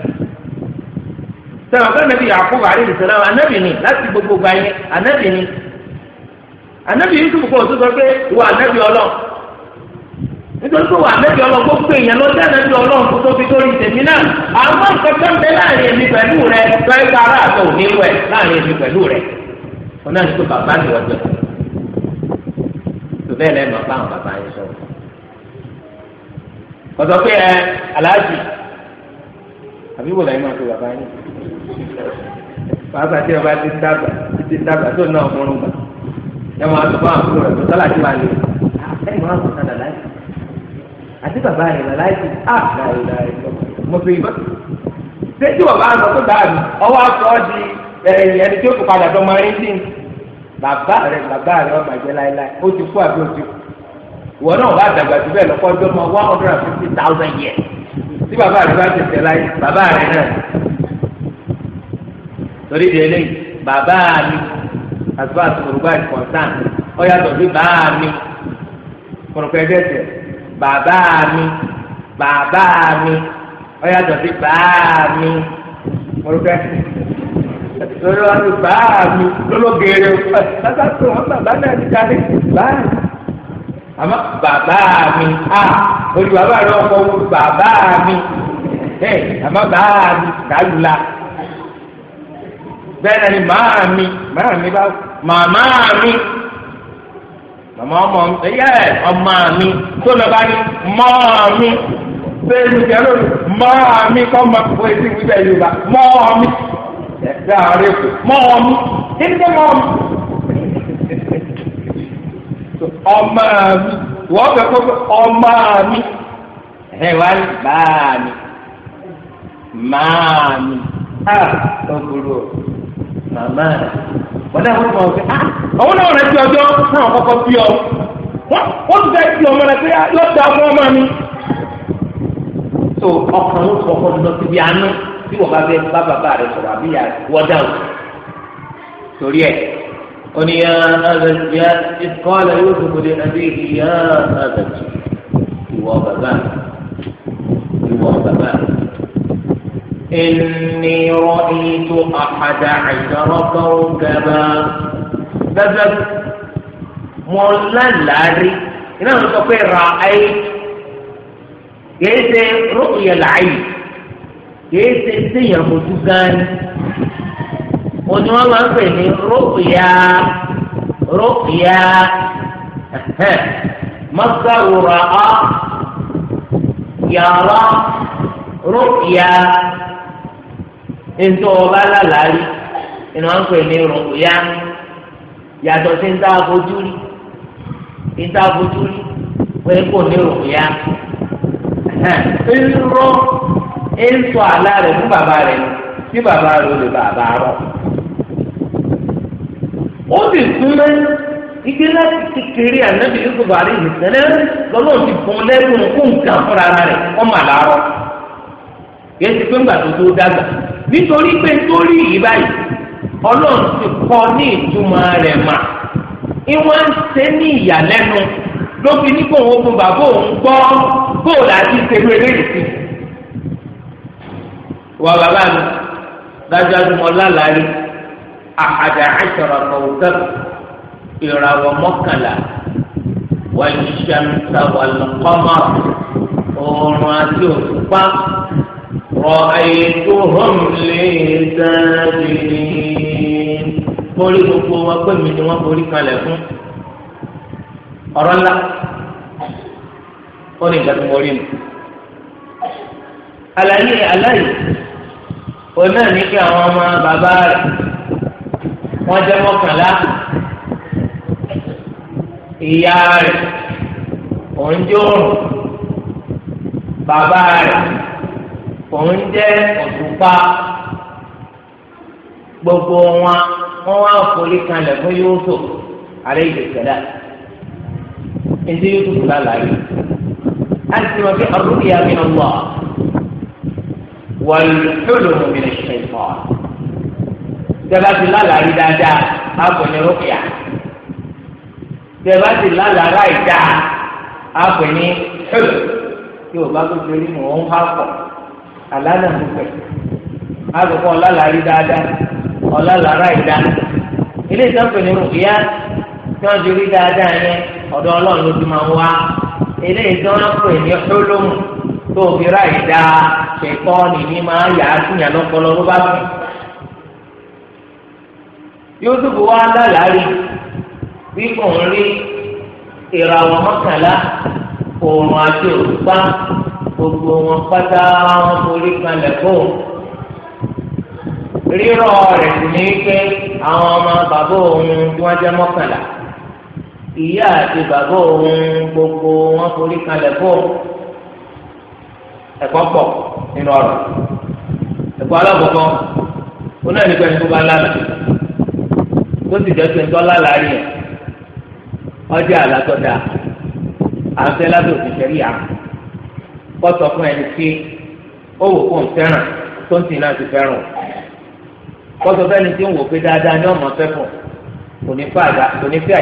sọ̀rọ̀ bá nàbí Yakubu alayhi salam anábì ni láti gbogbo gba yẹn anábì ni anábì yìí tún kọ́ ọ̀tún sọ pé wà anábì ọlọ́ nítorí pé wà anábì ọlọ́ gbogbo èèyàn lọ sí anábì ọlọ́ kó tó fi torí tèmi náà àwọn nǹkan tó ń bẹ láàrin èmi pẹ̀lú rẹ̀ lọ́ọ́ tó bẹ́ẹ̀ lẹ́ẹ̀ máa bá àwọn bàbá yẹn sọ. ọ̀sọ̀ pé ẹ aláàjì àbí wò láyé máa tó bàbá yẹn. bàbá tí wọn bá ti dàgbà ti dàgbà tó náà múrun gbà ẹ máa tó bá àwọn àbúrò rẹ tó sálà tí wàá lè ẹ máa tó sálà láì àti bàbá rẹ lọ ah, láì sí àgbàlẹ̀ rẹ mo fi ìbá. ṣé tí bàbá sọ tó dáa ọwọ́ àtọ́ di ẹni tí ó kò padà tó máa rí sí i bàbá rẹ bàbá rẹ ọmọ ìjẹ láéláé ó ti kú àbí ó ti kú ìwọ náà bá dàgbà jù bẹ́ẹ̀ lọ́kọ́ ọjọ́ mọ one hundred and fifty thousand years tí bàbá rẹ bá tẹ̀sẹ̀ láyé bàbá rẹ náà torí di eléyìí bàbá mi àtúbà àtúbà ìkọ̀ntàn ọ̀yàtọ̀ bí bàá mi kọ̀ọ̀kọ̀ ẹgbẹ́ tẹ̀ bàbá mi bàbá mi ọ̀yàtọ̀ bí bàá mi kọ̀ọ̀kọ̀ ẹgbẹ́ tẹ̀ lórí wọn ni báà mi lọ́lọ́gẹ̀rẹ̀ bàbá tó wọn bàbá náà ti darí báà mi àmọ́ bàbá mi a olú bàbá rẹ ọkọ wo bàbá mi ẹ àmọ́ bàbá mi dàlúla bẹ́ẹ̀ náà ni màá mi màá mi bá màmá mi màmá ọmọ mi yẹ ọmọ mi tó lọ bá ní mọ́ mi bẹ́ẹ̀ ni kẹ́lórí mọ́ mi kọ́ mọ́ fún etí wíwẹ̀ yorùbá mọ́ mi ẹ̀dá àárẹ̀ kò mọ́ ọmú kíni tẹ́ mọ́ ọmú. ọmọ mi wọ́n fẹ́ kó ọmọ mi ẹ̀ wá ní báà mi máa mi á ọ̀gbọ̀rọ̀ màmá rẹ̀ wọ́n dáhùn ọmọ ọ̀gbẹ́ á àwọn náà rẹ̀ ti ọjọ́ náà kọ́kọ́ bí ọ wọ́n ti fẹ́ bí ọmọ rẹ̀ pé yọ̀ọ́ da ọmọ ọmọ mi. so ọkàn ló kọ́kọ́ lọ síbi àánú. tí wọ́n bá fẹ́ bá bàbá rẹ̀ sọ̀rọ̀ àbí ìyá rẹ̀ wọ́n torí ẹ̀ ó ní yá àgbẹ̀jì ìkọ́lẹ̀ yóò tó kó dé àbí ìyá àgbẹ̀jì ìwọ bàbá ìwọ bàbá. ẹni tó àpàdà àìsàn gàbà gàbà mọ lálàárí كوكبا دجاج مولا لاري إنه تقول رأيت كيف رؤيا العين kìí ṣe téèyàn fojú gan òní wọn máa ń pè ní rúkìá rúkìá mọ́sáwùrà á yàrá rúkìá ntọ́ ọba lálàárí ni wọn ń pè ní rúkìá yàtọ̀ sí ntá fojú rí ntá fojú rí pé kò ní rúkìá rírọ́. e ń sọ àlá rẹ̀ fún bàbá rẹ̀ kí bàbá rẹ̀ ó lè bàbá rọ̀. ó sì súnmọ́ igi láti kékeré ànábì yusuf àrí ìṣẹ̀lẹ̀ lọ́nà ti fún lẹ́gùn kó nǹkan fúnra rẹ̀ ọmọ àlárọ̀ kìí ṣe pé ńgbà tó dàgbà nítorí pé torí yìí báyìí ọlọ́run ti kọ́ ní ìtumọ̀ rẹ̀ mà ìwọ́n ṣe ní ìyàlẹ́nu ló fi fún bàbá òun gbọ́ wà bàbá mi dájú àdúmọ̀ lálàárí àhàdà àṣọrọ̀ kọ̀ọ̀tàn ìràwọ̀ mọ́kànlá wà ìṣàmùsà wà lọ́kọ́mọ́ oòrùn àti òṣùpá rọ ètò hànlẹ̀ dáadéé mórí gbogbo wọn pé mi ni wọ́n borí kalẹ̀ fún ọ̀rọ̀ ńlá ó ní ìgbà tí mo mi. àlàyé àlàyé òun náà ní kí àwọn ọmọ bàbá rẹ̀ wọ́n jẹ́ mọ́kànlá ìyá rẹ̀ òun jẹ́ òrùn bàbá rẹ̀ òun jẹ́ òtúpa gbogbo wọn wọ́n wá forí kanlẹ̀ fún yóòtò àrẹ ìdèkẹlẹ ẹni tí yóòtò kúlá láàyè láti fi wọn fi ọdún ìyá mi náà wàlúùfẹ́lùmù من ní ṣèǹtọ̀ الله ti lálàrí dáadáa àpòyìn rúkìá tẹ́lá ti lálàrá ìdá àpòyìn ṣèlú yóò bá tó ṣe rí mò ń há pọ̀ àlànà púpẹ̀ àgùkọ ọ̀làlàrí dáadáa ọ̀làlàrá ìdá ilé ìtọ́pẹ̀ ní rúkìá tí wọ́n ti rí dáadáa yẹn ọ̀dọ̀ ọlọ́run ló ti máa wá ilé ìtọ́pẹ̀ ní ṣòlómù tó fi ráì dá ṣèkọ́ nìyí máa yà á sí yàn lọ́pọ̀lọ́ ló bá fi. Yusuf wa lálàárí bí òun rí ìràwọ̀ mọ́kànlá òòrùn àti òrùpá gbogbo wọn pátá wọn forí kanlẹ̀ fóun rírọ̀ rẹ̀ sì ní pé àwọn ọmọ bàbá òun tí wọ́n jẹ́ mọ́kànlá ìyá àti bàbá òun gbogbo wọn forí kanlẹ̀ fóun. ẹ̀kọ́ pọ̀ nínú ọ̀rọ̀ ẹ̀kọ́ alákọ̀ọ́kọ́ ó náà nípa ẹni tó bá lánàá tó sì jẹ́ pé ńtọ́ lálàárí ẹ̀ àlàtọ̀dà àfẹ́ lábẹ́ òṣìṣẹ́ rí kọ́tọ̀ fún ẹni tí ó wò kó ń fẹ́ràn tó ń tì náà ti fẹ́ràn o kọ́tọ̀ fẹ́ni tí ń wò pé dáadáa ní ọmọ fẹ́ kò ní fẹ́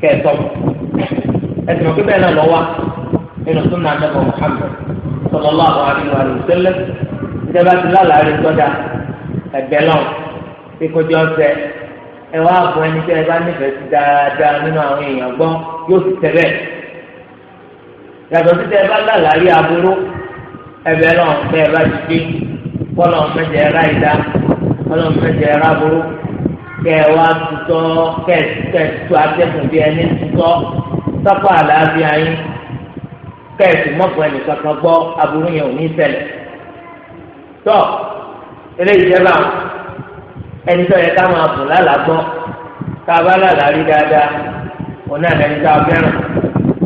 kẹ́ẹ̀tọ́ ẹ̀sìn náà nínú súnà nàbọ Muhammad sallallahu alaihi wa sallam ìjọba ti lálàárín sọdá ẹgbẹ lọ ìkọjọ ọsẹ ẹ wá bọ ẹni tí ẹ bá nífẹ̀ẹ́ sí dáadáa nínú àwọn èèyàn gbọ́ yóò sì tẹ bẹ́ẹ̀ yàtọ̀ sí tẹ bá lálàárín aburú ẹbẹ lọ bẹ ẹ bá ti dé kọlọ mẹjẹ ẹ ráì kọlọ mẹjẹ ẹ ráburú kẹ ẹ wá tutọ́ kẹ ẹ tutọ́ atẹkùn bí ẹni tutọ́ sọpọ àlàáfíà yín kẹ́ẹ̀sì mọ́kùn ẹnì kankan gbọ́ aburú yẹn ò ní ṣẹlẹ̀ tọ́ eléyìí jẹ́ báwọn ẹni tó yẹ ká máa bùn lálàá gbọ́ ká bá lálàá rí dáadáa òun náà lẹni tá a fẹ́ràn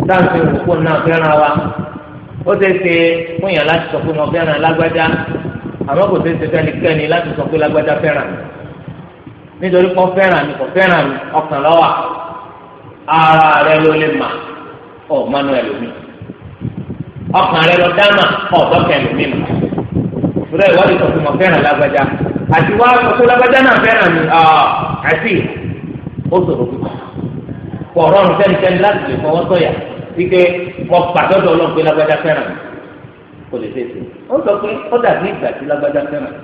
táǹtì òkú náà fẹ́ràn wa ó ṣe é ṣe fún yàn láti sọ pé mo fẹ́ràn lágbájá àmọ́ kò ṣe é ṣe fẹ́nikẹ́ni láti sọ pé lágbájá fẹ́ràn nítorí pé fẹ́ràn mi kò fẹ́ràn mi ọkàn lọ́wọ́ ara rẹ ló lè mà ọ̀ mánú ẹ lómi ọkàn rẹ lọ dáná ọ̀dọ́ kẹlẹ̀ mímu ìfúra ìwádìí sọ fún mọ fẹ́ràn lágbájá àti wá sọ fún lágbájá náà fẹ́ràn mi àti ó sọ̀rọ̀ púpọ̀ pọ̀ rọrùn tẹ́nitẹ́ni láti lè fọwọ́ sọ̀yà wípé kọ pàtọ́dọ̀ ọlọ́run pé lágbájá fẹ́ràn mi kò lè fèsì ó sọ pé ó dàbí ìgbà tí lágbájá fẹ́ràn mi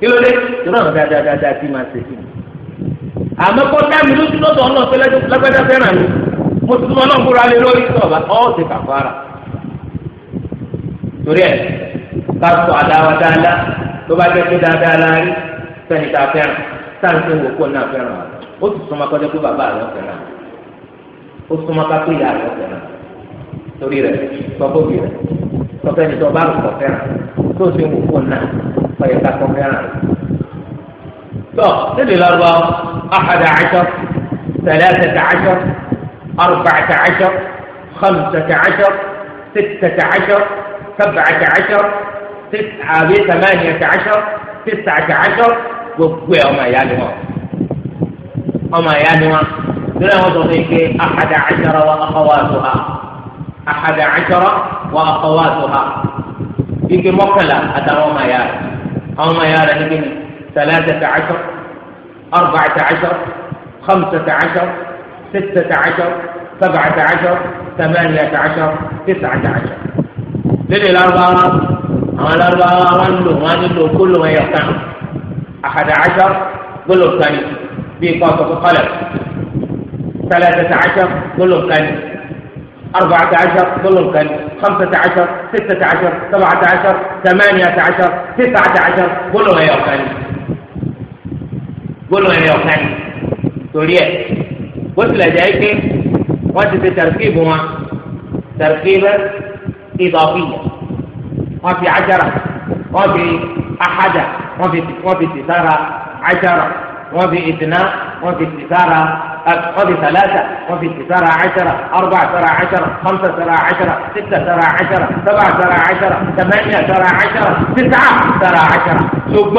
kí ló dé ìrọ̀ àwọn dáadáa tí máa ṣe sí mi àmọ́ kó dá mi lójú lọ́dọ̀ ọlọ́run lágbájá fẹ́ràn mi mo ti túmọ̀ náà torí ẹ̀ ká sọ àdáwà dáadáa ló bá jẹ́ pé dáadáa láàrin sẹ́ni tá a fẹ́ràn sáǹtì ń wò kó náà fẹ́ràn wa ó sì súnmọ́ kọ́jọ́ pé bàbá àlọ fẹ́ràn ó súnmọ́ ká pé ìyá àlọ fẹ́ràn torí rẹ̀ sọ́kòbí rẹ̀ sọ́kẹ́ni tó bá rùkọ̀ fẹ́ràn tó sì ń wò kó náà ọ̀yẹ̀ ká kọ́ fẹ́ràn rẹ̀. tọ́ níbi lọ́rọ́ ahad ashar thalathata ashar arba'ata ashar khamsata àjọ sittata àjọ سبعة عشر تسعة بي ثمانية عشر تسعة عشر gbogbo ẹ ọmọ ìyá ni wọn ọmọ ìyá ni wọn lórí àwọn tó fi ké ahada àjọrọ wa akọwà tó ha ahada àjọrọ wa akọwà tó ha ike mọkànlá àtàwọn ọmọ ìyá rẹ àwọn ọmọ ìyá rẹ níbi ni ثلاثة عشر أربعة عشر خمسة عشر ستة عشر سبعة عشر ثمانية عشر تسعة عشر lédè lárúbáwá àwọn lárúbáwá wọn lò wọn nílò kóló ẹyọ kan àkàdà àjọ gbólò kani bíi kọ́sọ̀ kọ́lẹ̀ ثلاثة عشر قولوا كان أربعة عشر قولوا كان خمسة عشر ستة عشر سبعة عشر ثمانية عشر تسعة عشر قولوا يا كان قولوا يا كان توليه قلت لجايك وانت تركيبها تركيبا إضافية ما في عشرة ما في أحد ما في ما في ستارة عشرة ما في إثناء ما في ستارة ما في ثلاثة ما في ستارة عشرة أربعة ترى عشرة خمسة ترى عشرة ستة ترى عشرة سبعة ترى عشرة ثمانية ترى عشرة تسعة ترى عشرة ثم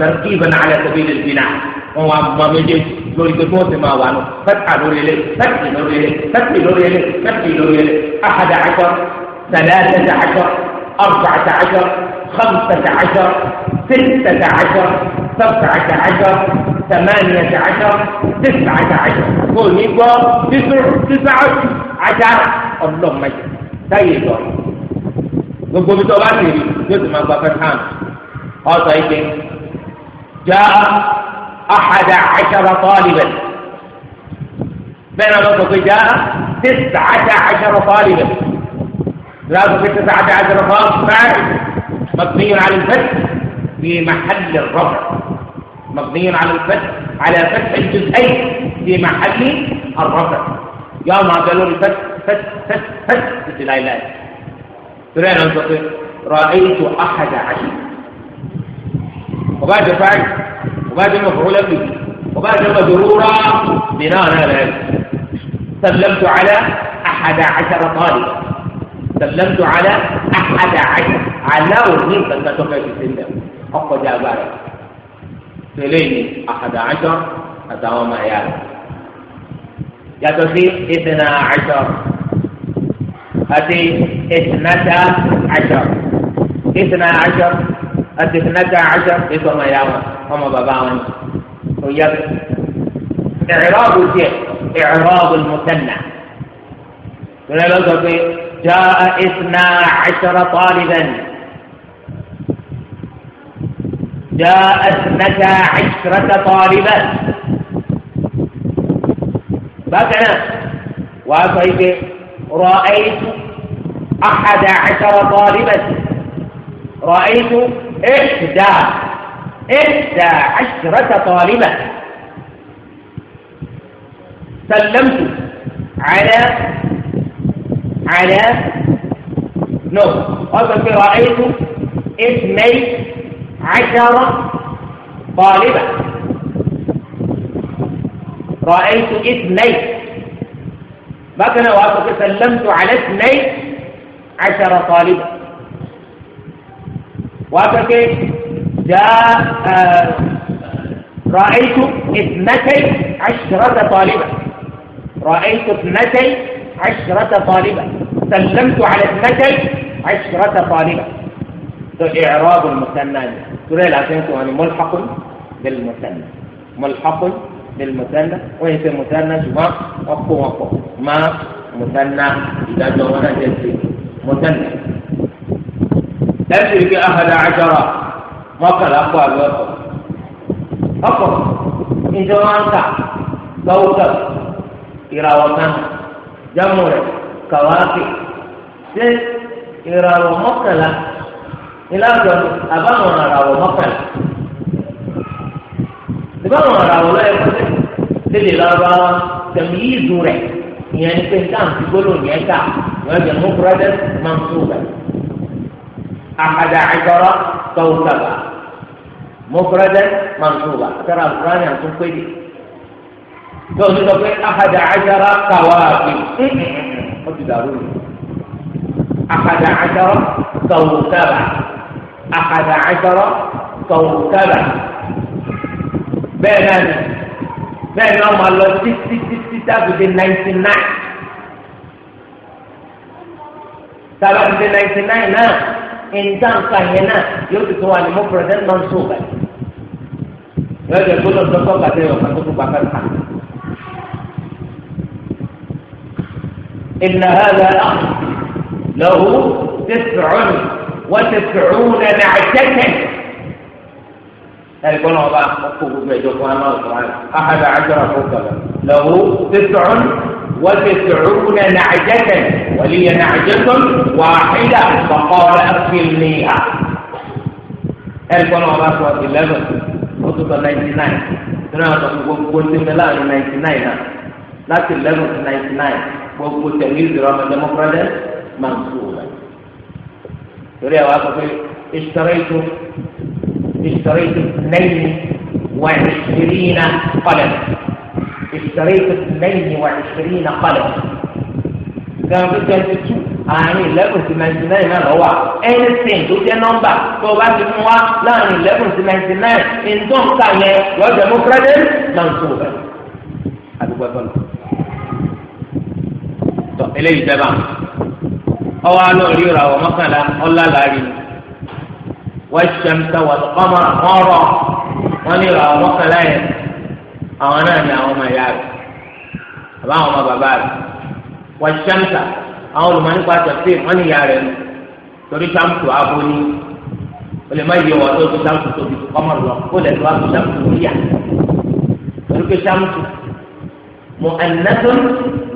تركيبا على سبيل البناء وما ما بيجي نوري كتوت ما وانو فتح نوري لي فتح نوري لي فتح نوري لي فتح نوري لي أحد عشر ثلاثة عشر أربعة عشر خمسة عشر ستة عشر سبعة عشر ثمانية عشر تسعة عشر كل يبقى تسع تسعة عشر الله ما يجي طيب. تيجي نقول بتوعاتي جزء ما بفهم هذا يجي جاء أحد عشر طالبا بينما تقول جاء تسعة عشر طالبا رقم 69 رقم فاعل مبني على الفتح في محل الرفع مبني على الفتح على فتح الجزئين في محل الرفع يا ما قالوا لي فتح فتح فتح فتح قلت لا لا سريع ننتقل رأيت أحد عشر وبعد فعل وبعد مفعولا به وبعد مجرورا بناء على سلمت على أحد عشر طالبا سلمت على أحد عشر علاو من بس تكاي في سنة أقوى جابر أحد عشر أتوما يا يا تخي إثنى عشر أتي إثنتا عشر إثنى عشر أتي إثنتا عشر إثنى يا ما هم باباون ويب إعراب الشيخ إعراب المثنى ولا لا تقول جاء اثنا عشر طالبا جاء اثنتا عشرة طالبا بكنا وكيف رأيت أحد عشر طالبا رأيت إحدى إحدى عشرة طالبة سلمت على على نور وقد رأيت اثني عشر طالبا رأيت اثني مثلا كان سلمت على اثني عشر طالبا وقد جاء رأيت اثنتي عشرة طالبا رأيت اثنتي عشرة طالبة سلمت على اثنتي عشرة طالبة إعراب المثنى تقول إيه عشان يعني ملحق بالمثنى ملحق بالمثنى وهي في المثنى شما وقو وقو ما مثنى إذا جوانا جنسي مثنى في أحد عشرة ما قال أقوى الوقت أقوى إن جوانا صوتا إراوة jámù rẹ̀ ṣe ṣé ìràwọ̀ mọ́kànlá ìlàjọ àbáwọn àràwọ̀ mọ́kànlá ìbáwọn àràwọ̀ lọ́yẹ̀ pẹ̀lẹ́ lédè lọ́wọ́ tẹ̀mí ìlú rẹ̀ ìyẹn ní pé táwọn ti gbọ́dọ̀ yẹn ká wọ́n yẹ mú brọ́dẹ́ máa ń tó bẹ̀. àkàdà mú máa ń tó yóò ní lọ pé ahada ajara kawaabi ó ti dàrú ni ahada ajara kawukaba ahada ajara kawukaba bẹ́ẹ̀ náà ni bẹ́ẹ̀ ni wọ́n máa lọ títí títí tábìlì náìtì náì tábìlì náìtì náì náà ìdáǹkà yẹn náà yóò ti tún wà ní mọ́pẹ́rẹ́dẹ́ntì náà sóògbà yóò jẹ́ gbọ́dọ̀ dọ́kọ̀ gàdé ọ̀kan tó tún gbà kàkà. إن هذا أخ له تسع وتسعون نعجة هل يكون هذا مكتوب في جوفان أحد عشر كوكبا له تسع وتسعون نعجة ولي نعجة واحدة فقال أكفلنيها هل يكون هذا سوى 11 خطوة 99 تناول تقول كنت ملان 99 لكن 11 99 وهو التمييز رغم أن مفردا منصوبا يقول يا واقف اشتريت اشتريت 22 قلم اشتريت 22 قلم كان في كانت تشو اني لابن سمان سمان ما هو اين السين دو تي نمبر تو بعد موا لا اني لابن سمان سمان ان دوم سايه وجه مفرد منصوبا هذا هو tọ eléyìí jẹba ọwọ alọ ríra ọwọ mọkànlá ọlá làárí wọn ṣẹmta wọn kọmọ ọrọ wọn ríra ọwọ mọkànlá yẹn àwọn náà ní àwọn ọmọ ìyá rẹ àbá àwọn ọmọ bàbá rẹ wọn ṣẹmta àwọn olùmọ̀nípa tẹ̀sí wọn ní ìyá rẹ nù torí sáǹpù abóni olè má yẹ wọn tó tó tóbi kọmọ lọ kó lè tó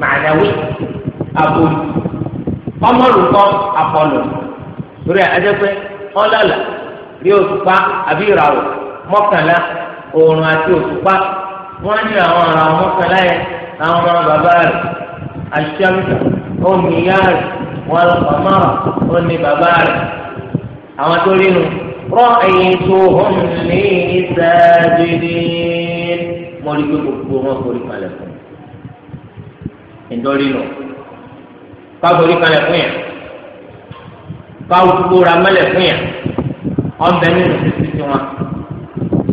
wá tó abo ọmọlùkọ apọlọ torí àjẹpẹ ọlọlà rí òtùpá àbí ìràwọ̀ mọ́kànlá oòrùn àti òtùpá wọn ní àwọn ìràwọ̀ mọ́kànlá yẹn àwọn ọmọ bàbá rẹ àṣàmìtà òmìyá rẹ wọn lọkọọmọ òní bàbá rẹ àwọn tó rí nu rọ ẹyin tó hùn ní ìsàdédé mọlẹ gbogbo wọn kórìí kalẹ̀ fún un ìdọrí nù káforí kalẹ̀ fún yẹn káwùkúra mẹlẹ̀ fún yẹn ọ̀nbẹ nínú títí tiwọn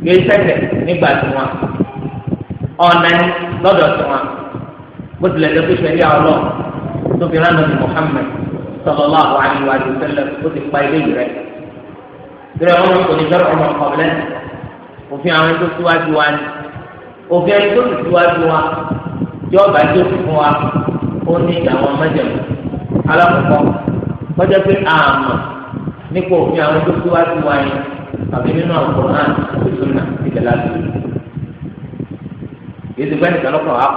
gbé sẹ́sẹ̀ nígbà tiwọn ọ̀nà lọ́dọ̀ tiwọn bó tilẹ̀ lọ́kọ́ ìṣẹ̀lẹ̀ ọlọ́ tó fi rán nàbì Muhammad sallallahu alaihi wa sallam ó ti pa ilé yìí rẹ̀ ìrẹ̀ ọmọ kò ní bẹ́rẹ̀ ọmọ ọ̀bẹ́lẹ́ òfin àwọn tó síwájú wa ni òfin ẹni tó sì síwájú wa tí ọba tó fi fún wa ó ní àwọn mẹ́jọ alákọ̀ọ́kọ́ kọjá pé àmà nípa òfin àwọn tó síwájú wa yẹn àbí nínú àkùnrin àti sunna ìdè láti yìí ti gbẹ́ni kan wa kọjá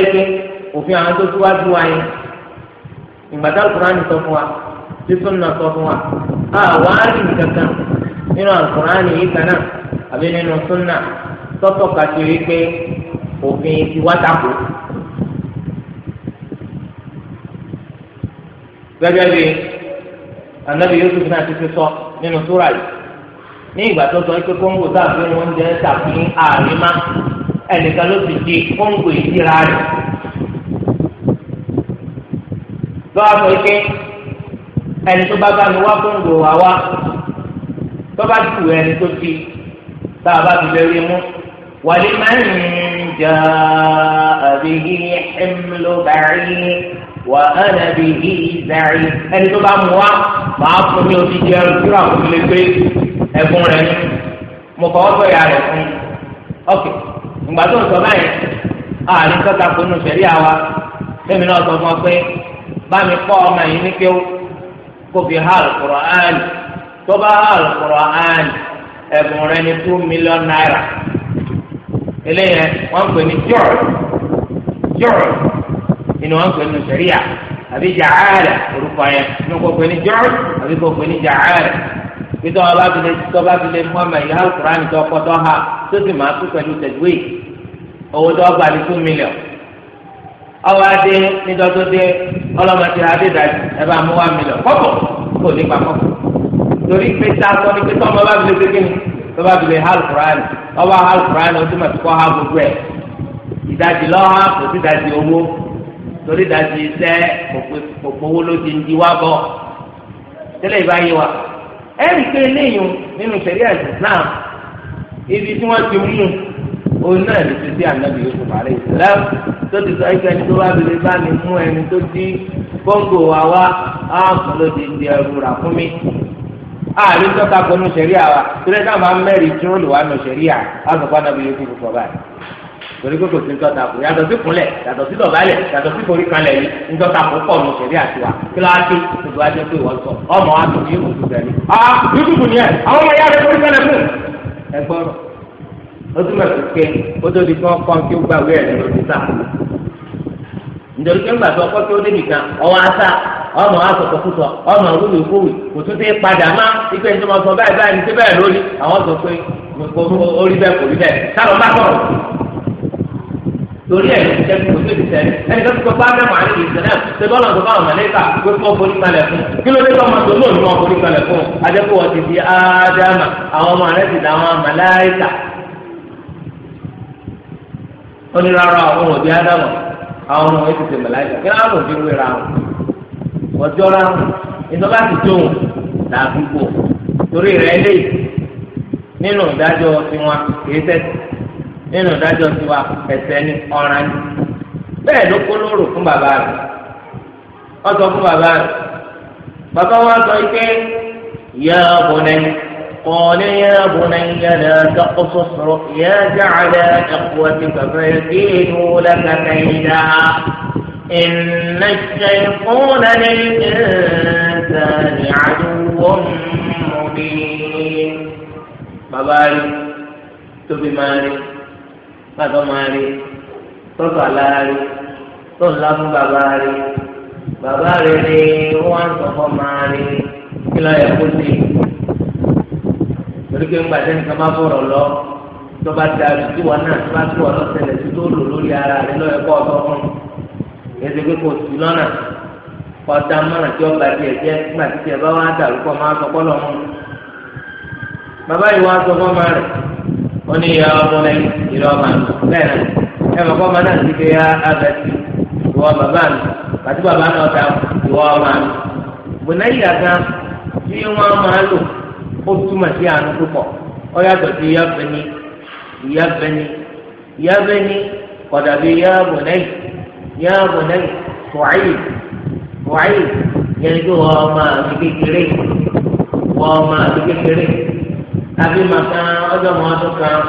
ike òfin àwọn tó ìgbàdá sọ wa sunna sọ fún wa àwọn àárín kankan nínú yìí àbí nínú sunna tọ́tọ̀ kàtó yìí pé gẹ́gẹ́ bí anabi yusuf náà ti fi sọ nínú súra yìí ní ìgbà tó sọ pé kóńgò tàbí oúnjẹ tàbí ààrin má ẹnìkan ló ti di kóńgò ìdíra rẹ̀ lọ́wọ́ sọ pé ẹni tó bá bá mi wá kóńgò wá wá tó bá tù ẹni tó di tá a bá fi lè mú wàlí máa àbí ẹ̀mí ló bá rí. وأنا به زعيم tó bá wa fún mi gbé ní mo kọ́ ọ́sọ̀ fún ìgbà tó ń sọ báyìí sẹ́rí àwa fẹ́mi náà sọ fún ọ pé bá mi kọ́ ọmọ yìí ní kó fi àlùkòrò tó bá àlùkòrò ní two million naira inú wọn pè ní sẹríà àbí jàáàlà orúkọ yẹn inú kò pè ní jọ́ọ̀ àbí kò pè ní jàáàlà pété wọn bá tilẹ̀ tó bá tilẹ̀ mú ọmọ ìyá alukurani tó kọ́ tó ha tó sì máa kú pẹ̀lú tẹ̀gbé owó tó gbà ní two million ọwọ́ adé nídọ́tò dé ọlọ́mọdé adé dájú ẹ bá mú one million kọ́pọ̀ kó o nípa kọ́pọ̀ torí pé tá a sọ ni pé tọ́mọ bá tilẹ̀ ni tó bá tilẹ̀ alukurani ọba alukurani o ti ti kọ́ ha gbogbo ẹ̀ ìdajì lọ́ha kò sí ìdajì owó torí dájú iṣẹ́ òpówó ló ti ń di wá bọ̀ tẹ́lẹ̀ ìbáyé wa ẹ rí i pé eléyìí nínú sẹ̀ríà Islam ibi tí wọ́n ti mú òun náà lè fi sí ànábì Yusuf àlẹ́ Islam tó ti sọ ẹgbẹ́ ẹni tó bá fi lè bá mi mú ẹni tó di kóńgò wa wá áàfin ló ti di ẹrù rà fún mi ààrẹ tọ́ka pẹ̀lú sẹ̀ríà wa tó lẹ́sàn máa ń mẹ́rin tí ó lè wá nù sẹ̀ríà á torí pé kò sí nítorí ta kù yàtọ̀ sí kúnlẹ̀ yàtọ̀ sí dọ̀bálẹ̀ yàtọ̀ sí forí kalẹ̀ yìí nítorí ta kù pọ̀ nù sẹ̀rí àti wa kí ló á dé gbogbo ajẹ́ pé wọ́n sọ ọmọ wa tó ní ìmọ̀tò bẹ̀rẹ̀ ni. a ah, yúdùbù ni ẹ àwọn ọmọ yàrá forí kalẹ̀ fún. ẹ gbọ́rọ̀ ó túmọ̀ sí pé ó tó di kí wọ́n kọ́ kí ó gbà wí ẹ̀rọ ní sá. nítorí pé ńgbà tó kọ́ kí ó dé nìkan ọwọ́ asá ọmọ asọ̀tọ̀kùsọ ọmọ awúlò ìkówì kò tún ti padà má ikú ẹni tó máa sọ báyìí báyìí ní ti bẹ́ẹ̀ lórí àwọn sọ pé orí bẹ́ẹ̀ kò rí bẹ́ẹ̀ sálọ bá sọ̀rọ̀. torí ẹ̀ ti tẹ́ kó tóbi tẹ́ ẹni tó ti tó bábẹ́ mọ́ àlejò ìṣẹ̀lẹ̀ ṣe bọ́lá tó bá ọ̀nà lẹ́ka pé kó forí kalẹ̀ fún kí ló dé tọ́mọ tó lóòrùn náà forí kalẹ̀ fún adẹ́kọ̀ wọ́n di ádámà àwọn ọmọ rẹ̀ ti dà wọn màláìkà ó ní rárá àwọn òbí ádámà àwọn ọmọ rẹ̀ ti nínú ìdájọ́ tiwa ẹ̀ṣẹ̀ ní ọ̀ràn ni bẹ́ẹ̀ ló kó lóòrò fún bàbá rẹ̀ wọ́n sọ fún bàbá rẹ̀ bàbá wa sọ pé yá bunayya qala yá bunayya la taqsus ru'yaka ala ikhwatika fayakidu laka kayda inna ash-shaytana lil-insani aduwwun mubin bàbá rẹ̀ tóbi máa rẹ̀ gbàtọ́ máa rí tọ́tọ̀ aláàárí tó ńlá fún bàbá rí bàbá rí ni wọ́n á sọ fọ́ máa rí kí lọ́ọ́ yẹ kó sí torí pé ńgbà tẹ́ni kan bá fọ̀rọ̀ lọ tó bá da ìdíwọ́ náà tó bá tó ọ̀rọ̀ tẹ̀lẹ̀ tó tó lò lórí ara rẹ lọ́ọ́ yẹ kó fún un èsì pé kò sí lọ́nà kọta mọ́ràn tí ọba tiẹ̀ jẹ́ nígbà tiẹ̀ bá wá dàrú kọ́ máa sọ ó ní ìyá ọmọ rẹ ìrọ ọmọ bẹ́ẹ̀ náà ẹ mọ̀ kọ́ ọmọ náà ti fi ya abẹ́tì ìwọ bàbá mi àti bàbá náà ta ìwọ ọmọ mi. bùnáyà gan tí wọ́n máa lò ó túmọ̀ sí àánú púpọ̀ ó yàtọ̀ sí ìyá bẹni ìyá bẹni ìyá bẹni kọ̀dàbí ìyá bùnáyì ìyá bùnáyì wàáyì wàáyì yẹn tó wọ́n máa fi kékeré wọ́n máa fi kékeré. àbí màkà ọdọmọ ọdún kan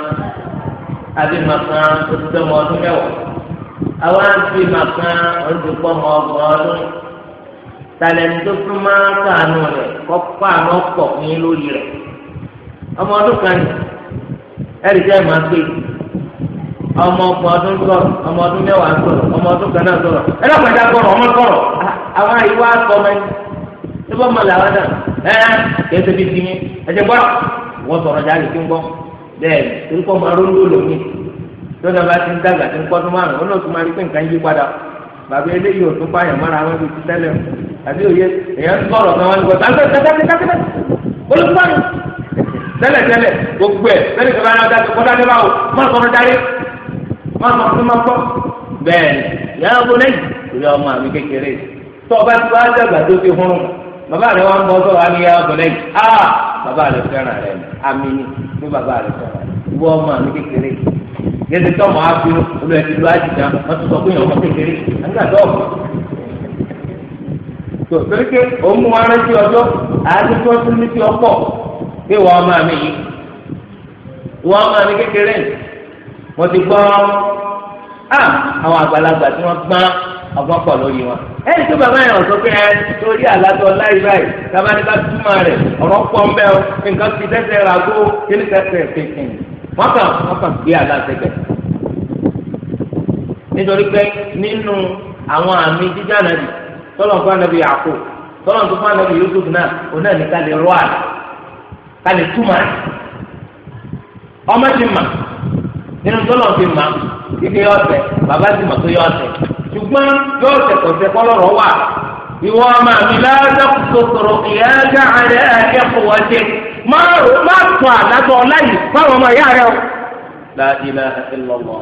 àbí màkà ọdụ ọdún mẹ́wàá àwọn àti màkà ọdúnkọ ọgbọ̀n ọdún tàlẹ́ni tó fún máa kàánú rẹ̀ kọ́kọ́ àmọ́ pọ̀ ní lórí rẹ̀ kan ẹ̀rí jẹ́ màá gbé ọmọ ọgbọ̀n ọdún sọ̀rọ̀ ọmọ ọdún mẹ́wàá sọ̀rọ̀ ọmọ ọdún kan náà sọ̀rọ̀ sọ̀rọ̀ ọmọ sọ̀rọ̀ àwọn wọ́n sọ̀rọ̀ jáde kí ń gbọ́ bẹ́ẹ̀ torí kọ́ máa rólú lómi lọ́nà bá ti ń dàgbà ti ń kọ́ tó márùn ó náà tún máa rí pé nǹkan yí padà bàbá eléyìí ò tún pààyàn mọ́ra wọn ti tẹ́lẹ̀ àbí òye èèyàn sọ̀rọ̀ kan wọn ni kò tá tẹ́lẹ̀tẹ́lẹ̀ gbogbo ẹ̀ tẹ́lẹ̀ kẹfà náà dájú kọ́dá dé báwo má sọ̀rọ̀ darí má sọ̀rọ̀ tó má gbọ́ bẹ́ẹ̀ ni yàrá bọ́ lẹ́yìn ìrẹ́ ọmọ àmì kékeré tó ọba tí wàá bàbá rẹ̀ wọ́n ń bọ́ sọ̀rọ̀ àmì yàrá ọ̀gbọ̀n lẹ́yìn á bàbá rẹ̀ fẹ́ràn rẹ̀ àmì ni pé bàbá rẹ̀ fẹ́ràn rẹ̀ wọ́n ọmọ àmì kékeré yẹtí tọ́mọ̀ á fi olú ẹtì lu àjìjà wọ́n ti sọ pé ọmọ kékeré nígbà tó ọ̀gbọ̀n. tó torí pé òun mú wọn rántí ọjọ́ àti tí wọ́n tún ní tí ọ pọ̀ pé wọ́n ọmọ àmì yìí wọ́n ọmọ àmì kékeré wọ́n ti gbọ́ àwọn àgbàlagbà tí wọ́n gbọ́n ọgbọ́n pọ̀ lórí wọn. ẹnì tó bàbá yẹn sọ pé ẹ torí àlàtọ̀ láì báyìí tàbá ní ká túmọ̀ rẹ̀ ọ̀rọ̀ pọ̀ ń bẹ́ ọ nǹkan fi tẹ́tẹ́ gbó kíní tẹ́tẹ́ wọ́n kàn wọ́n kàn gbé nítorí pé nínú àwọn àmì jíjà di, tọ́lọ̀ fún tọ́lọ̀ tó fún Yusuf náà òun náà ní ká lè ká lè túmọ̀ rẹ̀. ọmọ ti mà nínú ṣùgbọ́n yóò tẹ̀kọ̀tẹ̀ kọ́lọ́rọ̀ wà ìwọ ọmọ mi lọ́dọ̀ sọ̀rọ̀ ìyá dáhàrẹ́ akẹ́kọ̀ọ́ wájẹ́ má tún àdájọ́ láyìí fáwọn ọmọ ìyá rẹ o. la ilaha illallah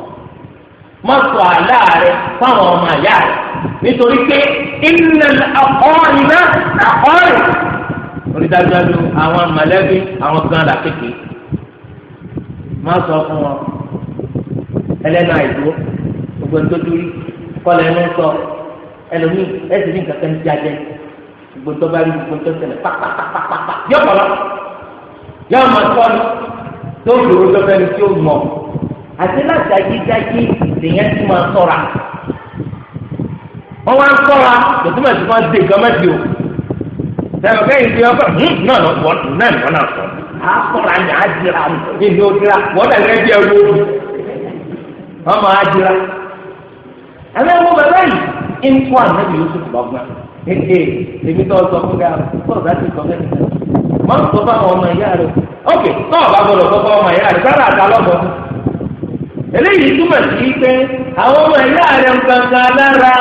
má tún àlá rẹ fáwọn ọmọ ìyá rẹ nítorí pé iná ọ̀ọ́rì náà àkọ́rì. onídàájọ́ àwọn mọ̀lẹ́bí àwọn gan la kékeré má sọ fún wọn ẹlẹ́nu àìdúró gbogbo ń tó dúró kọ́lẹ̀ ẹnu sọ ẹlòmíì ẹsẹ̀ ní nǹkan kan ti àjẹ gbogbo tó bá rí gbogbo tó ṣẹlẹ̀ pàpàpàpàpà yọ bọ̀lọ̀ yọ ọmọ sọ́ni tó dòwó tó fẹ́ni tí ó mọ̀ àti láti ajídájí lèyẹn ti máa sọ̀ra wọ́n wá ń sọ̀ra lòtí màá ti máa dé nǹkan mẹ́tì o sẹ́wọ̀n kẹ́yìn tí wọ́n kọ́ hmm, náà lọ wọ́n náà ní náà sọ á sọ̀ra ní àjìrà ní ìlú òdìrà wọ́n náà lẹ́bi ẹ̀rú ọmọ àjìrà àmì ẹ̀mú bàbá yìí ń kó ànábì Yusuf lọ́gbọ́n kéèké èmi tó sọ fún gàá tó ọ̀dà ti sọ fẹ́ẹ́ mọ́ tó bá àwọn ọmọ ìyá rẹ̀ ok tó ọ̀bá gbọdọ̀ tó bá ọmọ ìyá rẹ̀ sára àtà lọ́gbọ́n eléyìí túmọ̀ sí pé àwọn ọmọ ìyá rẹ̀ ń kankan lára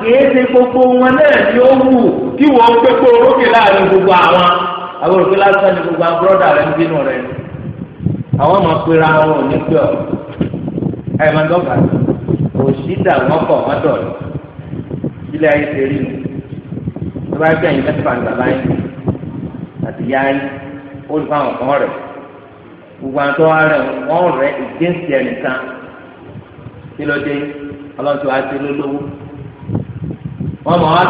kìí ṣe gbogbo wọn náà ni ó wù kí wọ́n pépé orókè láàrin gbogbo àwọn àwọn òkè lásán ni gbogbo àwọn bọ́dà rẹ̀ ń bínú rẹ̀ àwọn ọmọ pera wọn ò ní pẹ́ ọ òṣì dà wọ́n pọ̀ wọ́n dọ̀rọ̀ ilé ayé ti rí nu tó bá gbé ẹ̀yin mẹ́tẹ́fà ní bàbá yín àti ìyá yín ó lè fáwọn kan rẹ̀ gbogbo àwọn tó wá rẹ̀ wọ́n rẹ̀ ìgbésí ẹ̀ nìkan kí ló dé ọlọ́run tó wá sí lólówó wọ́n mọ̀ wọ́n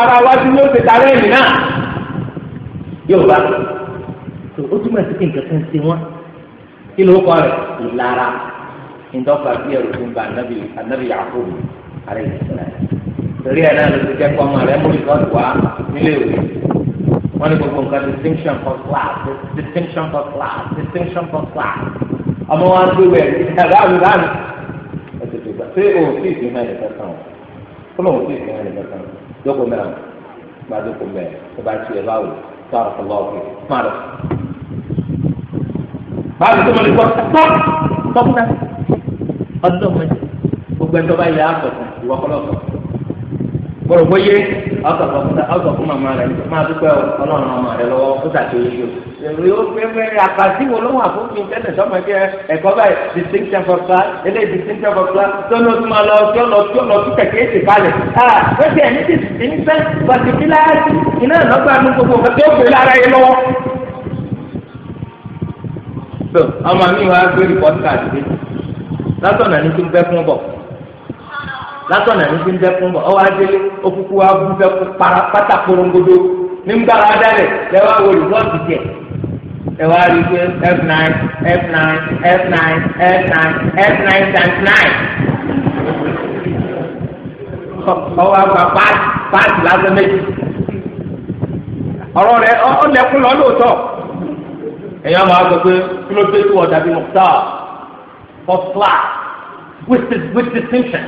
ara wájú ló ṣe yóò bá tó o túmọ̀ sí kí nǹkan kan ṣe wọ́n kí ló kọ́ rẹ̀ ìlara ìdọ́gba bí ẹ̀rù tó ń ba anabi anabi yaaku alẹ́ ìsìlẹ̀ torí ẹ̀ náà ló ti jẹ́ kọ́ ọmọ rẹ̀ mú ìkọ́ wá nílé ìwé wọ́n ní gbogbo nǹkan distinction for class distinction for class distinction for class ọmọ wa ń gbéwẹ̀ ráàlú ráàlú ẹ̀sìn tó gbà ṣé òun sì fi máa yẹn kankan o kó lóun sì fi máa yẹn kankan o dókòó mẹ́rin gbàdókòó mẹ́rin tó bá tiẹ̀ báwò sáà sọlá òkè máa lọ. báwo tó mo lè sọ tọ́ tọ́ fún náà ọdún tó mo gbọ́dọ̀ gbóyè ọkọ̀ fún ọkọ̀ fún màmá rẹ̀ máa dúpẹ́ ọlọ́run ọmọ rẹ̀ lọ́wọ́ ó tàbí oṣù èrè ó fẹ́fẹ́ àpàtì wo ló wà fún mi tẹ́lẹ̀ sọ́mọ ẹgbẹ́ ẹ̀kọ́ báyìí distinction for class ilé distinction for class tọ́lọ́ tún máa lọ tí ó lọ tí ó lọ tún kẹ̀kẹ́ èsì balẹ̀ ah wẹ́sẹ̀ ẹni ti ti ń fẹ́ pàtìkì láàásì iná ìnáwó àánú gbogbo nǹkan tó gbé lára yẹn lọ́wọ́. ọmọ mi wàá gbé rìpọ́tà sí lásán náà ní tí ń bẹ́ fún bọ̀. látọ̀nà ní ti ń dẹ́kun bọ̀ ọwọ́ adélé okùnkù wa bú dẹ́kun para pátá korongodo ní ń bára dálẹ̀ lẹ́wọ́ àwọn olùdókì jẹ ẹ̀wọ́ àrí pé f nine f nine f nine f nine f nine times nine ọwọ́ àgbà páàtì páàtì lásán méjì ọ̀rọ̀ rẹ̀ ọ̀lẹ́kùn lọ lóòótọ́ ẹ̀yọ́ máa gbọ́ pé kí mọ̀tà for flat with distinction.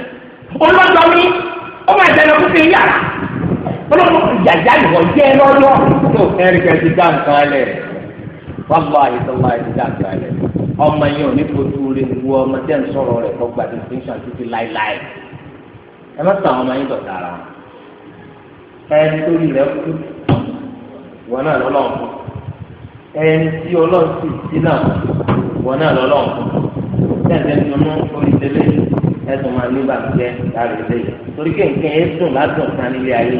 olóòjọ mi ó máa jẹ lọ́kùn sí yàrá olóòjọ yàyà ìwọ jẹ lọ́lọ́. tó ẹnìkan ti dá nǹkan lẹ wàhálà ìsọlá ti dá nǹkan lẹ ọmọ yẹn ò ní fojú rẹ wọ ọmọ tẹ ń sọ̀rọ̀ rẹ kọ gba distinction títí láéláé ẹ má sàn ọmọ yẹn dọ̀tà ara ẹni tó rí rẹ kú ìwọ náà lọ́lọ́ fún ẹni tí ọlọ́run sí náà ìwọ náà lọ́lọ́ fún tẹ̀sẹ̀ nínú orí tẹ́lẹ̀ ẹ̀sùn máa ní bàtúkẹ́ lára ilé yìí torí pé nǹkan ẹ̀sùn lásùn kan nílé ayé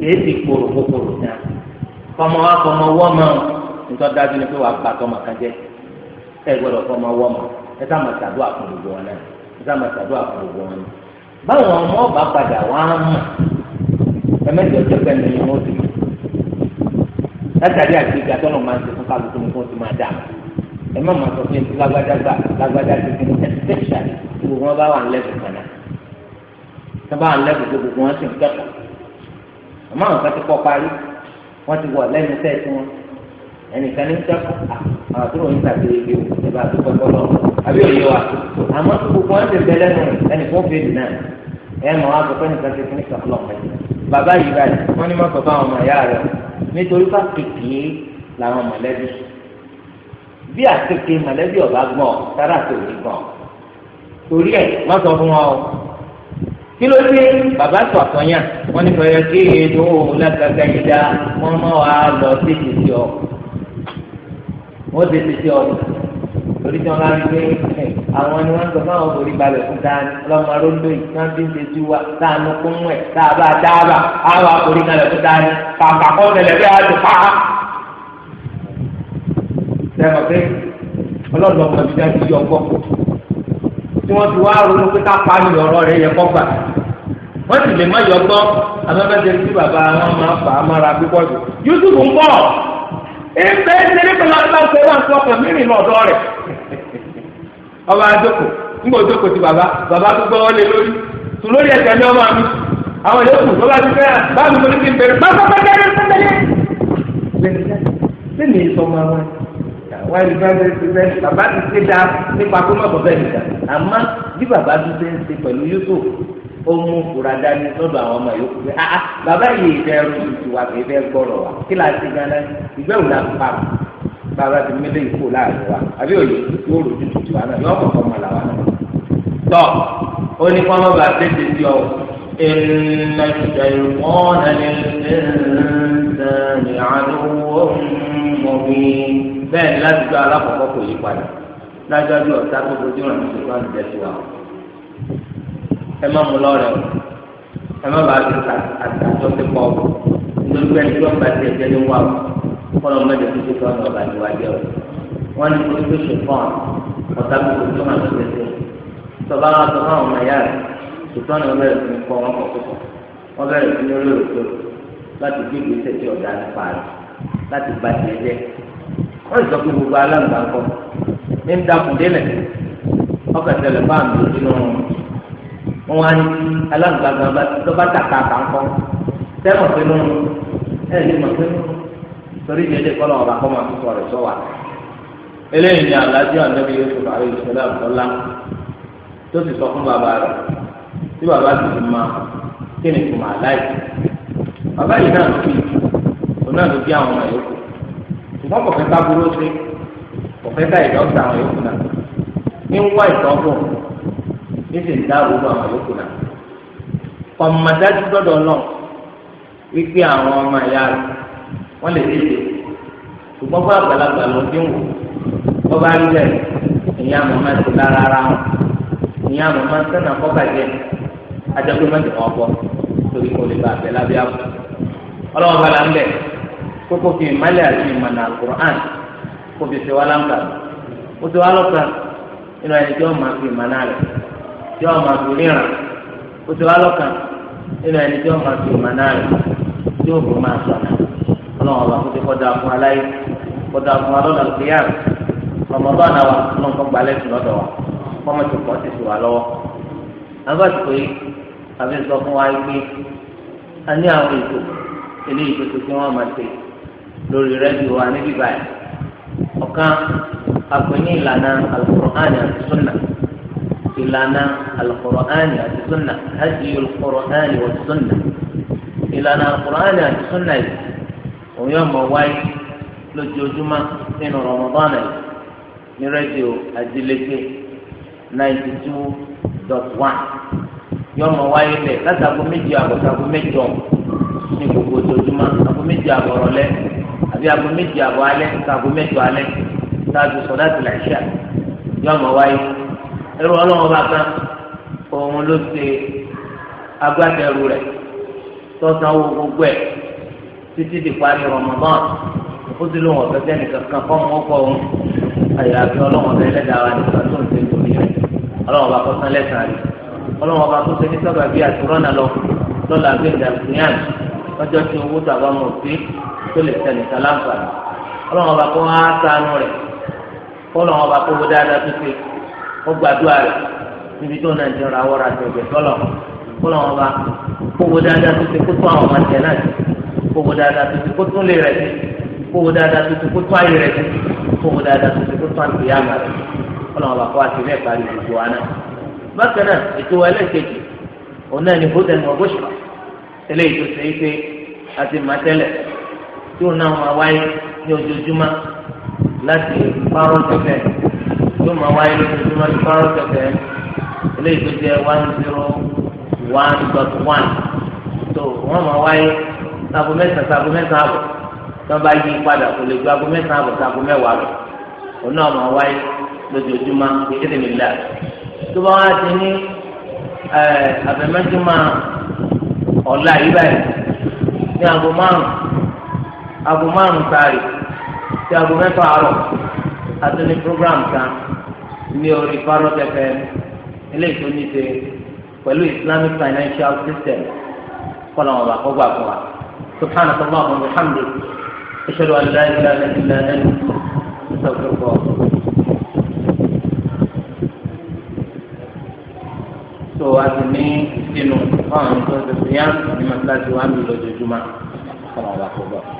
kìí ti kóró kókóró náà fọmọ wa fọmọ wọ́mọ nítorí dájú ni pé wàá bá tọmọ kan jẹ ẹ gbọ́dọ̀ fọmọ wọ́mọ ẹ sá máa ṣàdúrà fún gbogbo wọn náà ẹ sá máa ṣàdúrà fún gbogbo wọn náà báwọn ọmọ ọba padà wọn á mọ ẹmẹjọ tó fẹ́ mi ni wọn ti mọ látàrí àti ìgbà tó lọ máa ń ṣe fún kálukú ni wọn ti máa dà mọ ẹ má máa sọ pé lágbájá gbà lágbájá tuntun ẹsẹ̀ṣà gbogbo wọn bá wà lẹ́kùn kaná tó bá wà lẹ́kùn tó gbogbo wọn sì ń kẹ́kọ̀ọ́ àmọ́ àwọn kan ti kọ́ parí wọ́n ti wọ̀ lẹ́nu sẹ́ẹ̀tì wọn ẹnìkan ní kẹ́kọ̀ọ́ àwọn àtúrò ń tàbí ebi o ẹ bá dúpẹ́ bọ́lọ́ àbí òye wa àmọ́ gbogbo wọn ti bẹ lẹ́nu ẹnì fún fèdè náà ẹ mọ̀ wá sọpẹ́ nìkan ti fún ìkàkọ́ lọ́pẹ́ bàbá yìí báyìí wọ́n ní má sọ fún àwọn ọmọ bí àtẹkẹ mọ̀lẹ́bí ọba gbọn sára tòun gbọn torí ẹ wọn sọ fún wọn o kí ló dé bàbá tó àtọyà wọn ní fẹrẹ kí èdè òun lágbàgbà yìí dá wọn mọ wà á lọ sí títí ọ wọn sì títí ọ torí tí wọn bá rí pé àwọn ni wọn sọ fáwọn òbí balẹ̀ fún dání lọ́mọ aróńdó yìí wọn bí ń ṣe tí wa táànù kún wẹ̀ táàbà dáàbà àwọn àkòrí kalẹ̀ fún dání pàpàkọ́ tẹ̀lẹ̀ bí a ti pa á. sẹ́wọ̀n pé ọlọ́dún ọmọ ìdíjà ti yọ ọkọ tí wọ́n ti wá ronú pé ká pa ní ọ̀rọ̀ rẹ̀ yẹ kọ́ gbà wọ́n sì lè má yọ bàbá wọn máa fà á mára pípọ̀ jù Yusuf ń bọ̀ ọba ńgbà ti bàbá bàbá tó gbọ́ wọlé lórí lórí ní ọmọ mi àwọn yòókù tó bá ti fẹ́ tó ní ti bẹ̀rẹ̀ wọ́n ẹni bẹ́ẹ̀ bẹ́ẹ̀ ti bẹ́ẹ̀ bàbá ti ṣe dáa nípa kó má bọ̀ nìkan àmọ́ bí bàbá ti ṣe ń ṣe pẹ̀lú Yusuf ó mú fura dání lọ́dọ̀ àwọn ọmọ yòókù pé ah, ah bàbá yìí fẹ́ ẹrú tuntun wa kì í fẹ́ wa kí la ti gan náà ìgbẹ́ òun náà pa bàbá ti mẹ́lẹ̀ ìkó láàrin wa àbí òye yóò rojú tuntun wa náà yóò kọ̀kọ́ mọ̀ làwa náà. tọ́ ó ní kọ́ mọ́ba tètè sí ọ ìrìnàjò mubin bẹ́ẹ̀ ni láti gbọ́ alákọ̀ọ́kọ́ kò yí padà dájọ́jú ọ̀tá tó dojú rẹ̀ nítorí wọn jẹ́ tiwa o ẹ má mú lọ́rẹ̀ o ẹ má bàa fi àtàjọ ti pọ̀ o nítorí pé ẹni tí wọ́n bá ti ẹ̀jẹ̀ ní wà o kọ́nà mẹ́jọ tó ti tọ́nà ọ̀bà ìwà jẹ́ o wọ́n ní kó tó ṣe fọ́ọ̀n ọ̀tá tó dojú rẹ̀ nítorí wọn tọ́ba wọn tó fáwọn ọmọ ẹ̀yà rẹ̀ ìtọ́nà bẹ̀rẹ̀ sí ní kọ́ wọn kọ̀ láti gbé ìgbésẹ̀ tí ọ̀dà nípa rẹ̀ láti gba tiẹ̀ jẹ́ wọ́n sọ pé gbogbo aláǹgbá kọ́ ní ń dakùn délẹ̀ ọkọ̀ tẹ̀lẹ̀ bá àmì nínú wọn á ní aláǹgbá gan lọ́ba tàkà àkàńkọ́ sẹ́wọ̀n pé nù ẹ̀ lè mọ̀ pé nù torí kọ́lọ̀ ọ̀bà kọ́ máa fi sọ̀rọ̀ sọ wà. eléyìí ni aláàjì ànábi yusuf alayhi salam lọ́la tó ti sọ fún bàbá rẹ̀ tí bàbá ti fi máa kí ni kò máa láì bàbá yìí náà náà ló bí àwọn ọmọ yòókù ṣùgbọ́n kò fẹ́ bá burú ṣe kò fẹ́ bá ìdá àwọn yòókù náà ní ń wá ìtọ́bù ní sì ń dá òwúrò àwọn yòókù náà ọmọdájú gbọ́dọ̀ náà wípé àwọn ọmọ ìyá rẹ̀ wọ́n lè dédé ṣùgbọ́n fún àgbàlagbà ló dín wò bá rí ara wọn la ń kókó fi ìmọ̀lẹ̀ àti ìmọ̀nà alukur'an kó fi ṣe wá láǹkà ó ti wá lọ́kàn nínú ẹni tí wọ́n máa fi ìmọ̀nà rẹ̀ tí wọ́n máa fi ríran ó ti wá lọ́kàn nínú ẹni tí wọ́n fi ìmọ̀nà rẹ̀ tí ó fi máa sọ̀nà ọlọ́run ọba kó ti kọ́ fún aláyé kọ́ da fún alọ́dà lùkìyàm ọmọdé àná wa ọlọ́run kọ́ gbalẹ̀ sí lọ́dọ̀ wa kọ́mọ ti pọ̀ ti sì wà lọ́wọ́ abáṣepọ̀ yìí àbí sọ fún wa pé a ní àwọn ètò eléyìí tó ti fi wọ́n máa ṣe lórí rẹ́díò wa níbí báyìí ọ̀kan àpèní ìlànà alukur'ani àti sunna ìlànà àti sunna hajj alukur'ani wa sunna ìlànà alukur'ani àti sunna yìí òun yóò mọ wáyé lójoojúmọ́ nínú rọmọdánà yìí ní rẹ́díò Adeleke ninety two dot one yóò mọ wáyé lẹ̀ láti méjì ní gbogbo ojoojúmọ́ aago méjì àbọ̀ àbí aago méjì àbọ̀ alẹ́ aago mẹ́jọ alẹ́ ṣáàjú sọ̀dá ti là ṣíà yọ ọmọ wáyé ẹrú ọlọ́wọ́n bá kan òun ló ṣe agbátẹrù rẹ̀ tọ́sánwó gbogbo ẹ̀ títí di parí Ramadan ó sì lóun ọ̀fẹ́ sẹ́ni kankan fọ́ wọn kọ́ òun àyàfi ọlọ́wọ́n bẹ lẹ́dàá wa nípa tó ń ṣe lórí rẹ̀ ọlọ́wọ́n bá kọ́ sán lẹ́sàn-án rẹ̀ ọlọ́wọ́n bá tó ṣe ní sábà bíi àtúrọ́nà lọ lọ́la bíi ìdàgbìyàn lọ́jọ́ tí owó tàbá mọ̀ sí tó lè tẹ̀lé sálámfààní ọlọ́run ọba kó wá sànú rẹ̀ kọ́lọ́run ọba kó wó dáadáa tó ṣe ó gbàdúrà rẹ̀ níbi tó náà jẹ́ ra wọ́ra tó gbẹ̀ tọ́lọ̀ kọ́lọ́run ọba kó wó dáadáa tó ṣe kó tó àwọn ọmọ tẹ̀ náà ṣe kó wó dáadáa tó ṣe kó tún lè rẹ̀ ṣe kó wó dáadáa tó ṣe kó tún ayé rẹ̀ ṣe kó wó dáadáa tó ṣe kó tún àti yàmà rẹ̀ kọ́lọ́run ọba kó wá sí bẹ́ẹ̀ parí gbogbo wa náà bákan náà ètò ẹlẹ́ẹ̀kejì òun náà ni hudan wa bushra eléyìí tó ṣe é pé àti màtẹ́lẹ̀ tí ó náà máa wáyé ní ojoojúmọ́ láti fárọ́ tẹ̀fẹ̀ tí ó máa wáyé lójoojúmọ́ ní fárọ́ tẹ̀fẹ̀ eléyìí tó jẹ́ one zero one dot one tó wọ́n máa wáyé sago mẹ́sàn-án sago mẹ́sàn-án àbọ̀ tí wọ́n bá yí padà kò lè ju ago mẹ́sàn-án àbọ̀ sago mẹ́wàá lọ òun náà máa wáyé lójoojúmọ́ ní ìdílé tó bá wá ti ní abẹ́mẹ́júmọ́ ọ̀la yìí báyìí ní ago márùn-ún aago márùn sáré sí aago mẹ́fà àárọ̀ àti ní program kan ní orí parrot fm eléyìí tó ní ṣe pẹ̀lú islamic financial system kọ́nà wọn bá kó gbà fún wa subhanahu wa ta'ala alhamdu ashhadu an la ilaha illa anta astaghfiruka wa atubu so a ti ní sínú fún àwọn tó ń ṣe fìyà ní masalasi wa ń bí lójoojúmọ́ kọ́nà wọn bá fún wa.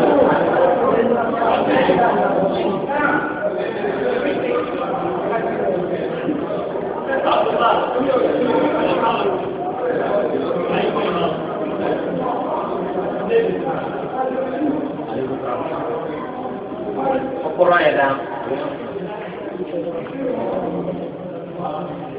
kọ́rọ́ yẹn dáhùn.